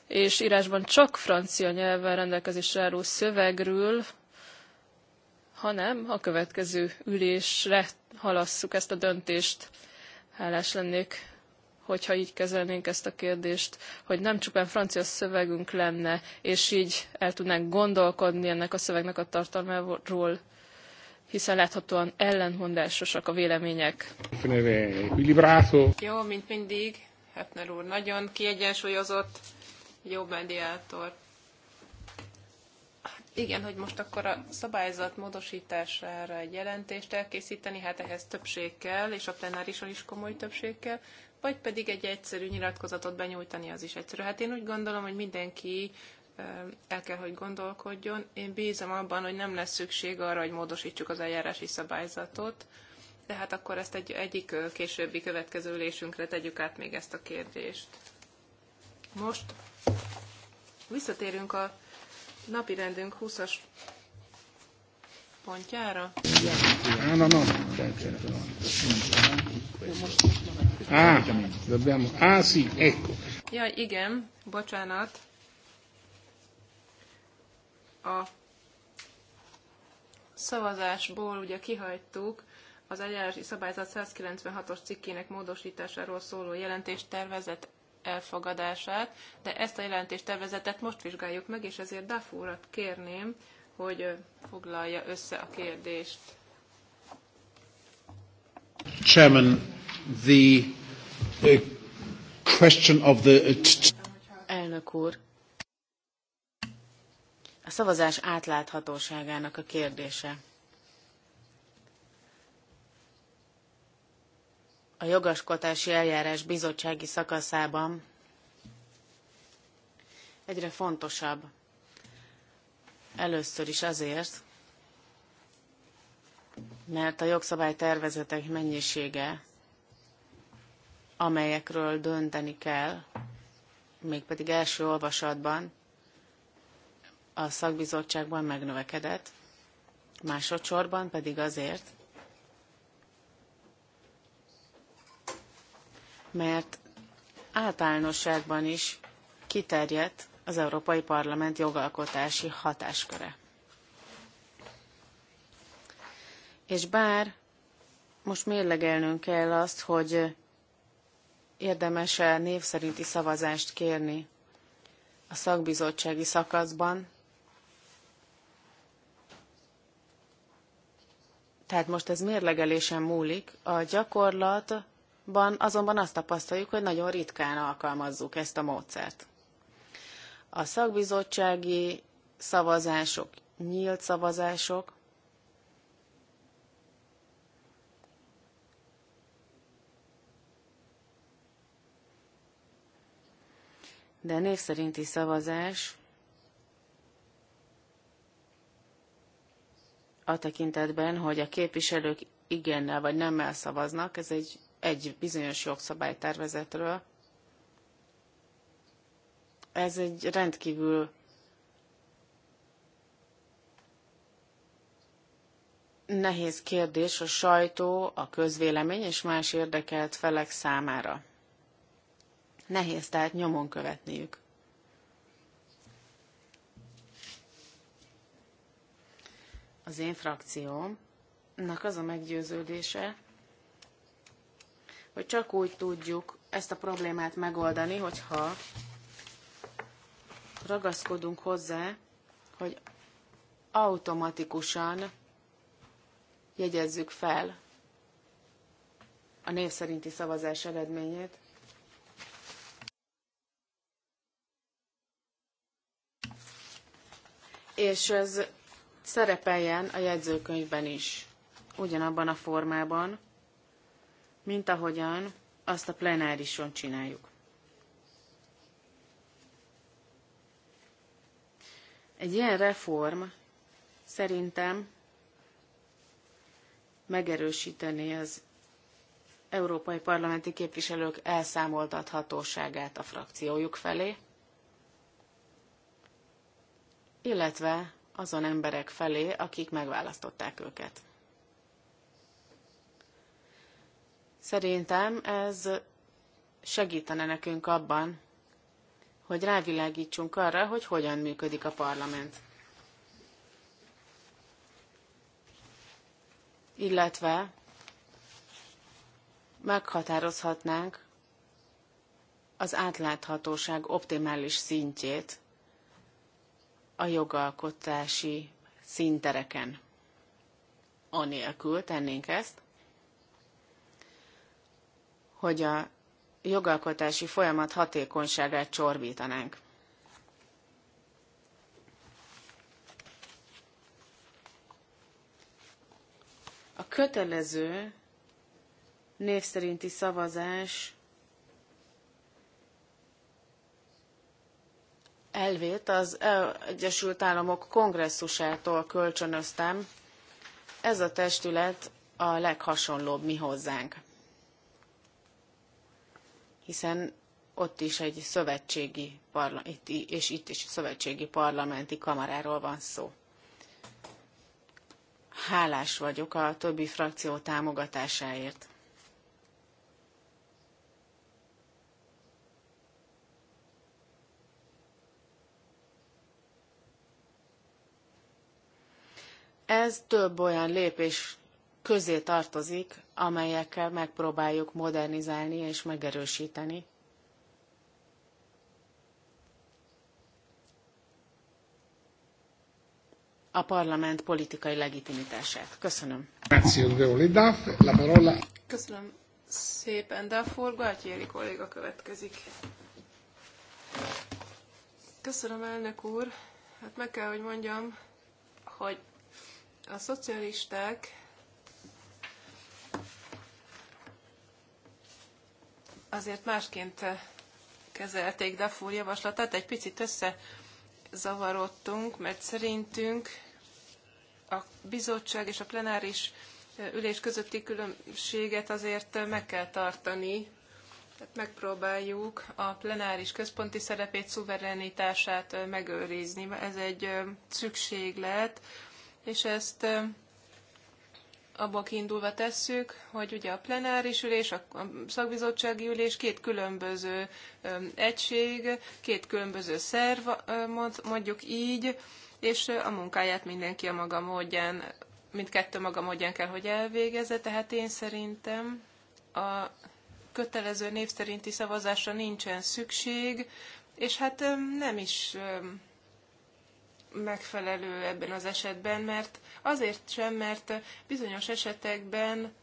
és írásban csak francia nyelven rendelkezésre álló szövegről, hanem a következő ülésre halasszuk ezt a döntést. Hálás lennék, hogyha így kezelnénk ezt a kérdést, hogy nem csupán francia szövegünk lenne, és így el tudnánk gondolkodni ennek a szövegnek a tartalmáról, hiszen láthatóan ellentmondásosak a vélemények. Jó, mint mindig, Hepner úr. Nagyon kiegyensúlyozott, jó mediátor. Igen, hogy most akkor a szabályzat módosítására egy jelentést elkészíteni, hát ehhez többség kell, és a plenárison is komoly többség kell, vagy pedig egy egyszerű nyilatkozatot benyújtani, az is egyszerű. Hát én úgy gondolom, hogy mindenki el kell, hogy gondolkodjon. Én bízom abban, hogy nem lesz szükség arra, hogy módosítsuk az eljárási szabályzatot, de hát akkor ezt egy, egyik későbbi következő ülésünkre tegyük át még ezt a kérdést. Most visszatérünk a napi rendünk 20-as pontjára. Ah, ah, dobbiamo... Ah, sì, ecco. Ja, igen, bocsánat. A szavazásból ugye kihagytuk az eljárási szabályzat 196-os cikkének módosításáról szóló tervezett elfogadását, de ezt a tervezetet most vizsgáljuk meg, és ezért úrat kérném, hogy foglalja össze a kérdést. Chairman, the uh, question of the... Uh, Elnök úr, a szavazás átláthatóságának a kérdése. a jogaskotási eljárás bizottsági szakaszában egyre fontosabb. Először is azért, mert a jogszabálytervezetek mennyisége, amelyekről dönteni kell, mégpedig első olvasatban a szakbizottságban megnövekedett, másodszorban pedig azért, mert általánosságban is kiterjedt az Európai Parlament jogalkotási hatásköre. És bár most mérlegelnünk kell azt, hogy érdemes-e név szerinti szavazást kérni a szakbizottsági szakaszban, tehát most ez mérlegelésen múlik, a gyakorlat Ban azonban azt tapasztaljuk, hogy nagyon ritkán alkalmazzuk ezt a módszert. A szakbizottsági szavazások, nyílt szavazások, de név szerinti szavazás a tekintetben, hogy a képviselők igennel vagy nemmel szavaznak, ez egy egy bizonyos jogszabálytervezetről. Ez egy rendkívül nehéz kérdés a sajtó, a közvélemény és más érdekelt felek számára. Nehéz tehát nyomon követniük. Az én frakciómnak az a meggyőződése, hogy csak úgy tudjuk ezt a problémát megoldani, hogyha ragaszkodunk hozzá, hogy automatikusan jegyezzük fel a név szerinti szavazás eredményét. És ez szerepeljen a jegyzőkönyvben is, ugyanabban a formában, mint ahogyan azt a plenárison csináljuk. Egy ilyen reform szerintem megerősíteni az európai parlamenti képviselők elszámoltathatóságát a frakciójuk felé, illetve azon emberek felé, akik megválasztották őket. Szerintem ez segítene nekünk abban, hogy rávilágítsunk arra, hogy hogyan működik a parlament. Illetve meghatározhatnánk az átláthatóság optimális szintjét a jogalkotási szintereken. Anélkül tennénk ezt, hogy a jogalkotási folyamat hatékonyságát csorbítanánk. A kötelező név szerinti szavazás elvét az Egyesült Államok kongresszusától kölcsönöztem. Ez a testület a leghasonlóbb mi hozzánk hiszen ott is egy szövetségi és itt is szövetségi parlamenti kamaráról van szó. Hálás vagyok a többi frakció támogatásáért. Ez több olyan lépés közé tartozik, amelyekkel megpróbáljuk modernizálni és megerősíteni a parlament politikai legitimitását. Köszönöm. Köszönöm szépen, de a forgaltyéri kolléga következik. Köszönöm, elnök úr. Hát meg kell, hogy mondjam, hogy a szocialisták azért másként eh, kezelték Dafur javaslatát, egy picit összezavarodtunk, mert szerintünk a bizottság és a plenáris eh, ülés közötti különbséget azért eh, meg kell tartani, tehát megpróbáljuk a plenáris központi szerepét, szuverenitását megőrizni. Ez egy szükséglet, és ezt abból kiindulva tesszük, hogy ugye a plenáris ülés, a szakbizottsági ülés két különböző egység, két különböző szerv, mondjuk így, és a munkáját mindenki a maga módján, mindkettő maga módján kell, hogy elvégezze, tehát én szerintem a kötelező név szerinti szavazásra nincsen szükség, és hát nem is megfelelő ebben az esetben, mert azért sem, mert bizonyos esetekben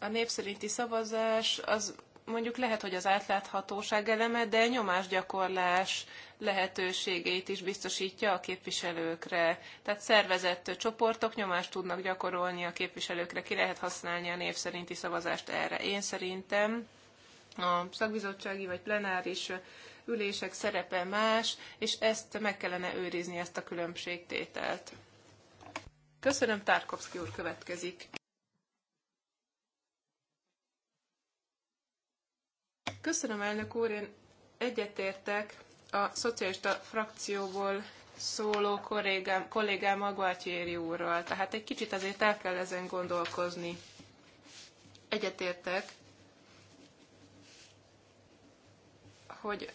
a népszerinti szavazás az mondjuk lehet, hogy az átláthatóság eleme, de nyomásgyakorlás lehetőségét is biztosítja a képviselőkre. Tehát szervezett csoportok nyomást tudnak gyakorolni a képviselőkre, ki lehet használni a népszerinti szavazást erre. Én szerintem a szakbizottsági vagy plenáris ülések szerepe más, és ezt meg kellene őrizni, ezt a különbségtételt. Köszönöm, Tárkovszki úr következik. Köszönöm, elnök úr, én egyetértek a szocialista frakcióból szóló kollégám, kollégám Aguatieri úrral. Tehát egy kicsit azért el kell ezen gondolkozni. Egyetértek, hogy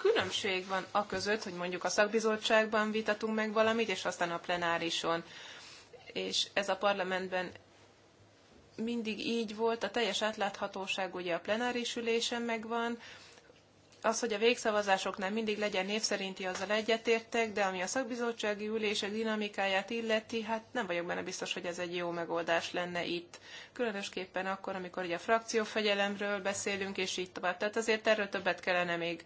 különbség van a között, hogy mondjuk a szakbizottságban vitatunk meg valamit, és aztán a plenárison. És ez a parlamentben mindig így volt, a teljes átláthatóság ugye a plenáris ülésen megvan, az, hogy a végszavazásoknál mindig legyen név szerinti, azzal egyetértek, de ami a szakbizottsági ülések dinamikáját illeti, hát nem vagyok benne biztos, hogy ez egy jó megoldás lenne itt. Különösképpen akkor, amikor ugye a frakciófegyelemről beszélünk, és így tovább. Tehát azért erről többet kellene még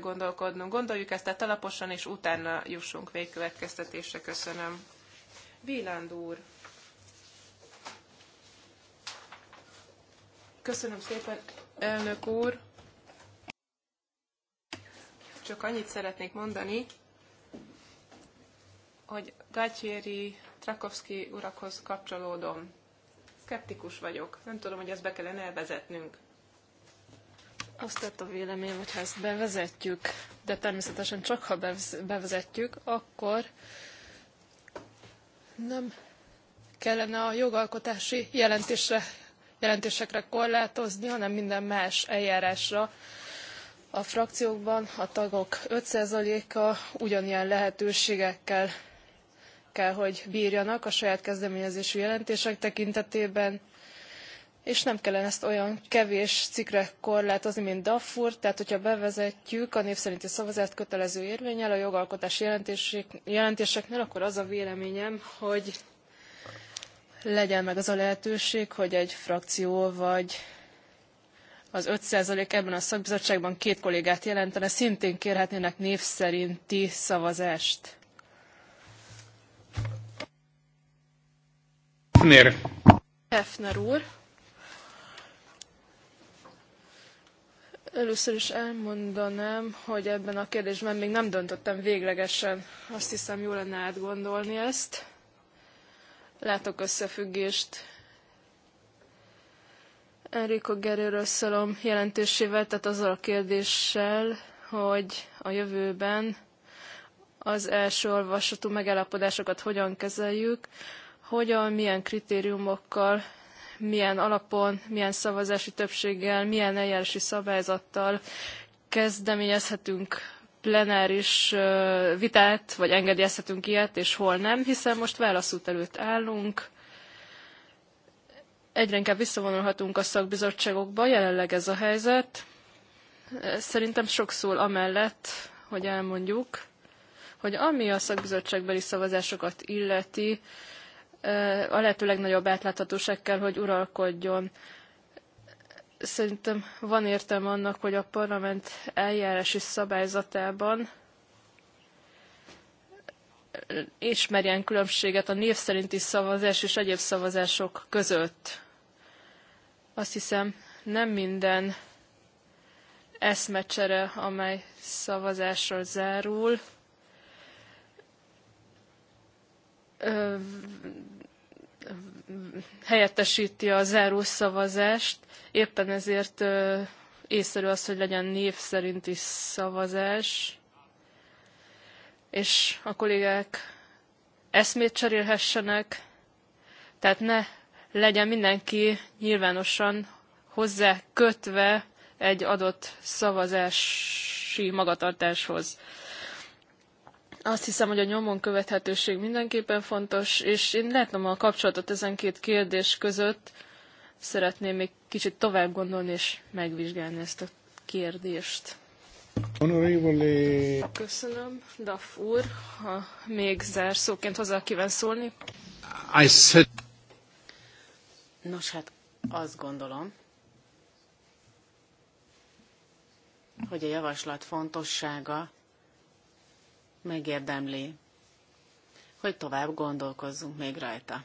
gondolkodnunk. Gondoljuk ezt tehát alaposan, és utána jussunk végkövetkeztetésre. Köszönöm. Víland úr. Köszönöm szépen, elnök úr csak annyit szeretnék mondani, hogy Gátyéri Trakovszki urakhoz kapcsolódom. Skeptikus vagyok. Nem tudom, hogy ezt be kellene elvezetnünk. Azt tett a vélemény, hogy ha ezt bevezetjük, de természetesen csak ha bevezetjük, akkor nem kellene a jogalkotási jelentésre, jelentésekre korlátozni, hanem minden más eljárásra, a frakciókban a tagok 5%-a ugyanilyen lehetőségekkel kell, hogy bírjanak a saját kezdeményezésű jelentések tekintetében, és nem kellene ezt olyan kevés cikre korlátozni, mint Darfur, tehát hogyha bevezetjük a név szerinti szavazást kötelező érvényel a jogalkotási jelentéseknél, akkor az a véleményem, hogy legyen meg az a lehetőség, hogy egy frakció vagy az 5% ebben a szakbizottságban két kollégát jelentene, szintén kérhetnének név szerinti szavazást. Hefner. Hefner úr. Először is elmondanám, hogy ebben a kérdésben még nem döntöttem véglegesen. Azt hiszem, jó lenne átgondolni ezt. Látok összefüggést Enrico Guerrero szalom jelentésével, tehát azzal a kérdéssel, hogy a jövőben az első olvasatú megállapodásokat hogyan kezeljük, hogyan, milyen kritériumokkal, milyen alapon, milyen szavazási többséggel, milyen eljárási szabályzattal kezdeményezhetünk plenáris vitát, vagy engedélyezhetünk ilyet, és hol nem, hiszen most válaszút előtt állunk, egyre inkább visszavonulhatunk a szakbizottságokba, jelenleg ez a helyzet. Szerintem sok szól amellett, hogy elmondjuk, hogy ami a szakbizottságbeli szavazásokat illeti, eh, a lehető legnagyobb átláthatóság kell, hogy uralkodjon. Szerintem van értelme annak, hogy a parlament eljárási szabályzatában ismerjen különbséget a név szerinti szavazás és egyéb szavazások között. Azt hiszem, nem minden eszmecsere, amely szavazásról zárul, helyettesíti a záró szavazást, éppen ezért észszerű az, hogy legyen név szerinti szavazás és a kollégák eszmét cserélhessenek, tehát ne legyen mindenki nyilvánosan hozzá kötve egy adott szavazási magatartáshoz. Azt hiszem, hogy a nyomon követhetőség mindenképpen fontos, és én látom a kapcsolatot ezen két kérdés között. Szeretném még kicsit tovább gondolni és megvizsgálni ezt a kérdést. Köszönöm, Daf úr, ha még zárszóként hozzá kíván szólni. I said... Nos, hát azt gondolom, hogy a javaslat fontossága megérdemli, hogy tovább gondolkozzunk még rajta.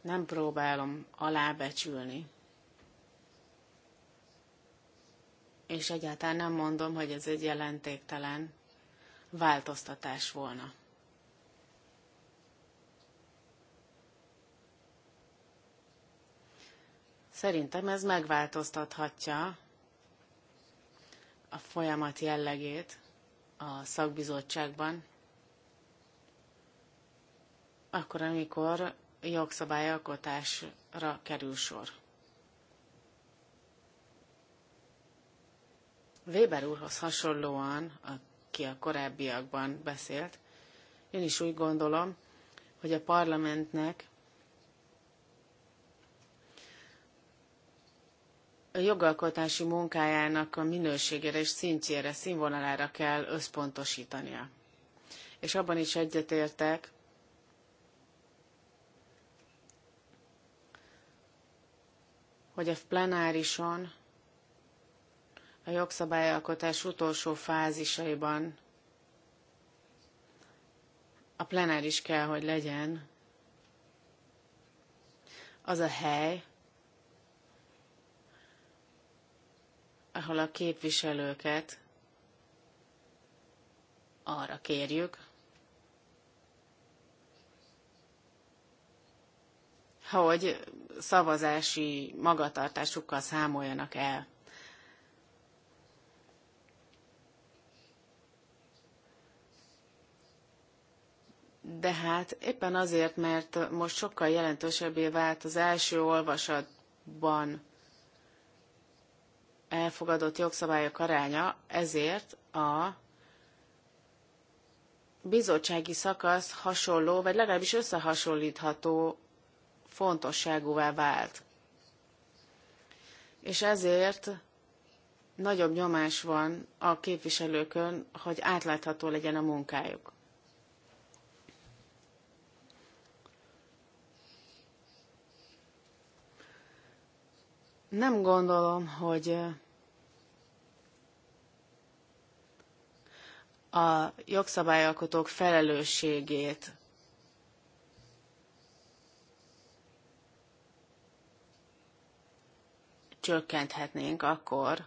Nem próbálom alábecsülni és egyáltalán nem mondom, hogy ez egy jelentéktelen változtatás volna. Szerintem ez megváltoztathatja a folyamat jellegét a szakbizottságban, akkor, amikor jogszabályalkotásra kerül sor. Weber úrhoz hasonlóan, aki a korábbiakban beszélt, én is úgy gondolom, hogy a parlamentnek a jogalkotási munkájának a minőségére és szintjére, színvonalára kell összpontosítania. És abban is egyetértek, hogy a plenárison a jogszabályalkotás utolsó fázisaiban a plenáris kell, hogy legyen az a hely, ahol a képviselőket arra kérjük, hogy szavazási magatartásukkal számoljanak el. de hát éppen azért, mert most sokkal jelentősebbé vált az első olvasatban elfogadott jogszabályok aránya, ezért a bizottsági szakasz hasonló, vagy legalábbis összehasonlítható fontosságúvá vált. És ezért nagyobb nyomás van a képviselőkön, hogy átlátható legyen a munkájuk. nem gondolom, hogy a jogszabályalkotók felelősségét csökkenthetnénk akkor,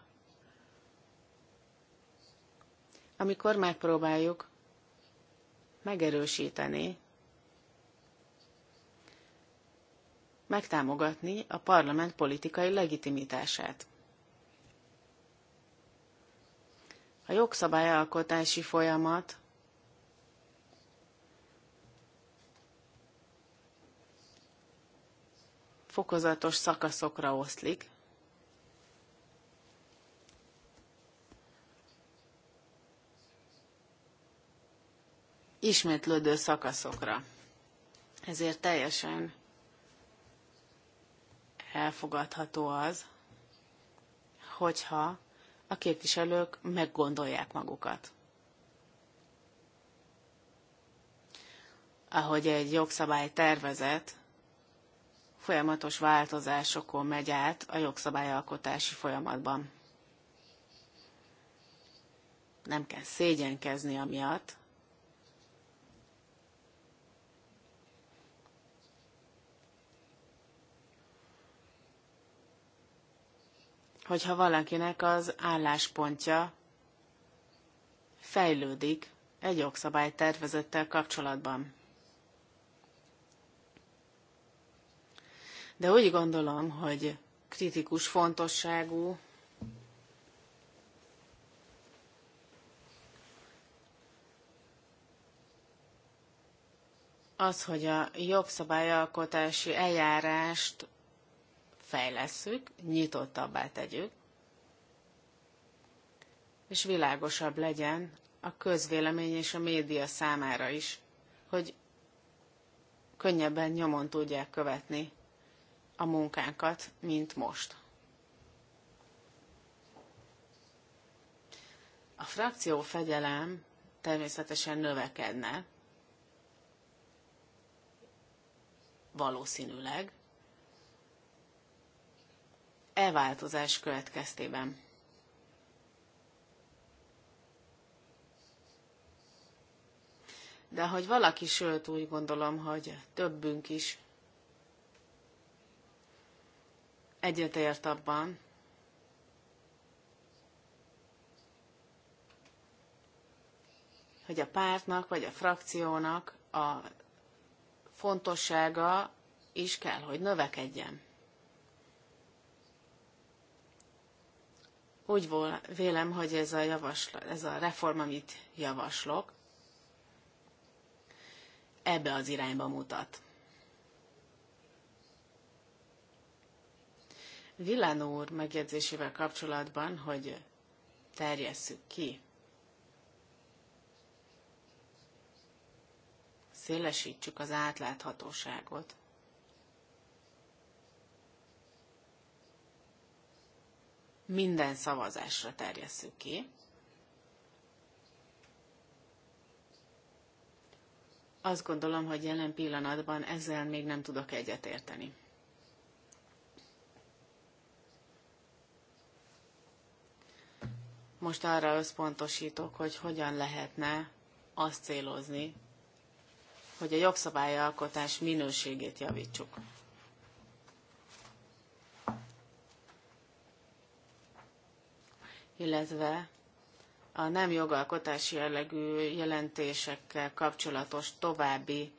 amikor megpróbáljuk megerősíteni megtámogatni a parlament politikai legitimitását. A jogszabályalkotási folyamat fokozatos szakaszokra oszlik. Ismétlődő szakaszokra. Ezért teljesen elfogadható az, hogyha a képviselők meggondolják magukat. Ahogy egy jogszabály tervezet folyamatos változásokon megy át a jogszabályalkotási folyamatban. Nem kell szégyenkezni amiatt, hogyha valakinek az álláspontja fejlődik egy jogszabály tervezettel kapcsolatban. De úgy gondolom, hogy kritikus fontosságú az, hogy a jogszabályalkotási eljárást fejlesszük, nyitottabbá tegyük, és világosabb legyen a közvélemény és a média számára is, hogy könnyebben nyomon tudják követni a munkánkat, mint most. A frakció fegyelem természetesen növekedne, valószínűleg, e változás következtében. De hogy valaki, sőt úgy gondolom, hogy többünk is egyetért abban, hogy a pártnak vagy a frakciónak a fontossága is kell, hogy növekedjen. Úgy vélem, hogy ez a, javasla, ez a reform, amit javaslok, ebbe az irányba mutat. Villán úr megjegyzésével kapcsolatban, hogy terjesszük ki, szélesítsük az átláthatóságot. minden szavazásra terjesszük ki. Azt gondolom, hogy jelen pillanatban ezzel még nem tudok egyetérteni. Most arra összpontosítok, hogy hogyan lehetne azt célozni, hogy a jogszabályalkotás minőségét javítsuk. illetve a nem jogalkotási jellegű jelentésekkel kapcsolatos további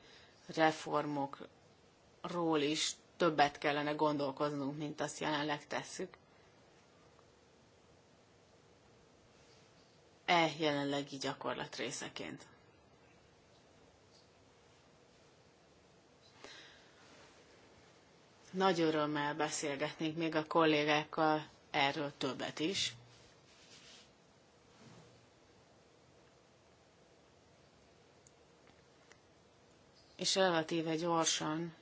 reformokról is többet kellene gondolkoznunk, mint azt jelenleg tesszük. E jelenlegi gyakorlat részeként. Nagy örömmel beszélgetnék még a kollégákkal erről többet is. és relatíve gyorsan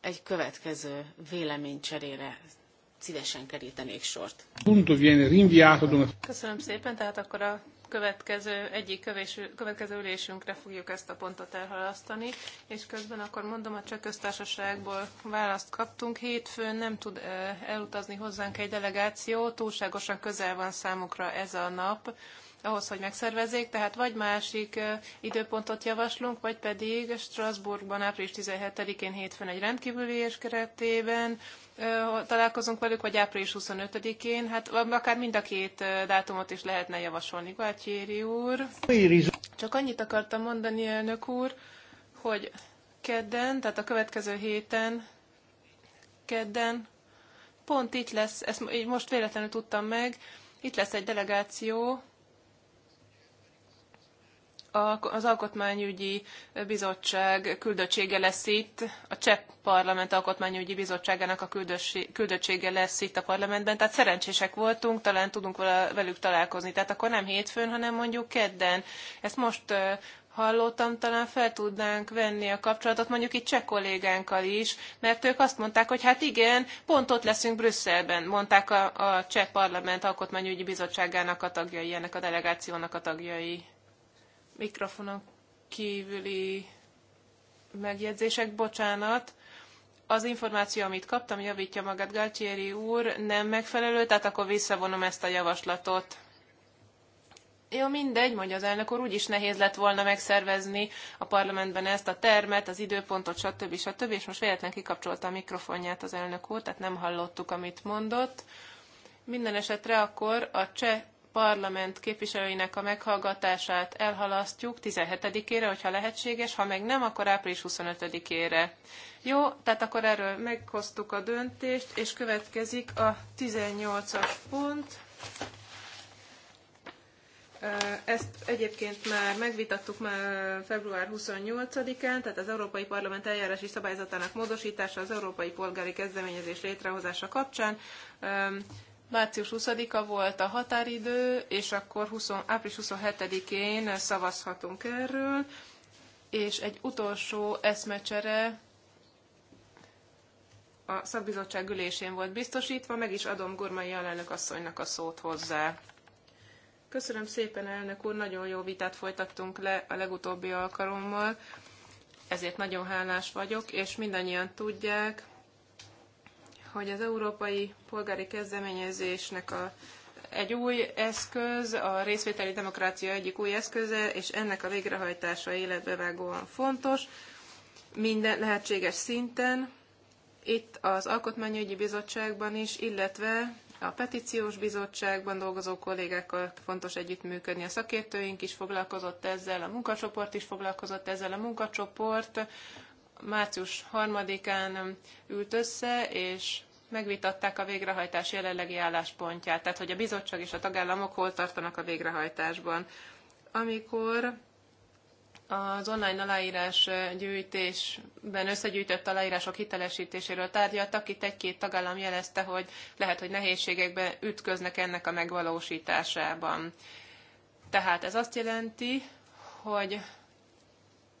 egy következő véleménycserére szívesen kerítenék sort. Köszönöm szépen, tehát akkor a következő egyik kövésű, következő ülésünkre fogjuk ezt a pontot elhalasztani, és közben akkor mondom, a cseh választ kaptunk. Hétfőn nem tud elutazni hozzánk egy delegáció, túlságosan közel van számukra ez a nap, ahhoz, hogy megszervezzék, tehát vagy másik időpontot javaslunk, vagy pedig Strasbourgban április 17-én hétfőn egy rendkívüli és keretében találkozunk velük, vagy április 25-én, hát akár mind a két dátumot is lehetne javasolni. Gatyéri úr. Csak annyit akartam mondani, elnök úr, hogy kedden, tehát a következő héten, kedden, pont itt lesz, ezt most véletlenül tudtam meg, itt lesz egy delegáció az Alkotmányügyi Bizottság küldöttsége lesz itt, a Cseh Parlament Alkotmányügyi Bizottságának a küldöttsége lesz itt a parlamentben, tehát szerencsések voltunk, talán tudunk velük találkozni. Tehát akkor nem hétfőn, hanem mondjuk kedden. Ezt most hallottam, talán fel tudnánk venni a kapcsolatot mondjuk itt cseh kollégánkkal is, mert ők azt mondták, hogy hát igen, pont ott leszünk Brüsszelben, mondták a, a cseh parlament alkotmányügyi bizottságának a tagjai, ennek a delegációnak a tagjai mikrofonon kívüli megjegyzések. Bocsánat, az információ, amit kaptam, javítja magát Galtieri úr, nem megfelelő, tehát akkor visszavonom ezt a javaslatot. Jó, mindegy, mondja az elnök úr, úgyis nehéz lett volna megszervezni a parlamentben ezt a termet, az időpontot, stb. stb. És most véletlen kikapcsolta a mikrofonját az elnök úr, tehát nem hallottuk, amit mondott. Minden esetre akkor a cseh Parlament képviselőinek a meghallgatását elhalasztjuk 17-ére, hogyha lehetséges, ha meg nem, akkor április 25-ére. Jó, tehát akkor erről meghoztuk a döntést, és következik a 18-as pont. Ezt egyébként már megvitattuk már február 28-án, tehát az Európai Parlament eljárási szabályzatának módosítása az Európai Polgári Kezdeményezés létrehozása kapcsán. Március 20-a volt a határidő, és akkor 20, április 27-én szavazhatunk erről, és egy utolsó eszmecsere a szakbizottság ülésén volt biztosítva, meg is adom Gurmai alelnök asszonynak a szót hozzá. Köszönöm szépen, elnök úr, nagyon jó vitát folytattunk le a legutóbbi alkalommal, ezért nagyon hálás vagyok, és mindannyian tudják, hogy az európai polgári kezdeményezésnek a, egy új eszköz, a részvételi demokrácia egyik új eszköze, és ennek a végrehajtása életbevágóan fontos, minden lehetséges szinten, itt az Alkotmányügyi Bizottságban is, illetve a petíciós bizottságban dolgozó kollégákkal fontos együttműködni. A szakértőink is foglalkozott ezzel, a munkacsoport is foglalkozott ezzel, a munkacsoport március 3-án ült össze, és megvitatták a végrehajtás jelenlegi álláspontját, tehát hogy a bizottság és a tagállamok hol tartanak a végrehajtásban. Amikor az online aláírás gyűjtésben összegyűjtött aláírások hitelesítéséről tárgyaltak. Itt egy-két tagállam jelezte, hogy lehet, hogy nehézségekbe ütköznek ennek a megvalósításában. Tehát ez azt jelenti, hogy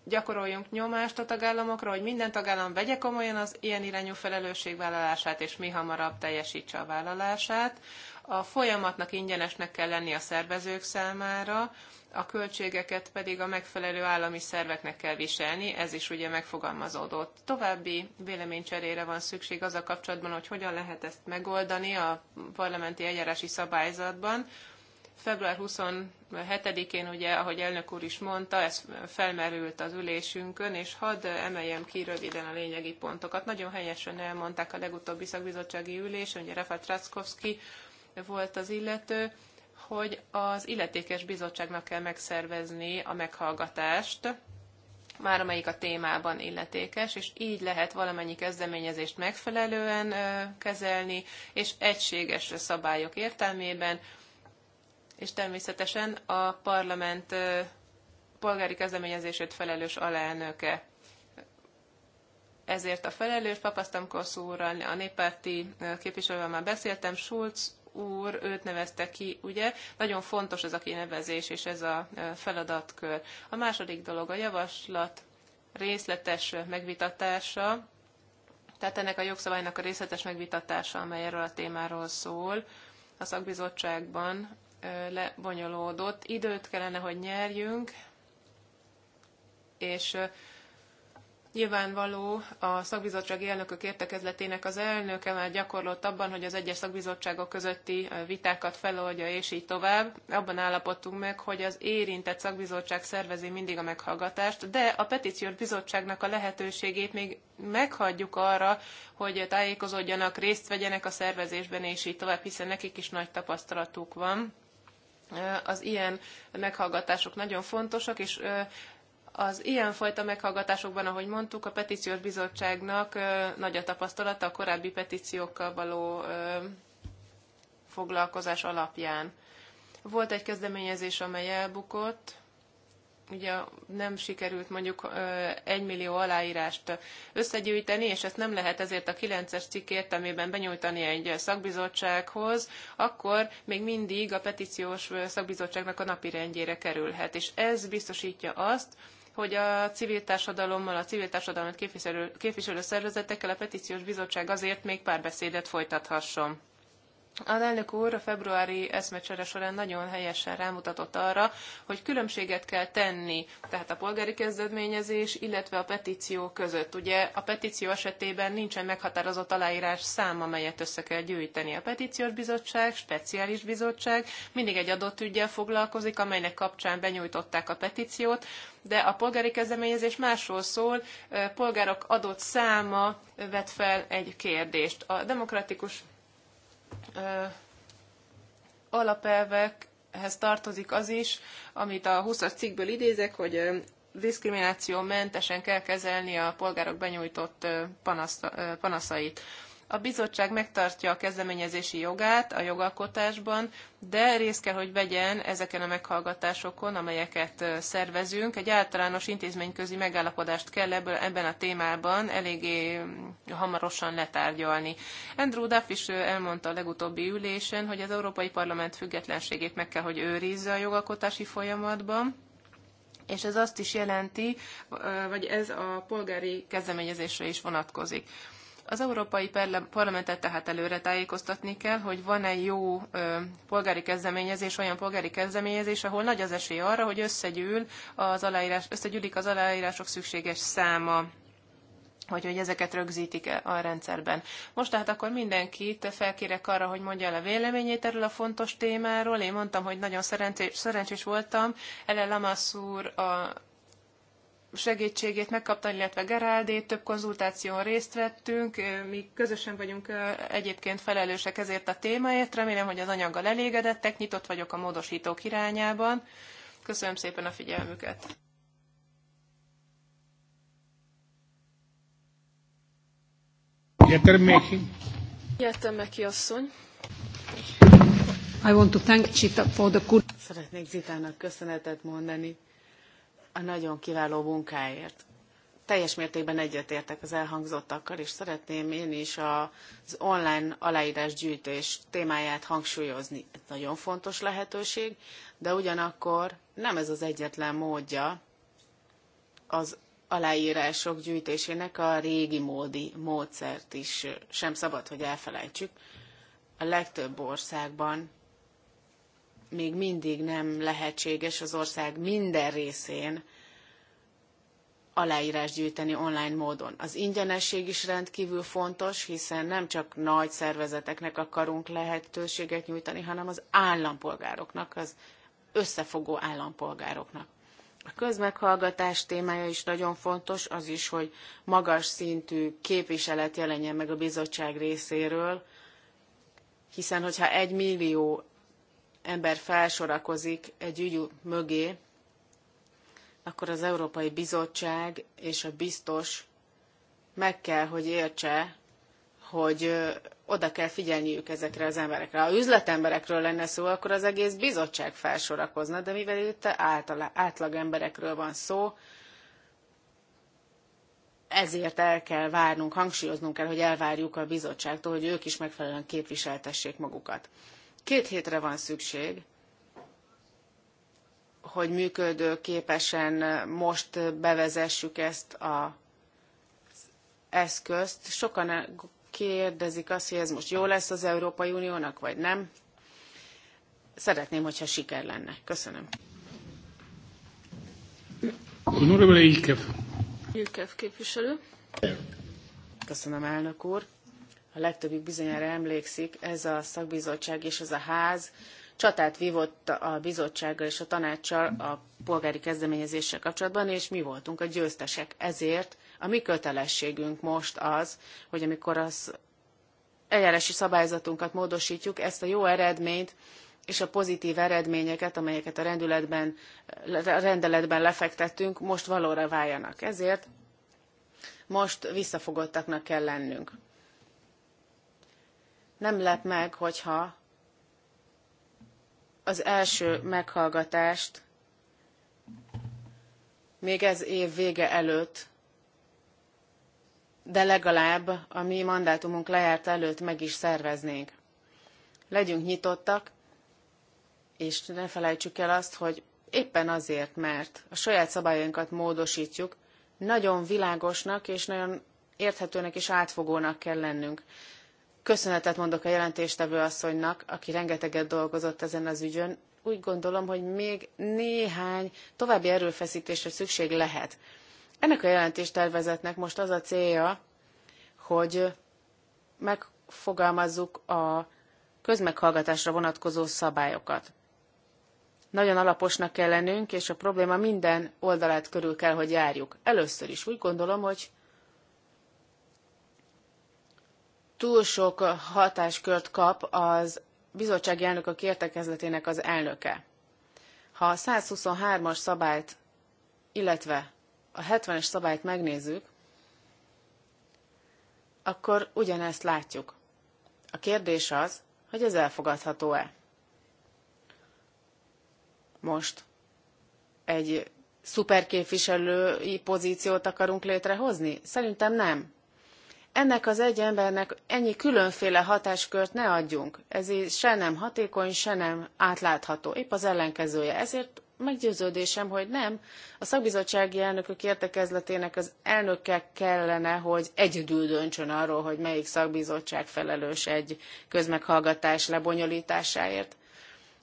gyakoroljunk nyomást a tagállamokra, hogy minden tagállam vegye komolyan az ilyen irányú felelősségvállalását, és mi hamarabb teljesítse a vállalását. A folyamatnak ingyenesnek kell lenni a szervezők számára, a költségeket pedig a megfelelő állami szerveknek kell viselni, ez is ugye megfogalmazódott. További véleménycserére van szükség az a kapcsolatban, hogy hogyan lehet ezt megoldani a parlamenti eljárási szabályzatban, Február 27-én, ugye, ahogy elnök úr is mondta, ez felmerült az ülésünkön, és hadd emeljem ki röviden a lényegi pontokat. Nagyon helyesen elmondták a legutóbbi szakbizottsági ülés, ugye Rafa Trackowski volt az illető, hogy az illetékes bizottságnak kell megszervezni a meghallgatást, már amelyik a témában illetékes, és így lehet valamennyi kezdeményezést megfelelően kezelni, és egységes szabályok értelmében és természetesen a parlament polgári kezdeményezését felelős alelnöke. Ezért a felelős Papasztamkosz úrral, a néppárti képviselővel már beszéltem, Schulz úr, őt nevezte ki, ugye? Nagyon fontos ez a kinevezés és ez a feladatkör. A második dolog a javaslat részletes megvitatása, tehát ennek a jogszabálynak a részletes megvitatása, amely erről a témáról szól a szakbizottságban, lebonyolódott. Időt kellene, hogy nyerjünk, és Nyilvánvaló a szakbizottsági elnökök értekezletének az elnöke már gyakorlott abban, hogy az egyes szakbizottságok közötti vitákat feloldja, és így tovább. Abban állapodtunk meg, hogy az érintett szakbizottság szervezi mindig a meghallgatást, de a petíciós bizottságnak a lehetőségét még meghagyjuk arra, hogy tájékozódjanak, részt vegyenek a szervezésben, és így tovább, hiszen nekik is nagy tapasztalatuk van az ilyen meghallgatások nagyon fontosak, és az ilyenfajta meghallgatásokban, ahogy mondtuk, a petíciós bizottságnak nagy a tapasztalata a korábbi petíciókkal való foglalkozás alapján. Volt egy kezdeményezés, amely elbukott, ugye nem sikerült mondjuk egy millió aláírást összegyűjteni, és ezt nem lehet ezért a 9-es cikk értelmében benyújtani egy szakbizottsághoz, akkor még mindig a petíciós szakbizottságnak a napi rendjére kerülhet. És ez biztosítja azt, hogy a civil társadalommal, a civil társadalmat képviselő, képviselő szervezetekkel a petíciós bizottság azért még párbeszédet folytathasson. A elnök úr a februári eszmecsere során nagyon helyesen rámutatott arra, hogy különbséget kell tenni, tehát a polgári kezdeményezés, illetve a petíció között. Ugye a petíció esetében nincsen meghatározott aláírás szám, amelyet össze kell gyűjteni. A petíciós bizottság, speciális bizottság mindig egy adott ügyel foglalkozik, amelynek kapcsán benyújtották a petíciót, de a polgári kezdeményezés másról szól, polgárok adott száma vet fel egy kérdést. A demokratikus ö, alapelvekhez tartozik az is, amit a 20-as cikkből idézek, hogy ö, diszkriminációmentesen kell kezelni a polgárok benyújtott ö, panasz, ö, panaszait. A bizottság megtartja a kezdeményezési jogát a jogalkotásban, de részt kell, hogy vegyen ezeken a meghallgatásokon, amelyeket szervezünk. Egy általános intézményközi megállapodást kell ebből, ebben a témában eléggé mm, hamarosan letárgyalni. Andrew Duff is elmondta a legutóbbi ülésen, hogy az Európai Parlament függetlenségét meg kell, hogy őrizze a jogalkotási folyamatban és ez azt is jelenti, vagy ez a polgári kezdeményezésre is vonatkozik. Az Európai Parlamentet tehát előre tájékoztatni kell, hogy van-e jó polgári kezdeményezés, olyan polgári kezdeményezés, ahol nagy az esély arra, hogy összegyűl az aláírás, összegyűlik az aláírások szükséges száma hogy, hogy ezeket rögzítik -e a rendszerben. Most tehát akkor mindenkit felkérek arra, hogy mondja le véleményét erről a fontos témáról. Én mondtam, hogy nagyon szerencsés, szerencsés voltam. Ele Lamassur a segítségét megkaptam, illetve Geraldét, több konzultáción részt vettünk, mi közösen vagyunk egyébként felelősek ezért a témáért, remélem, hogy az anyaggal elégedettek, nyitott vagyok a módosítók irányában. Köszönöm szépen a figyelmüket! Jetemeki asszony. I want to thank Chita for the good... Szeretnék Zitának köszönetet mondani a nagyon kiváló munkáért. Teljes mértékben egyetértek az elhangzottakkal, és szeretném én is az online aláírás gyűjtés témáját hangsúlyozni. Ez nagyon fontos lehetőség, de ugyanakkor nem ez az egyetlen módja az aláírások gyűjtésének a régi módi módszert is sem szabad, hogy elfelejtsük. A legtöbb országban még mindig nem lehetséges az ország minden részén aláírás gyűjteni online módon. Az ingyenesség is rendkívül fontos, hiszen nem csak nagy szervezeteknek akarunk lehetőséget nyújtani, hanem az állampolgároknak, az összefogó állampolgároknak. A közmeghallgatás témája is nagyon fontos, az is, hogy magas szintű képviselet jelenjen meg a bizottság részéről, hiszen hogyha egy millió ember felsorakozik egy ügy mögé, akkor az Európai Bizottság és a biztos meg kell, hogy értse, hogy oda kell figyelniük ezekre az emberekre. Ha üzletemberekről lenne szó, akkor az egész bizottság felsorakozna, de mivel itt általa, átlag emberekről van szó, ezért el kell várnunk, hangsúlyoznunk kell, hogy elvárjuk a bizottságtól, hogy ők is megfelelően képviseltessék magukat. Két hétre van szükség, hogy működőképesen most bevezessük ezt az eszközt. Sokan kérdezik azt, hogy ez most jó lesz az Európai Uniónak, vagy nem. Szeretném, hogyha siker lenne. Köszönöm. Honorable Ilkev. Ilkev képviselő. Köszönöm, elnök úr a legtöbbik bizonyára emlékszik, ez a szakbizottság és ez a ház csatát vívott a bizottsággal és a tanácssal a polgári kezdeményezéssel kapcsolatban, és mi voltunk a győztesek. Ezért a mi kötelességünk most az, hogy amikor az eljárási szabályzatunkat módosítjuk, ezt a jó eredményt és a pozitív eredményeket, amelyeket a rendületben, rendeletben lefektettünk, most valóra váljanak. Ezért most visszafogottaknak kell lennünk nem lep meg, hogyha az első meghallgatást még ez év vége előtt, de legalább a mi mandátumunk lejárt előtt meg is szerveznénk. Legyünk nyitottak, és ne felejtsük el azt, hogy éppen azért, mert a saját szabályainkat módosítjuk, nagyon világosnak és nagyon érthetőnek és átfogónak kell lennünk. Köszönetet mondok a jelentéstevő asszonynak, aki rengeteget dolgozott ezen az ügyön. Úgy gondolom, hogy még néhány további erőfeszítésre szükség lehet. Ennek a jelentéstervezetnek most az a célja, hogy megfogalmazzuk a közmeghallgatásra vonatkozó szabályokat. Nagyon alaposnak kell lennünk, és a probléma minden oldalát körül kell, hogy járjuk. Először is úgy gondolom, hogy túl sok hatáskört kap az bizottsági elnökök értekezletének az elnöke. Ha a 123-as szabályt, illetve a 70-es szabályt megnézzük, akkor ugyanezt látjuk. A kérdés az, hogy ez elfogadható-e. Most egy szuperképviselői pozíciót akarunk létrehozni? Szerintem nem ennek az egy embernek ennyi különféle hatáskört ne adjunk. Ez így se nem hatékony, se nem átlátható. Épp az ellenkezője. Ezért meggyőződésem, hogy nem. A szakbizottsági elnökök értekezletének az elnöke kellene, hogy egyedül döntsön arról, hogy melyik szakbizottság felelős egy közmeghallgatás lebonyolításáért.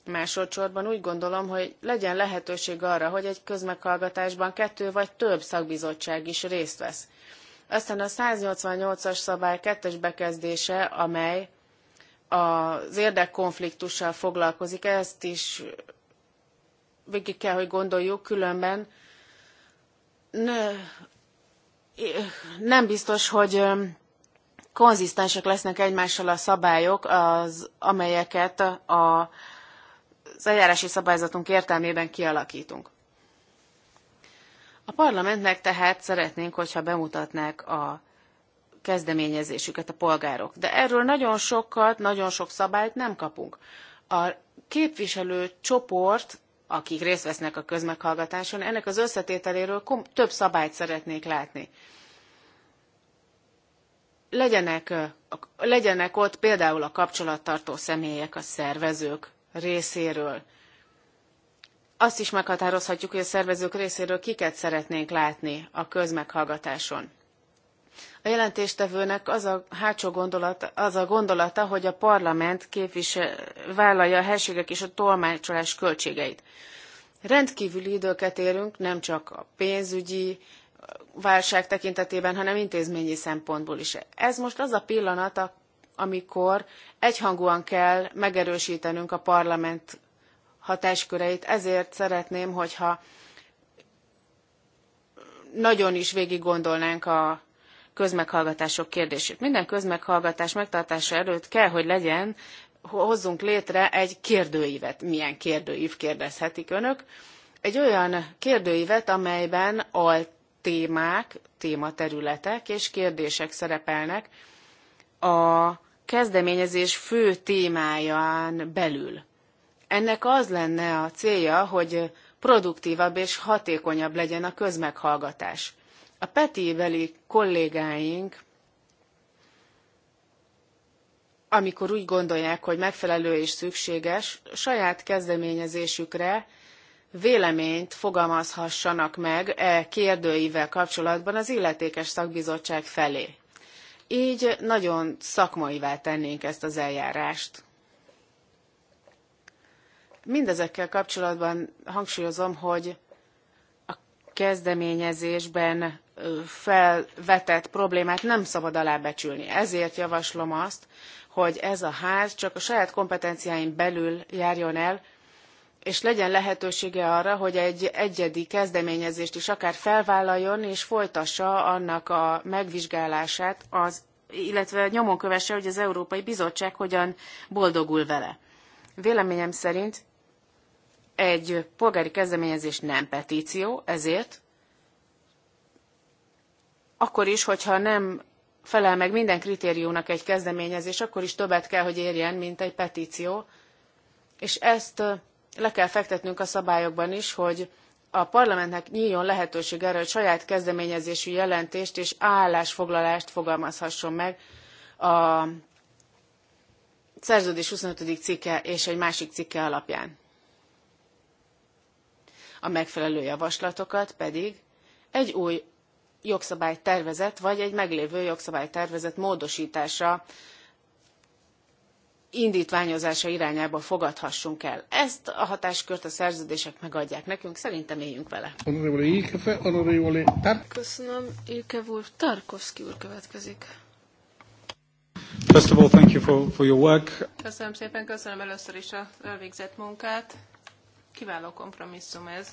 Másodszorban úgy gondolom, hogy legyen lehetőség arra, hogy egy közmeghallgatásban kettő vagy több szakbizottság is részt vesz aztán a 188-as szabály kettes bekezdése, amely az érdekkonfliktussal foglalkozik, ezt is végig kell, hogy gondoljuk, különben ne, nem biztos, hogy konzisztensek lesznek egymással a szabályok, az, amelyeket a, az eljárási szabályzatunk értelmében kialakítunk. A parlamentnek tehát szeretnénk, hogyha bemutatnák a kezdeményezésüket a polgárok. De erről nagyon sokat, nagyon sok szabályt nem kapunk. A képviselő csoport, akik részt vesznek a közmeghallgatáson, ennek az összetételéről több szabályt szeretnék látni. Legyenek, legyenek ott például a kapcsolattartó személyek, a szervezők részéről azt is meghatározhatjuk, hogy a szervezők részéről kiket szeretnénk látni a közmeghallgatáson. A jelentéstevőnek az a hátsó gondolata, az a gondolata, hogy a parlament képvisel, vállalja a helységek és a tolmácsolás költségeit. Rendkívüli időket érünk, nem csak a pénzügyi válság tekintetében, hanem intézményi szempontból is. Ez most az a pillanat, amikor egyhangúan kell megerősítenünk a parlament hatásköreit. Ezért szeretném, hogyha nagyon is végig gondolnánk a közmeghallgatások kérdését. Minden közmeghallgatás megtartása előtt kell, hogy legyen, hozzunk létre egy kérdőívet. Milyen kérdőív kérdezhetik önök? Egy olyan kérdőívet, amelyben a témák, tématerületek és kérdések szerepelnek a kezdeményezés fő témáján belül. Ennek az lenne a célja, hogy produktívabb és hatékonyabb legyen a közmeghallgatás. A Peti-beli kollégáink, amikor úgy gondolják, hogy megfelelő és szükséges, saját kezdeményezésükre véleményt fogalmazhassanak meg e kérdőivel kapcsolatban az illetékes szakbizottság felé. Így nagyon szakmaivá tennénk ezt az eljárást. Mindezekkel kapcsolatban hangsúlyozom, hogy a kezdeményezésben felvetett problémát nem szabad alábecsülni. Ezért javaslom azt, hogy ez a ház csak a saját kompetenciáin belül járjon el, és legyen lehetősége arra, hogy egy egyedi kezdeményezést is akár felvállaljon, és folytassa annak a megvizsgálását, az, illetve nyomon kövesse, hogy az Európai Bizottság hogyan boldogul vele. Véleményem szerint egy polgári kezdeményezés nem petíció, ezért akkor is, hogyha nem felel meg minden kritériumnak egy kezdeményezés, akkor is többet kell, hogy érjen, mint egy petíció. És ezt le kell fektetnünk a szabályokban is, hogy a parlamentnek nyíljon lehetőség arra, hogy saját kezdeményezésű jelentést és állásfoglalást fogalmazhasson meg a szerződés 25. cikke és egy másik cikke alapján. A megfelelő javaslatokat pedig egy új jogszabálytervezet vagy egy meglévő jogszabálytervezet módosítása indítványozása irányába fogadhassunk el. Ezt a hatáskört a szerződések megadják nekünk, szerintem éljünk vele. Köszönöm, Ilkev úr. Tarkovsky úr következik. First of all, thank you for, for your work. Köszönöm szépen, köszönöm először is a elvégzett munkát kiváló kompromisszum ez,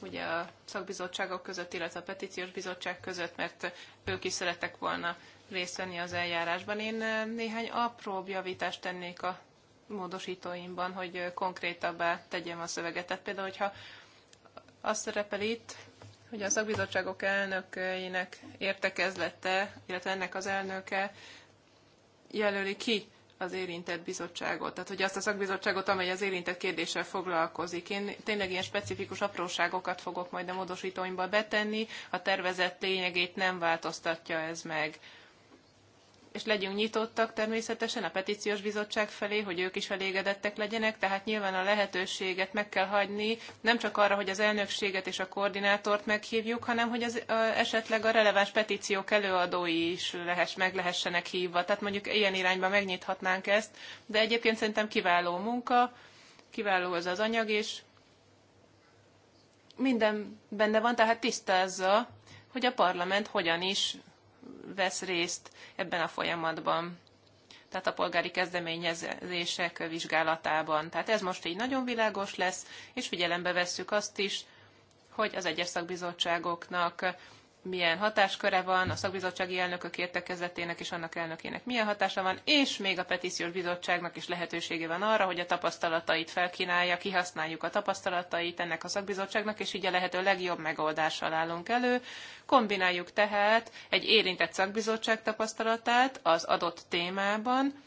ugye a szakbizottságok között, illetve a petíciós bizottság között, mert ők is szerettek volna részt venni az eljárásban. Én néhány apróbb javítást tennék a módosítóimban, hogy konkrétabbá tegyem a szöveget. Tehát például, hogyha azt szerepel itt, hogy a szakbizottságok elnökeinek értekezlete, illetve ennek az elnöke jelöli ki az érintett bizottságot, tehát hogy azt a szakbizottságot, amely az érintett kérdéssel foglalkozik. Én tényleg ilyen specifikus apróságokat fogok majd a módosítóimba betenni, a tervezett lényegét nem változtatja ez meg és legyünk nyitottak természetesen a petíciós bizottság felé, hogy ők is elégedettek legyenek, tehát nyilván a lehetőséget meg kell hagyni, nem csak arra, hogy az elnökséget és a koordinátort meghívjuk, hanem hogy az, a, esetleg a releváns petíciók előadói is lehess, meg lehessenek hívva. Tehát mondjuk ilyen irányba megnyithatnánk ezt, de egyébként szerintem kiváló munka, kiváló az az anyag, és minden benne van, tehát tisztázza, hogy a parlament hogyan is vesz részt ebben a folyamatban tehát a polgári kezdeményezések vizsgálatában. Tehát ez most így nagyon világos lesz, és figyelembe vesszük azt is, hogy az egyes szakbizottságoknak milyen hatásköre van, a szakbizottsági elnökök értekezletének és annak elnökének milyen hatása van, és még a petíciós bizottságnak is lehetősége van arra, hogy a tapasztalatait felkínálja, kihasználjuk a tapasztalatait ennek a szakbizottságnak, és így a lehető legjobb megoldással állunk elő. Kombináljuk tehát egy érintett szakbizottság tapasztalatát az adott témában,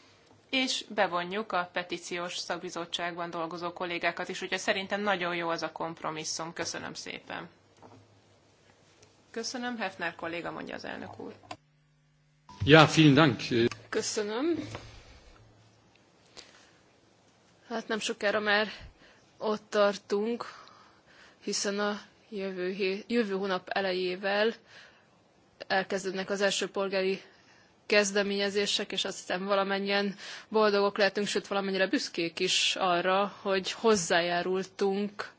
és bevonjuk a petíciós szakbizottságban dolgozó kollégákat is, úgyhogy szerintem nagyon jó az a kompromisszum. Köszönöm szépen. Köszönöm, Hefner kolléga mondja az elnök úr. Ja, vielen Dank. Köszönöm. Hát nem sokára már ott tartunk, hiszen a jövő, hé- jövő hónap elejével elkezdődnek az első polgári kezdeményezések, és azt hiszem valamennyien boldogok lehetünk, sőt valamennyire büszkék is arra, hogy hozzájárultunk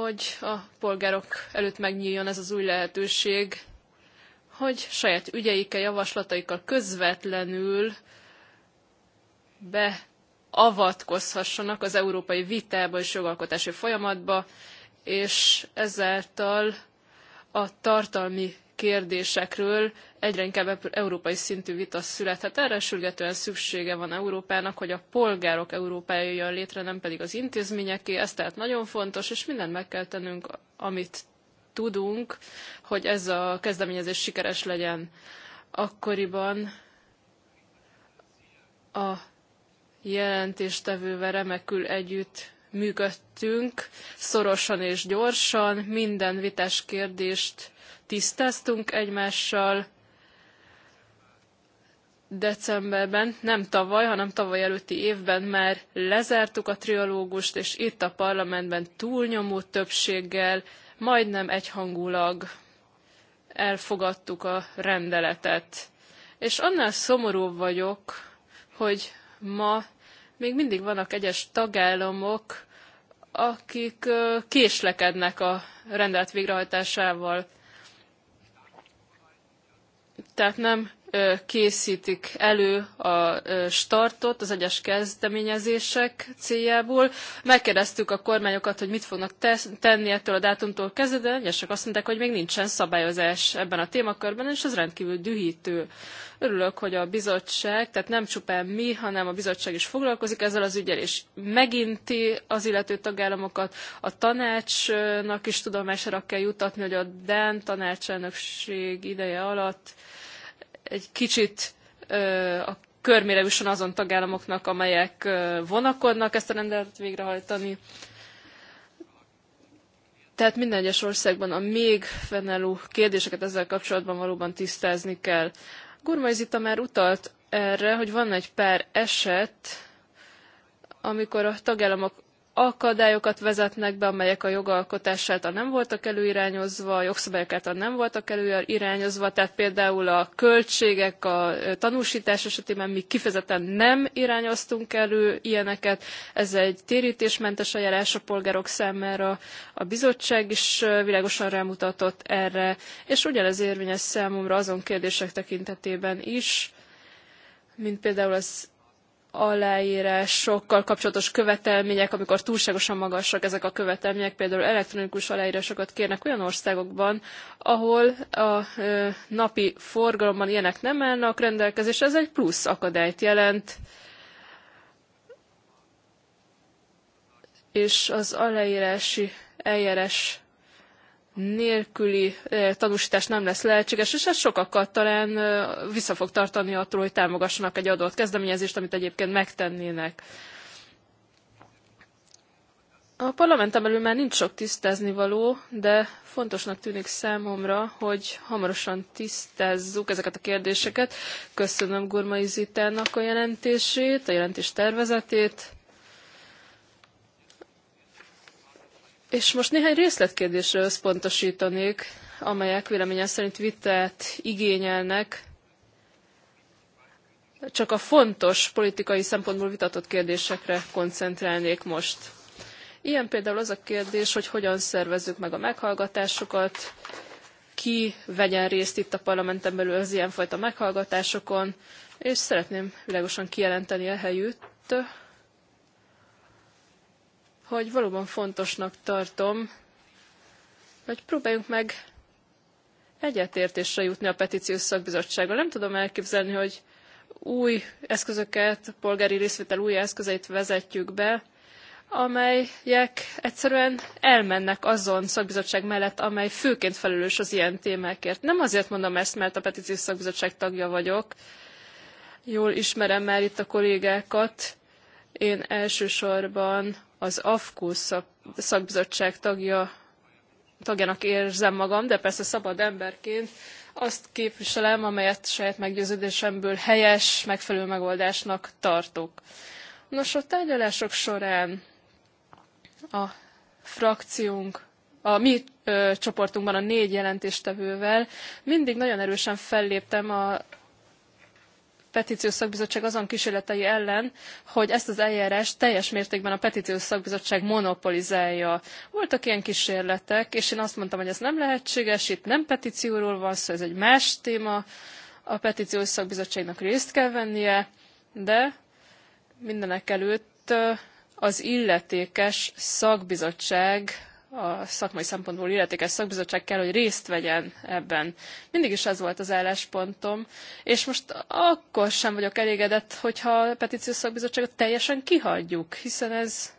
hogy a polgárok előtt megnyíljon ez az új lehetőség, hogy saját ügyeikkel, javaslataikkal közvetlenül beavatkozhassanak az európai vitába és jogalkotási folyamatba, és ezáltal a tartalmi kérdésekről egyre inkább európai szintű vita születhet. Erre sürgetően szüksége van Európának, hogy a polgárok Európája jöjjön létre, nem pedig az intézményeké. Ez tehát nagyon fontos, és mindent meg kell tennünk, amit tudunk, hogy ez a kezdeményezés sikeres legyen. Akkoriban a jelentéstevővel remekül együtt működtünk, szorosan és gyorsan, minden vitás kérdést tisztáztunk egymással decemberben, nem tavaly, hanem tavaly előtti évben már lezártuk a triológust, és itt a parlamentben túlnyomó többséggel, majdnem egyhangulag elfogadtuk a rendeletet. És annál szomorúbb vagyok, hogy ma még mindig vannak egyes tagállamok, akik késlekednek a rendelet végrehajtásával. Tehát nem készítik elő a startot az egyes kezdeményezések céljából. Megkérdeztük a kormányokat, hogy mit fognak tenni ettől a dátumtól kezdve, de egyesek azt mondták, hogy még nincsen szabályozás ebben a témakörben, és ez rendkívül dühítő. Örülök, hogy a bizottság, tehát nem csupán mi, hanem a bizottság is foglalkozik ezzel az ügyel, és meginti az illető tagállamokat. A tanácsnak is tudomására kell jutatni, hogy a Dán tanácselnökség ideje alatt egy kicsit a körmére jusson azon tagállamoknak, amelyek vonakodnak ezt a rendeletet végrehajtani. Tehát minden egyes országban a még fennálló kérdéseket ezzel kapcsolatban valóban tisztázni kell. Gurmai Zita már utalt erre, hogy van egy pár eset, amikor a tagállamok akadályokat vezetnek be, amelyek a jogalkotás által nem voltak előirányozva, a jogszabályok által nem voltak előirányozva, tehát például a költségek, a tanúsítás esetében mi kifejezetten nem irányoztunk elő ilyeneket. Ez egy térítésmentes eljárás a polgárok számára. A bizottság is világosan rámutatott erre, és ugyanez érvényes számomra azon kérdések tekintetében is, mint például az aláírásokkal kapcsolatos követelmények, amikor túlságosan magasak ezek a követelmények, például elektronikus aláírásokat kérnek olyan országokban, ahol a napi forgalomban ilyenek nem állnak rendelkezésre, ez egy plusz akadályt jelent. És az aláírási eljárás nélküli eh, tanúsítás nem lesz lehetséges, és ez sokakat talán eh, vissza fog tartani attól, hogy támogassanak egy adott kezdeményezést, amit egyébként megtennének. A parlamenten belül már nincs sok tisztázni való, de fontosnak tűnik számomra, hogy hamarosan tisztázzuk ezeket a kérdéseket. Köszönöm Gurmai Zitának a jelentését, a jelentés tervezetét. És most néhány részletkérdésre összpontosítanék, amelyek véleményem szerint vitát igényelnek, csak a fontos politikai szempontból vitatott kérdésekre koncentrálnék most. Ilyen például az a kérdés, hogy hogyan szervezzük meg a meghallgatásokat, ki vegyen részt itt a parlamenten belül az ilyenfajta meghallgatásokon, és szeretném világosan kijelenteni a helyütt, hogy valóban fontosnak tartom, hogy próbáljunk meg egyetértésre jutni a petíciós szakbizottsággal. Nem tudom elképzelni, hogy új eszközöket, polgári részvétel új eszközeit vezetjük be, amelyek egyszerűen elmennek azon szakbizottság mellett, amely főként felelős az ilyen témákért. Nem azért mondom ezt, mert a petíciós szakbizottság tagja vagyok, jól ismerem már itt a kollégákat, én elsősorban az AFKU szakbizottság tagja, tagjának érzem magam, de persze szabad emberként azt képviselem, amelyet saját meggyőződésemből helyes, megfelelő megoldásnak tartok. Nos, a tárgyalások során a frakciónk, a mi ö, csoportunkban a négy jelentéstevővel mindig nagyon erősen felléptem a petíciós szakbizottság azon kísérletei ellen, hogy ezt az eljárást teljes mértékben a petíciós szakbizottság monopolizálja. Voltak ilyen kísérletek, és én azt mondtam, hogy ez nem lehetséges, itt nem petícióról van szó, ez egy más téma, a petíciós szakbizottságnak részt kell vennie, de mindenekelőtt az illetékes szakbizottság a szakmai szempontból illetékes szakbizottság kell, hogy részt vegyen ebben. Mindig is ez volt az álláspontom, és most akkor sem vagyok elégedett, hogyha a petíciós szakbizottságot teljesen kihagyjuk, hiszen ez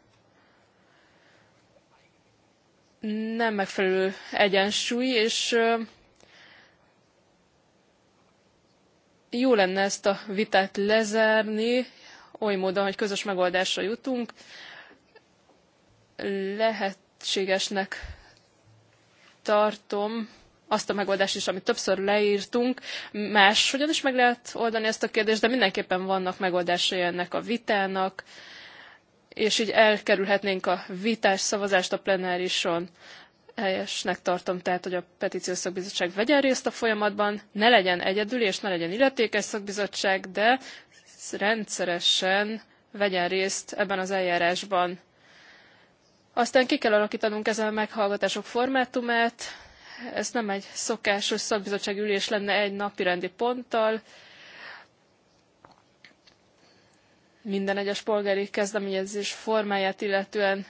nem megfelelő egyensúly, és jó lenne ezt a vitát lezárni, oly módon, hogy közös megoldásra jutunk. Lehet lehetségesnek tartom azt a megoldást is, amit többször leírtunk. Máshogyan is meg lehet oldani ezt a kérdést, de mindenképpen vannak megoldásai ennek a vitának, és így elkerülhetnénk a vitás szavazást a plenárison. Helyesnek tartom tehát, hogy a petíciós szakbizottság vegyen részt a folyamatban, ne legyen egyedül és ne legyen illetékes szakbizottság, de rendszeresen vegyen részt ebben az eljárásban. Aztán ki kell alakítanunk ezen a meghallgatások formátumát. Ez nem egy szokásos szakbizottsági ülés lenne egy napi rendi ponttal. Minden egyes polgári kezdeményezés formáját illetően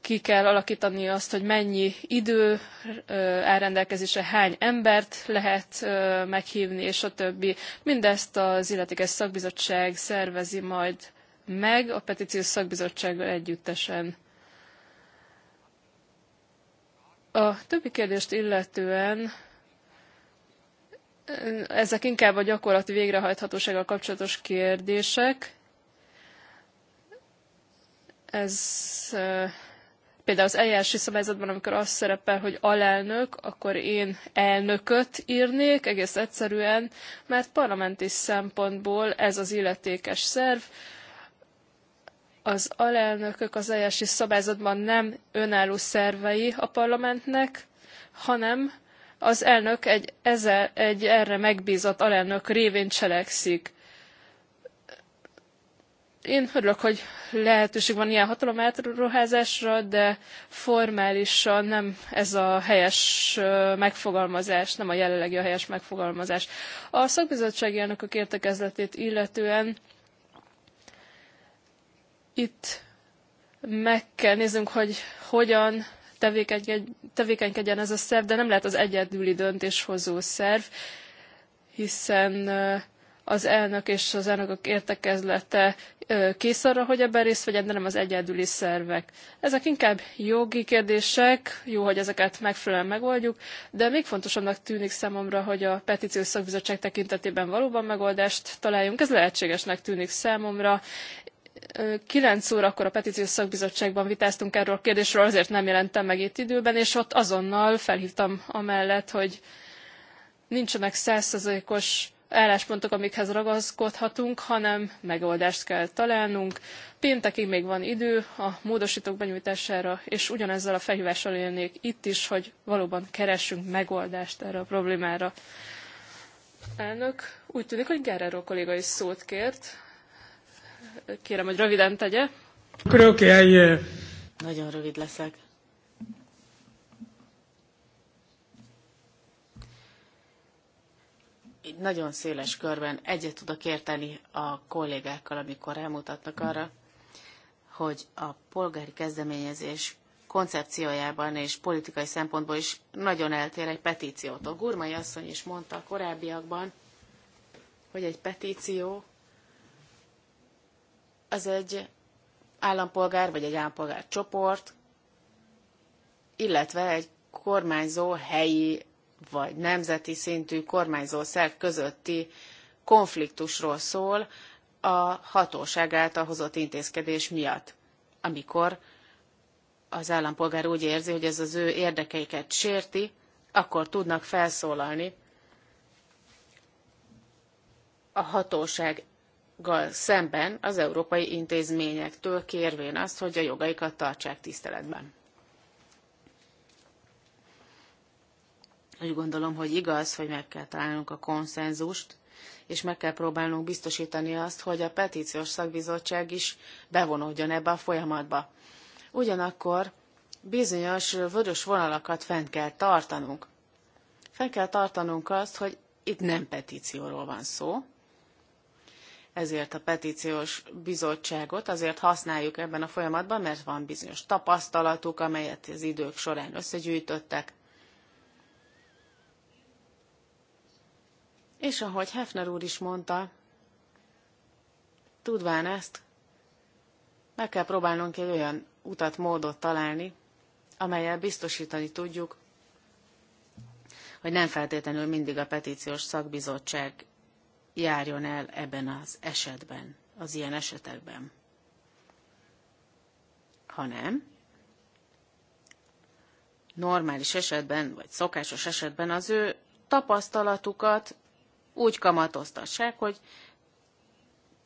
ki kell alakítani azt, hogy mennyi idő elrendelkezése hány embert lehet meghívni, és a többi. Mindezt az illetékes szakbizottság szervezi majd meg a petíciós szakbizottsággal együttesen. A többi kérdést illetően ezek inkább a gyakorlati végrehajthatósággal kapcsolatos kérdések. Ez például az eljárási szabályzatban, amikor az szerepel, hogy alelnök, akkor én elnököt írnék, egész egyszerűen, mert parlamenti szempontból ez az illetékes szerv, az alelnökök az eljárási szabályzatban nem önálló szervei a parlamentnek, hanem az elnök egy, egy erre megbízott alelnök révén cselekszik. Én örülök, hogy lehetőség van ilyen hatalom átruházásra, de formálisan nem ez a helyes megfogalmazás, nem a jelenlegi a helyes megfogalmazás. A szakbizottsági elnökök értekezletét illetően itt meg kell néznünk, hogy hogyan tevékenykedjen ez a szerv, de nem lehet az egyedüli döntéshozó szerv, hiszen az elnök és az elnökök értekezlete kész arra, hogy ebben részt vegyen, de nem az egyedüli szervek. Ezek inkább jogi kérdések, jó, hogy ezeket megfelelően megoldjuk, de még fontosabbnak tűnik számomra, hogy a petíciós szakbizottság tekintetében valóban megoldást találjunk. Ez lehetségesnek tűnik számomra, 9 órakor a petíciós szakbizottságban vitáztunk erről a kérdésről, azért nem jelentem meg itt időben, és ott azonnal felhívtam amellett, hogy nincsenek százszerzalékos álláspontok, amikhez ragaszkodhatunk, hanem megoldást kell találnunk. Péntekig még van idő a módosítók benyújtására, és ugyanezzel a felhívással élnék itt is, hogy valóban keressünk megoldást erre a problémára. Elnök, úgy tűnik, hogy Guerrero kolléga is szót kért. Kérem, hogy röviden tegye. Creo que hay... Nagyon rövid leszek. Így nagyon széles körben egyet tudok érteni a kollégákkal, amikor elmutatnak arra, hogy a polgári kezdeményezés koncepciójában és politikai szempontból is nagyon eltér egy petíciótól. Gurmai asszony is mondta a korábbiakban, hogy egy petíció az egy állampolgár vagy egy állampolgár csoport, illetve egy kormányzó helyi vagy nemzeti szintű kormányzó szerv közötti konfliktusról szól a hatóság által hozott intézkedés miatt, amikor az állampolgár úgy érzi, hogy ez az ő érdekeiket sérti, akkor tudnak felszólalni a hatóság szemben az európai intézményektől kérvén azt, hogy a jogaikat tartsák tiszteletben. Úgy gondolom, hogy igaz, hogy meg kell találnunk a konszenzust, és meg kell próbálnunk biztosítani azt, hogy a petíciós szakbizottság is bevonódjon ebbe a folyamatba. Ugyanakkor bizonyos vörös vonalakat fent kell tartanunk. Fent kell tartanunk azt, hogy itt nem petícióról van szó, ezért a petíciós bizottságot azért használjuk ebben a folyamatban, mert van bizonyos tapasztalatuk, amelyet az idők során összegyűjtöttek. És ahogy Hefner úr is mondta, tudván ezt, meg kell próbálnunk egy olyan utat, módot találni, amelyel biztosítani tudjuk, hogy nem feltétlenül mindig a petíciós szakbizottság járjon el ebben az esetben, az ilyen esetekben. Ha nem, normális esetben, vagy szokásos esetben az ő tapasztalatukat úgy kamatoztassák, hogy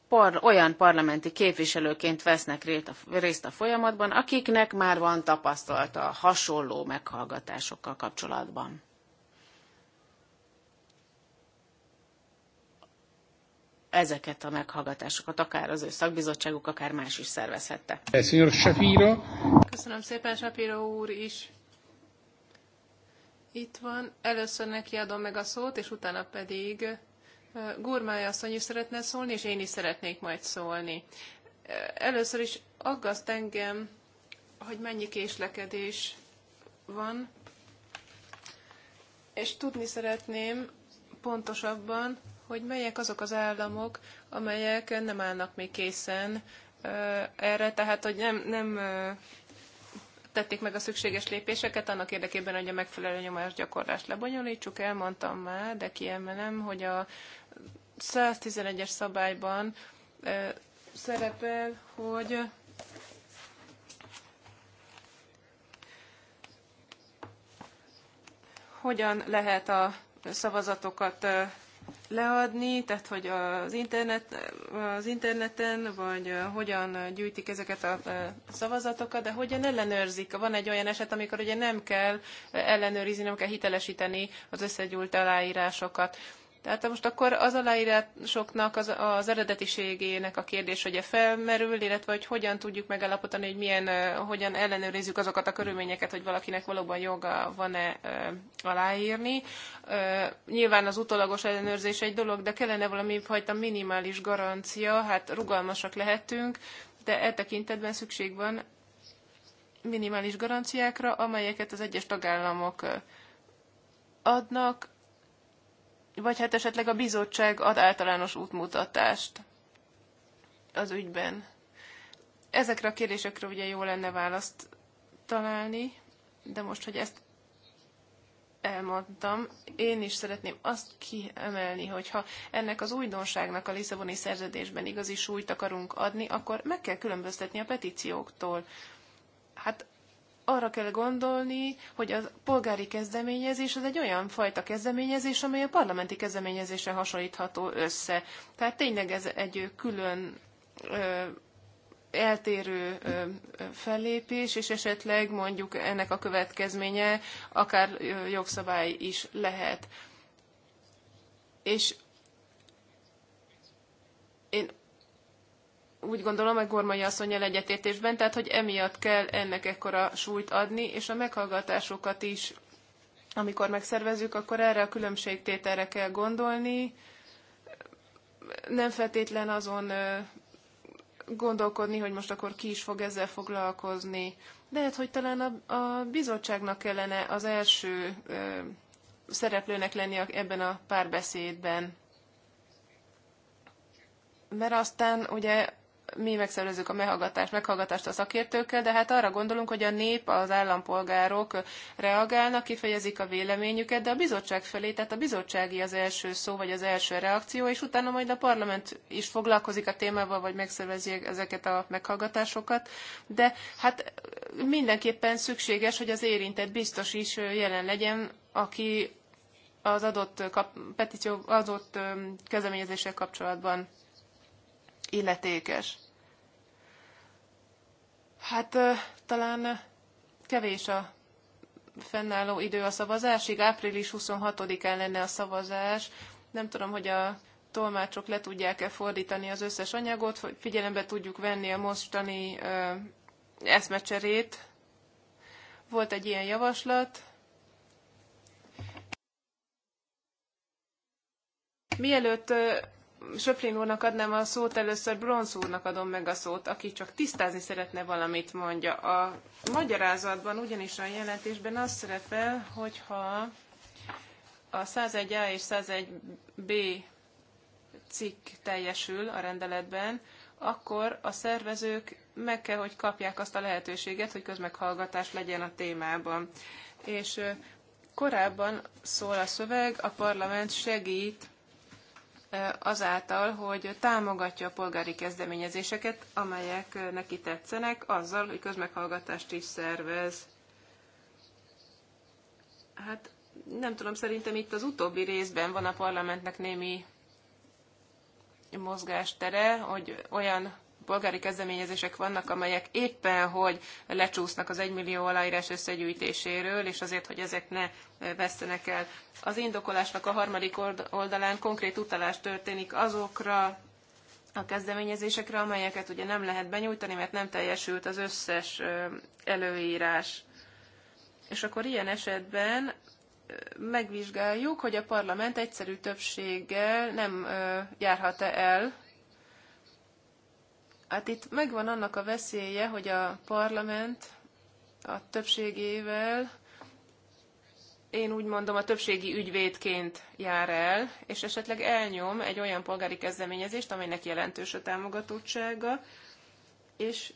par, olyan parlamenti képviselőként vesznek részt a folyamatban, akiknek már van tapasztalata hasonló meghallgatásokkal kapcsolatban. ezeket a meghallgatásokat, akár az ő szakbizottságuk, akár más is szervezhette. Eh, Köszönöm szépen, Shapiro úr is. Itt van, először neki adom meg a szót, és utána pedig eh, Gurmály asszony is szeretne szólni, és én is szeretnék majd szólni. Eh, először is aggaszt engem, hogy mennyi késlekedés van, és tudni szeretném pontosabban, hogy melyek azok az államok, amelyek nem állnak még készen erre, tehát hogy nem, nem tették meg a szükséges lépéseket annak érdekében, hogy a megfelelő nyomás gyakorlást lebonyolítsuk. Elmondtam már, de kiemelem, hogy a 111-es szabályban szerepel, hogy hogyan lehet a szavazatokat leadni, tehát hogy az, internet, az interneten, vagy hogyan gyűjtik ezeket a szavazatokat, de hogyan ellenőrzik. Van egy olyan eset, amikor ugye nem kell ellenőrizni, nem kell hitelesíteni az összegyűlt aláírásokat. Tehát most akkor az aláírásoknak az, az eredetiségének a kérdés ugye felmerül, illetve hogy hogyan tudjuk megállapítani, hogy milyen, hogyan ellenőrizzük azokat a körülményeket, hogy valakinek valóban joga van-e aláírni. Nyilván az utolagos ellenőrzés egy dolog, de kellene valami fajta minimális garancia, hát rugalmasak lehetünk, de e tekintetben szükség van minimális garanciákra, amelyeket az egyes tagállamok adnak, vagy hát esetleg a bizottság ad általános útmutatást az ügyben. Ezekre a kérdésekre ugye jó lenne választ találni, de most, hogy ezt elmondtam, én is szeretném azt kiemelni, hogyha ennek az újdonságnak a Lisszaboni szerződésben igazi súlyt akarunk adni, akkor meg kell különböztetni a petícióktól. Hát arra kell gondolni, hogy a polgári kezdeményezés az egy olyan fajta kezdeményezés, amely a parlamenti kezdeményezésre hasonlítható össze. Tehát tényleg ez egy külön eltérő fellépés, és esetleg mondjuk ennek a következménye akár jogszabály is lehet. És én úgy gondolom, hogy Gormai asszonyjal egyetértésben, tehát hogy emiatt kell ennek ekkora súlyt adni, és a meghallgatásokat is, amikor megszervezzük, akkor erre a különbségtételre kell gondolni, nem feltétlen azon gondolkodni, hogy most akkor ki is fog ezzel foglalkozni. De hát, hogy talán a, a bizottságnak kellene az első ö, szereplőnek lenni ebben a párbeszédben. Mert aztán ugye mi megszervezzük a meghallgatást, meghallgatást a szakértőkkel, de hát arra gondolunk, hogy a nép, az állampolgárok reagálnak, kifejezik a véleményüket, de a bizottság felé, tehát a bizottsági az első szó, vagy az első reakció, és utána majd a parlament is foglalkozik a témával, vagy megszervezi ezeket a meghallgatásokat, de hát mindenképpen szükséges, hogy az érintett biztos is jelen legyen, aki az adott petíció, adott kezdeményezéssel kapcsolatban illetékes. Hát talán kevés a fennálló idő a szavazásig. Április 26-án lenne a szavazás. Nem tudom, hogy a tolmácsok le tudják-e fordítani az összes anyagot, hogy figyelembe tudjuk venni a mostani ö, eszmecserét. Volt egy ilyen javaslat. Mielőtt Söprén úrnak adnám a szót, először Bronz úrnak adom meg a szót, aki csak tisztázni szeretne valamit mondja. A magyarázatban, ugyanis a jelentésben az szerepel, hogyha a 101A és 101B cikk teljesül a rendeletben, akkor a szervezők meg kell, hogy kapják azt a lehetőséget, hogy közmeghallgatás legyen a témában. És korábban szól a szöveg, a parlament segít azáltal, hogy támogatja a polgári kezdeményezéseket, amelyek neki tetszenek, azzal, hogy közmeghallgatást is szervez. Hát nem tudom, szerintem itt az utóbbi részben van a parlamentnek némi mozgástere, hogy olyan polgári kezdeményezések vannak, amelyek éppen, hogy lecsúsznak az egymillió aláírás összegyűjtéséről, és azért, hogy ezek ne eh, vesztenek el. Az indokolásnak a harmadik oldalán konkrét utalás történik azokra a kezdeményezésekre, amelyeket ugye nem lehet benyújtani, mert nem teljesült az összes eh, előírás. És akkor ilyen esetben eh, megvizsgáljuk, hogy a parlament egyszerű többséggel nem járhat-e el Hát itt megvan annak a veszélye, hogy a parlament a többségével, én úgy mondom, a többségi ügyvédként jár el, és esetleg elnyom egy olyan polgári kezdeményezést, amelynek jelentős a támogatottsága, és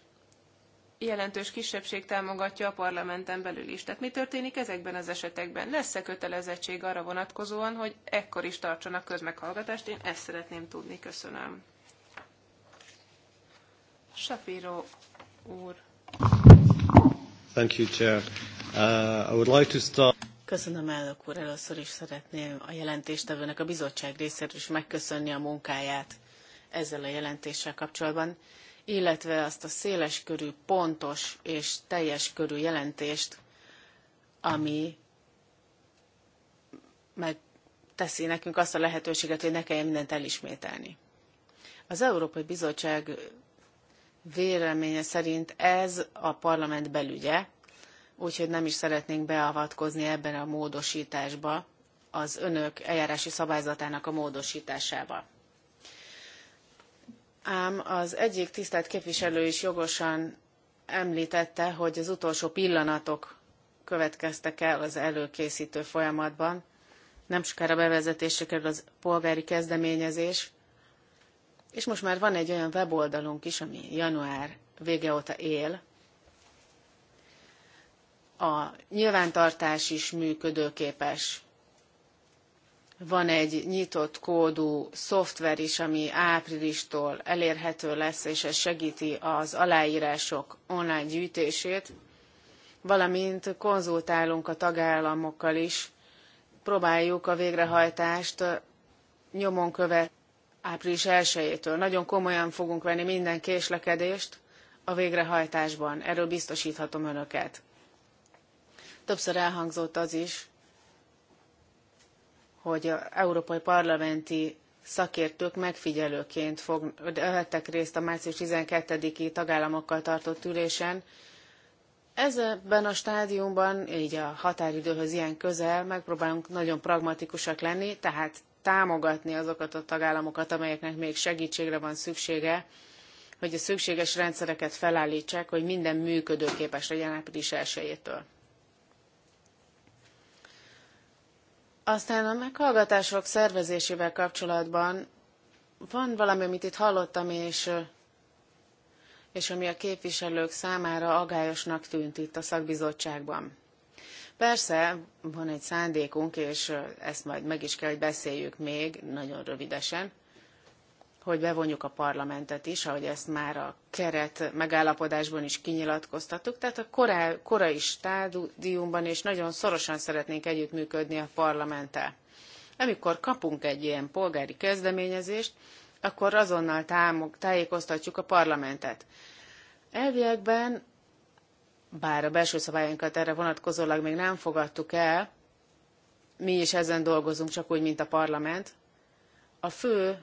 jelentős kisebbség támogatja a parlamenten belül is. Tehát mi történik ezekben az esetekben? Lesz-e kötelezettség arra vonatkozóan, hogy ekkor is tartsanak közmeghallgatást? Én ezt szeretném tudni. Köszönöm. Shapiro úr. Thank you, Chair. Uh, I would like to start... Köszönöm, elnök úr. Először is szeretném a jelentéstevőnek a bizottság részéről is megköszönni a munkáját ezzel a jelentéssel kapcsolatban, illetve azt a széles körű, pontos és teljes körű jelentést, ami megteszi nekünk azt a lehetőséget, hogy ne kelljen mindent elismételni. Az Európai Bizottság véleménye szerint ez a parlament belügye, úgyhogy nem is szeretnénk beavatkozni ebben a módosításba, az önök eljárási szabályzatának a módosításába. Ám az egyik tisztelt képviselő is jogosan említette, hogy az utolsó pillanatok következtek el az előkészítő folyamatban. Nem sokára bevezetésre kerül az polgári kezdeményezés, és most már van egy olyan weboldalunk is, ami január vége óta él. A nyilvántartás is működőképes. Van egy nyitott kódú szoftver is, ami áprilistól elérhető lesz, és ez segíti az aláírások online gyűjtését, valamint konzultálunk a tagállamokkal is, próbáljuk a végrehajtást nyomon követni április 1-től nagyon komolyan fogunk venni minden késlekedést a végrehajtásban. Erről biztosíthatom önöket. Többször elhangzott az is, hogy a európai parlamenti szakértők megfigyelőként fog, vettek részt a március 12-i tagállamokkal tartott ülésen. Ezben a stádiumban, így a határidőhöz ilyen közel, megpróbálunk nagyon pragmatikusak lenni, tehát támogatni azokat a tagállamokat, amelyeknek még segítségre van szüksége, hogy a szükséges rendszereket felállítsák, hogy minden működőképes legyen április 1 -től. Aztán a meghallgatások szervezésével kapcsolatban van valami, amit itt hallottam, és, és ami a képviselők számára agályosnak tűnt itt a szakbizottságban. Persze, van egy szándékunk, és ezt majd meg is kell, hogy beszéljük még nagyon rövidesen, hogy bevonjuk a parlamentet is, ahogy ezt már a keret megállapodásban is kinyilatkoztattuk, tehát a korai korai stádiumban és nagyon szorosan szeretnénk együttműködni a parlamenttel. Amikor kapunk egy ilyen polgári kezdeményezést, akkor azonnal támog, tájékoztatjuk a parlamentet. Elviekben bár a belső szabályainkat erre vonatkozólag még nem fogadtuk el, mi is ezen dolgozunk, csak úgy, mint a parlament. A fő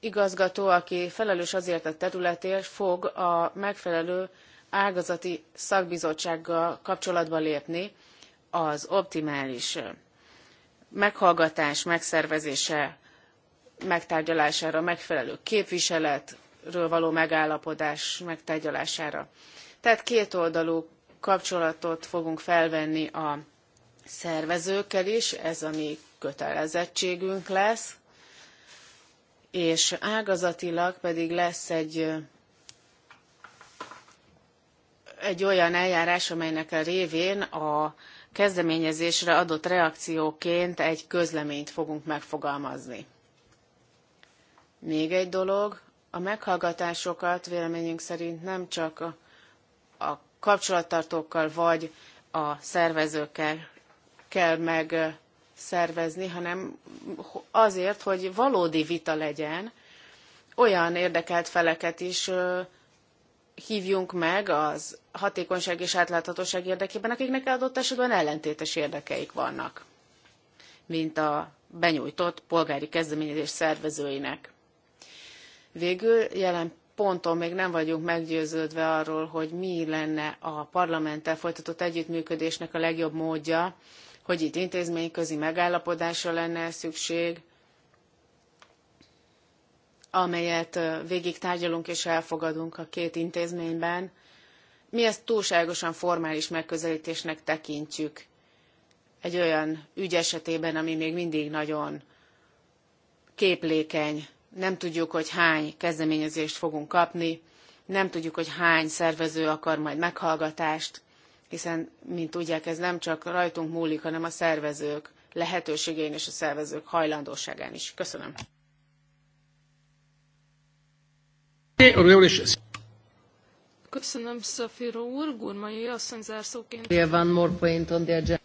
igazgató, aki felelős azért a területért, fog a megfelelő ágazati szakbizottsággal kapcsolatba lépni az optimális meghallgatás megszervezése, megtárgyalására, megfelelő képviseletről való megállapodás megtárgyalására. Tehát kétoldalú kapcsolatot fogunk felvenni a szervezőkkel is, ez a mi kötelezettségünk lesz, és ágazatilag pedig lesz egy egy olyan eljárás, amelynek a révén a kezdeményezésre adott reakcióként egy közleményt fogunk megfogalmazni. Még egy dolog, a meghallgatásokat véleményünk szerint nem csak a a kapcsolattartókkal vagy a szervezőkkel kell megszervezni, hanem azért, hogy valódi vita legyen, olyan érdekelt feleket is hívjunk meg az hatékonyság és átláthatóság érdekében, akiknek adott esetben ellentétes érdekeik vannak, mint a benyújtott polgári kezdeményezés szervezőinek. Végül jelen ponton még nem vagyunk meggyőződve arról, hogy mi lenne a parlamenttel folytatott együttműködésnek a legjobb módja, hogy itt intézményközi megállapodásra lenne szükség, amelyet végig tárgyalunk és elfogadunk a két intézményben. Mi ezt túlságosan formális megközelítésnek tekintjük egy olyan ügy esetében, ami még mindig nagyon képlékeny nem tudjuk, hogy hány kezdeményezést fogunk kapni, nem tudjuk, hogy hány szervező akar majd meghallgatást, hiszen, mint tudják, ez nem csak rajtunk múlik, hanem a szervezők lehetőségein és a szervezők hajlandóságán is. Köszönöm. Köszönöm, Szafiro úr. Gurmai asszony zárszóként.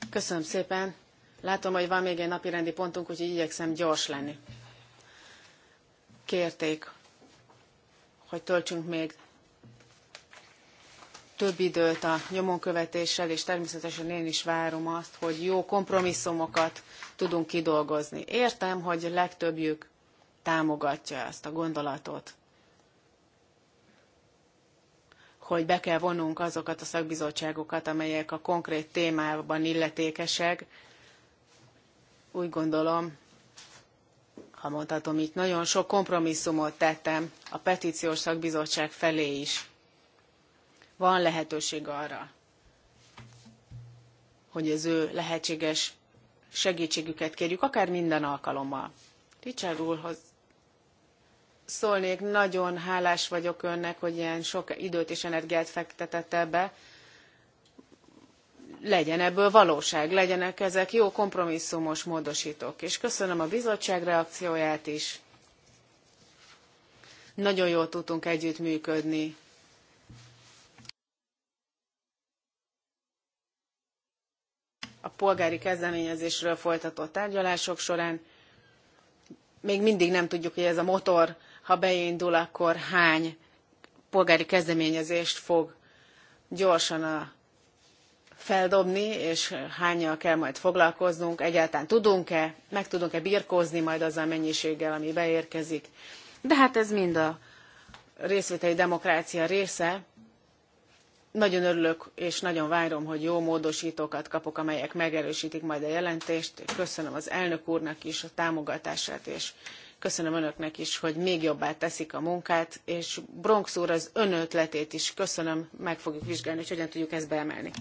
Köszönöm szépen. Látom, hogy van még egy napi rendi pontunk, úgyhogy igyekszem gyors lenni kérték, hogy töltsünk még több időt a nyomonkövetéssel, és természetesen én is várom azt, hogy jó kompromisszumokat tudunk kidolgozni. Értem, hogy legtöbbjük támogatja ezt a gondolatot, hogy be kell vonnunk azokat a szakbizottságokat, amelyek a konkrét témában illetékesek. Úgy gondolom, ha mondhatom itt, nagyon sok kompromisszumot tettem a petíciós szakbizottság felé is. Van lehetőség arra, hogy az ő lehetséges segítségüket kérjük, akár minden alkalommal. Richard úrhoz szólnék, nagyon hálás vagyok önnek, hogy ilyen sok időt és energiát fektetett ebbe, legyen ebből valóság, legyenek ezek jó kompromisszumos módosítók. És köszönöm a bizottság reakcióját is. Nagyon jól tudtunk együttműködni. A polgári kezdeményezésről folytatott tárgyalások során még mindig nem tudjuk, hogy ez a motor, ha beindul, akkor hány polgári kezdeményezést fog gyorsan a feldobni, és hányjal kell majd foglalkoznunk, egyáltalán tudunk-e, meg tudunk-e birkózni majd azzal a mennyiséggel, ami beérkezik. De hát ez mind a részvételi demokrácia része. Nagyon örülök, és nagyon várom, hogy jó módosítókat kapok, amelyek megerősítik majd a jelentést. Köszönöm az elnök úrnak is a támogatását, és Köszönöm önöknek is, hogy még jobbá teszik a munkát, és Bronx úr az ön ötletét is köszönöm, meg fogjuk vizsgálni, hogy hogyan tudjuk ezt beemelni.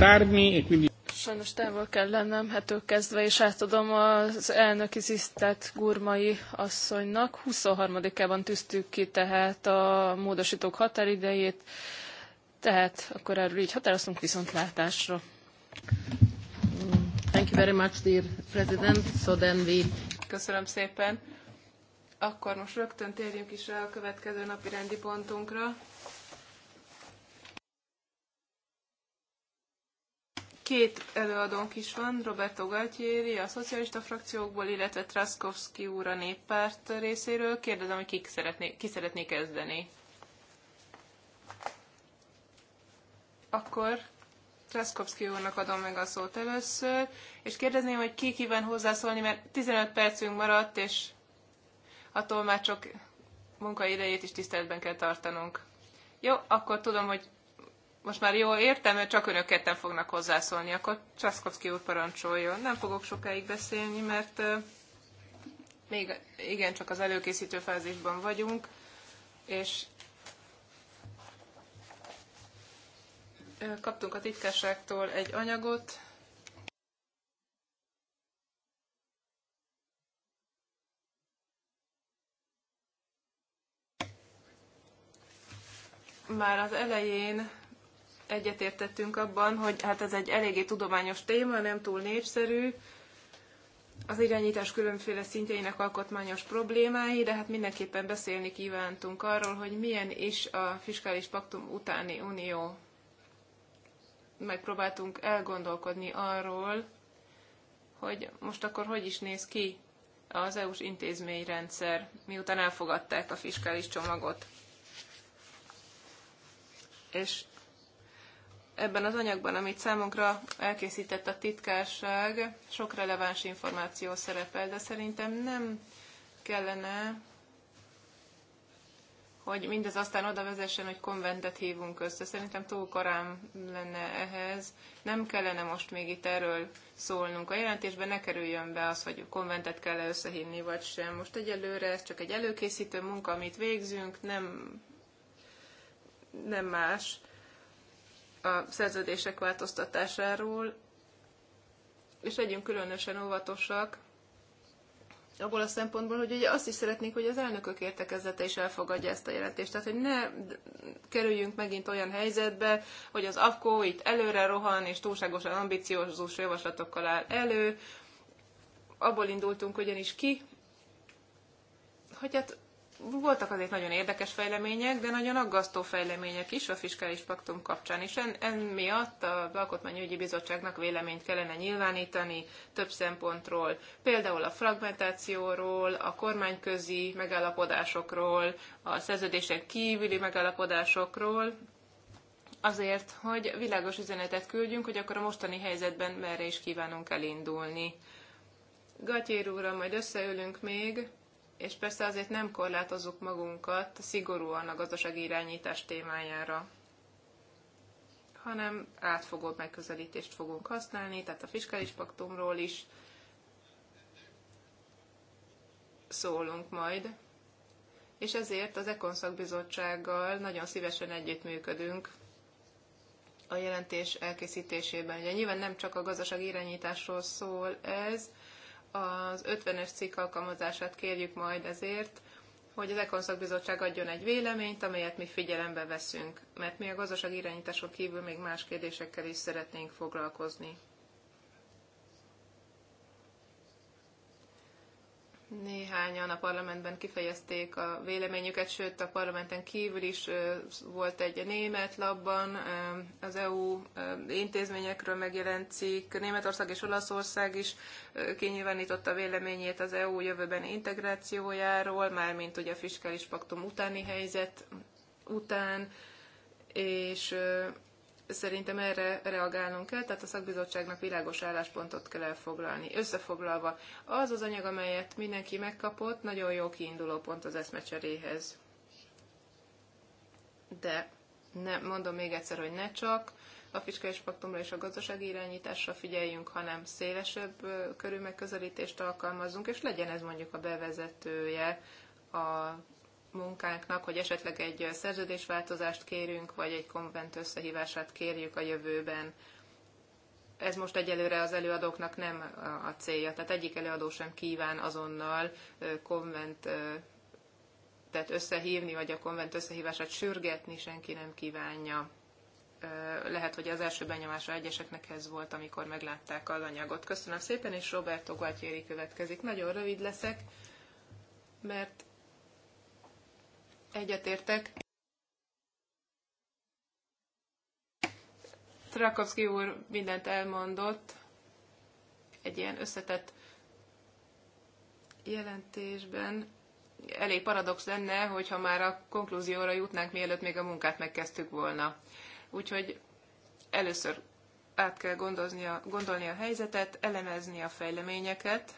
e quindi... Sajnos távol kell lennem, hetől kezdve, és átadom az elnöki tisztelt Gurmai asszonynak. 23-ában tűztük ki tehát a módosítók határidejét, tehát akkor erről így határoztunk viszontlátásra. Thank you very much, dear President. So then we... Köszönöm szépen. Akkor most rögtön térjünk is rá a következő napi rendi pontunkra. Két előadónk is van, Roberto Galtieri a szocialista frakciókból, illetve Traskowski úr a néppárt részéről. Kérdezem, hogy kik szeretné, ki szeretné kezdeni. Akkor Traskowski úrnak adom meg a szót először, és kérdezném, hogy ki kíván hozzászólni, mert 15 percünk maradt, és már csak munkaidejét is tiszteletben kell tartanunk. Jó, akkor tudom, hogy most már jól értem, mert csak önök ketten fognak hozzászólni, akkor Csaszkowski úr parancsoljon. Nem fogok sokáig beszélni, mert még igen, csak az előkészítő fázisban vagyunk, és kaptunk a titkárságtól egy anyagot, már az elején egyetértettünk abban, hogy hát ez egy eléggé tudományos téma, nem túl népszerű, az irányítás különféle szintjeinek alkotmányos problémái, de hát mindenképpen beszélni kívántunk arról, hogy milyen is a fiskális paktum utáni unió. Megpróbáltunk elgondolkodni arról, hogy most akkor hogy is néz ki az EU-s intézményrendszer, miután elfogadták a fiskális csomagot és ebben az anyagban, amit számunkra elkészített a titkárság, sok releváns információ szerepel, de szerintem nem kellene, hogy mindez aztán oda vezessen, hogy konventet hívunk össze. Szerintem túl korán lenne ehhez. Nem kellene most még itt erről szólnunk. A jelentésben ne kerüljön be az, hogy konventet kell -e összehívni, vagy sem. Most egyelőre ez csak egy előkészítő munka, amit végzünk, nem nem más a szerződések változtatásáról, és legyünk különösen óvatosak, abból a szempontból, hogy ugye azt is szeretnénk, hogy az elnökök értekezete is elfogadja ezt a jelentést. Tehát, hogy ne kerüljünk megint olyan helyzetbe, hogy az AFKO itt előre rohan, és túlságosan ambiciózus javaslatokkal áll elő. Abból indultunk ugyanis ki, hogy hát voltak azért nagyon érdekes fejlemények, de nagyon aggasztó fejlemények is a fiskális paktum kapcsán, is. en, miatt a Alkotmányügyi Bizottságnak véleményt kellene nyilvánítani több szempontról, például a fragmentációról, a kormányközi megállapodásokról, a szerződések kívüli megállapodásokról, azért, hogy világos üzenetet küldjünk, hogy akkor a mostani helyzetben merre is kívánunk elindulni. Gatyér úrral majd összeülünk még, és persze azért nem korlátozzuk magunkat szigorúan a gazdasági irányítás témájára, hanem átfogó megközelítést fogunk használni, tehát a fiskális paktumról is szólunk majd, és ezért az Ekon szakbizottsággal nagyon szívesen együttműködünk a jelentés elkészítésében. Ugye nyilván nem csak a gazdaság irányításról szól ez, az 50-es cikk alkalmazását kérjük majd ezért, hogy az Ekonszak Bizottság adjon egy véleményt, amelyet mi figyelembe veszünk, mert mi a gazdaság irányításon kívül még más kérdésekkel is szeretnénk foglalkozni. Néhányan a parlamentben kifejezték a véleményüket, sőt a parlamenten kívül is volt egy német labban, az EU intézményekről megjelent cikk, Németország és Olaszország is kinyilvánította véleményét az EU jövőben integrációjáról, mármint ugye a fiskális paktum utáni helyzet után, és szerintem erre reagálnunk kell, tehát a szakbizottságnak világos álláspontot kell elfoglalni. Összefoglalva, az az anyag, amelyet mindenki megkapott, nagyon jó kiinduló pont az eszmecseréhez. De ne mondom még egyszer, hogy ne csak a fiskális paktumra és a gazdasági irányításra figyeljünk, hanem szélesebb körülmegközelítést megközelítést alkalmazzunk, és legyen ez mondjuk a bevezetője a munkánknak, hogy esetleg egy szerződésváltozást kérünk, vagy egy konvent összehívását kérjük a jövőben. Ez most egyelőre az előadóknak nem a célja, tehát egyik előadó sem kíván azonnal konvent tehát összehívni, vagy a konvent összehívását sürgetni senki nem kívánja. Lehet, hogy az első benyomása egyeseknek ez volt, amikor meglátták az anyagot. Köszönöm szépen, és Roberto Gualtieri következik. Nagyon rövid leszek, mert Egyetértek. Trakowski úr mindent elmondott egy ilyen összetett jelentésben. Elég paradox lenne, hogyha már a konklúzióra jutnánk, mielőtt még a munkát megkezdtük volna. Úgyhogy először át kell gondolni a helyzetet, elemezni a fejleményeket,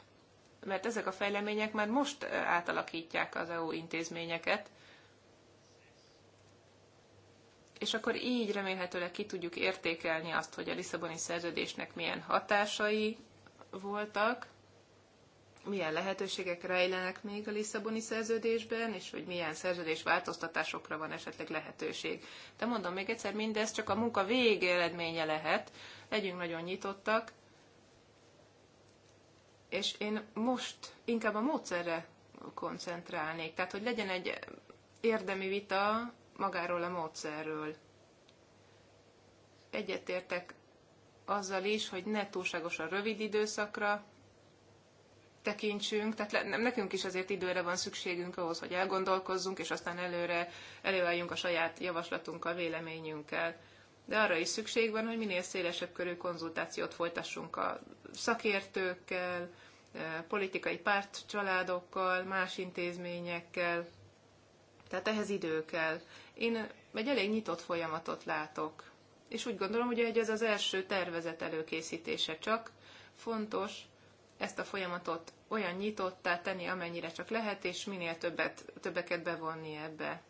mert ezek a fejlemények már most átalakítják az EU intézményeket, és akkor így remélhetőleg ki tudjuk értékelni azt, hogy a Lisszaboni szerződésnek milyen hatásai voltak, milyen lehetőségek rejlenek még a Lisszaboni szerződésben, és hogy milyen szerződés változtatásokra van esetleg lehetőség. De mondom még egyszer, mindez csak a munka végéredménye lehet, legyünk nagyon nyitottak, és én most inkább a módszerre koncentrálnék. Tehát, hogy legyen egy érdemi vita magáról a módszerről. Egyetértek azzal is, hogy ne túlságosan rövid időszakra tekintsünk, tehát nem, nekünk is azért időre van szükségünk ahhoz, hogy elgondolkozzunk, és aztán előre előálljunk a saját javaslatunkkal, véleményünkkel. De arra is szükség van, hogy minél szélesebb körű konzultációt folytassunk a szakértőkkel, eh, politikai pártcsaládokkal, más intézményekkel. Tehát ehhez idő kell. Én egy elég nyitott folyamatot látok, és úgy gondolom, hogy ez az első tervezet előkészítése csak fontos ezt a folyamatot olyan nyitottá tenni, amennyire csak lehet, és minél többet, többeket bevonni ebbe.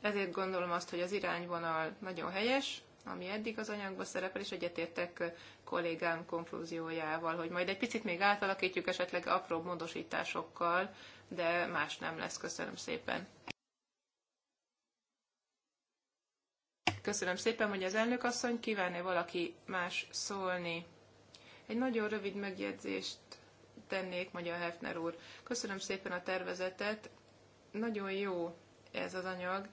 Ezért gondolom azt, hogy az irányvonal nagyon helyes, ami eddig az anyagban szerepel, és egyetértek kollégám konklúziójával, hogy majd egy picit még átalakítjuk esetleg apró módosításokkal de más nem lesz. Köszönöm szépen. Köszönöm szépen, hogy az elnök asszony kívánné valaki más szólni. Egy nagyon rövid megjegyzést tennék, Magyar Hefner úr. Köszönöm szépen a tervezetet. Nagyon jó ez az anyag.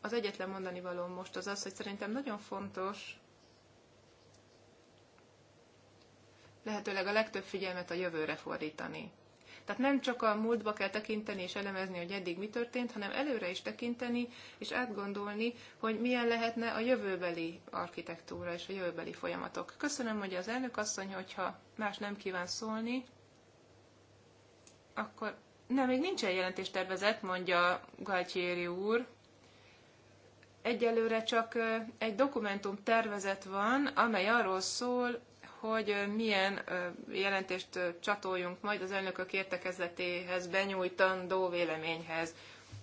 Az egyetlen mondani való most az az, hogy szerintem nagyon fontos lehetőleg a legtöbb figyelmet a jövőre fordítani. Tehát nem csak a múltba kell tekinteni és elemezni, hogy eddig mi történt, hanem előre is tekinteni és átgondolni, hogy milyen lehetne a jövőbeli architektúra és a jövőbeli folyamatok. Köszönöm, hogy az elnök asszony, hogyha más nem kíván szólni, akkor nem, még nincsen jelentéstervezet, mondja Galtieri úr. Egyelőre csak egy dokumentum tervezet van, amely arról szól, hogy milyen jelentést csatoljunk majd az elnökök értekezletéhez benyújtandó véleményhez.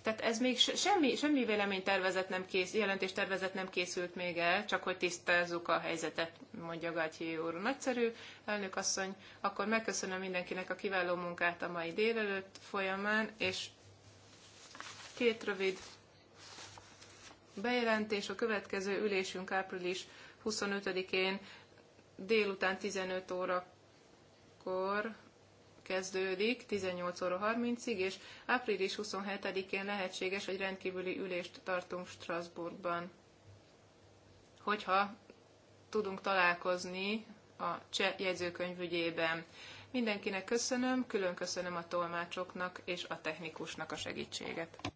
Tehát ez még semmi, semmi véleménytervezet nem kész, jelentés tervezet nem készült még el, csak hogy tisztázzuk a helyzetet, mondja Gatyi úr. Nagyszerű, elnök asszony, akkor megköszönöm mindenkinek a kiváló munkát a mai délelőtt folyamán, és két rövid bejelentés. A következő ülésünk április 25-én délután 15 órakor kezdődik, 18 óra 30-ig, és április 27-én lehetséges, hogy rendkívüli ülést tartunk Strasbourgban. Hogyha tudunk találkozni a cseh jegyzőkönyvügyében. Mindenkinek köszönöm, külön köszönöm a tolmácsoknak és a technikusnak a segítséget.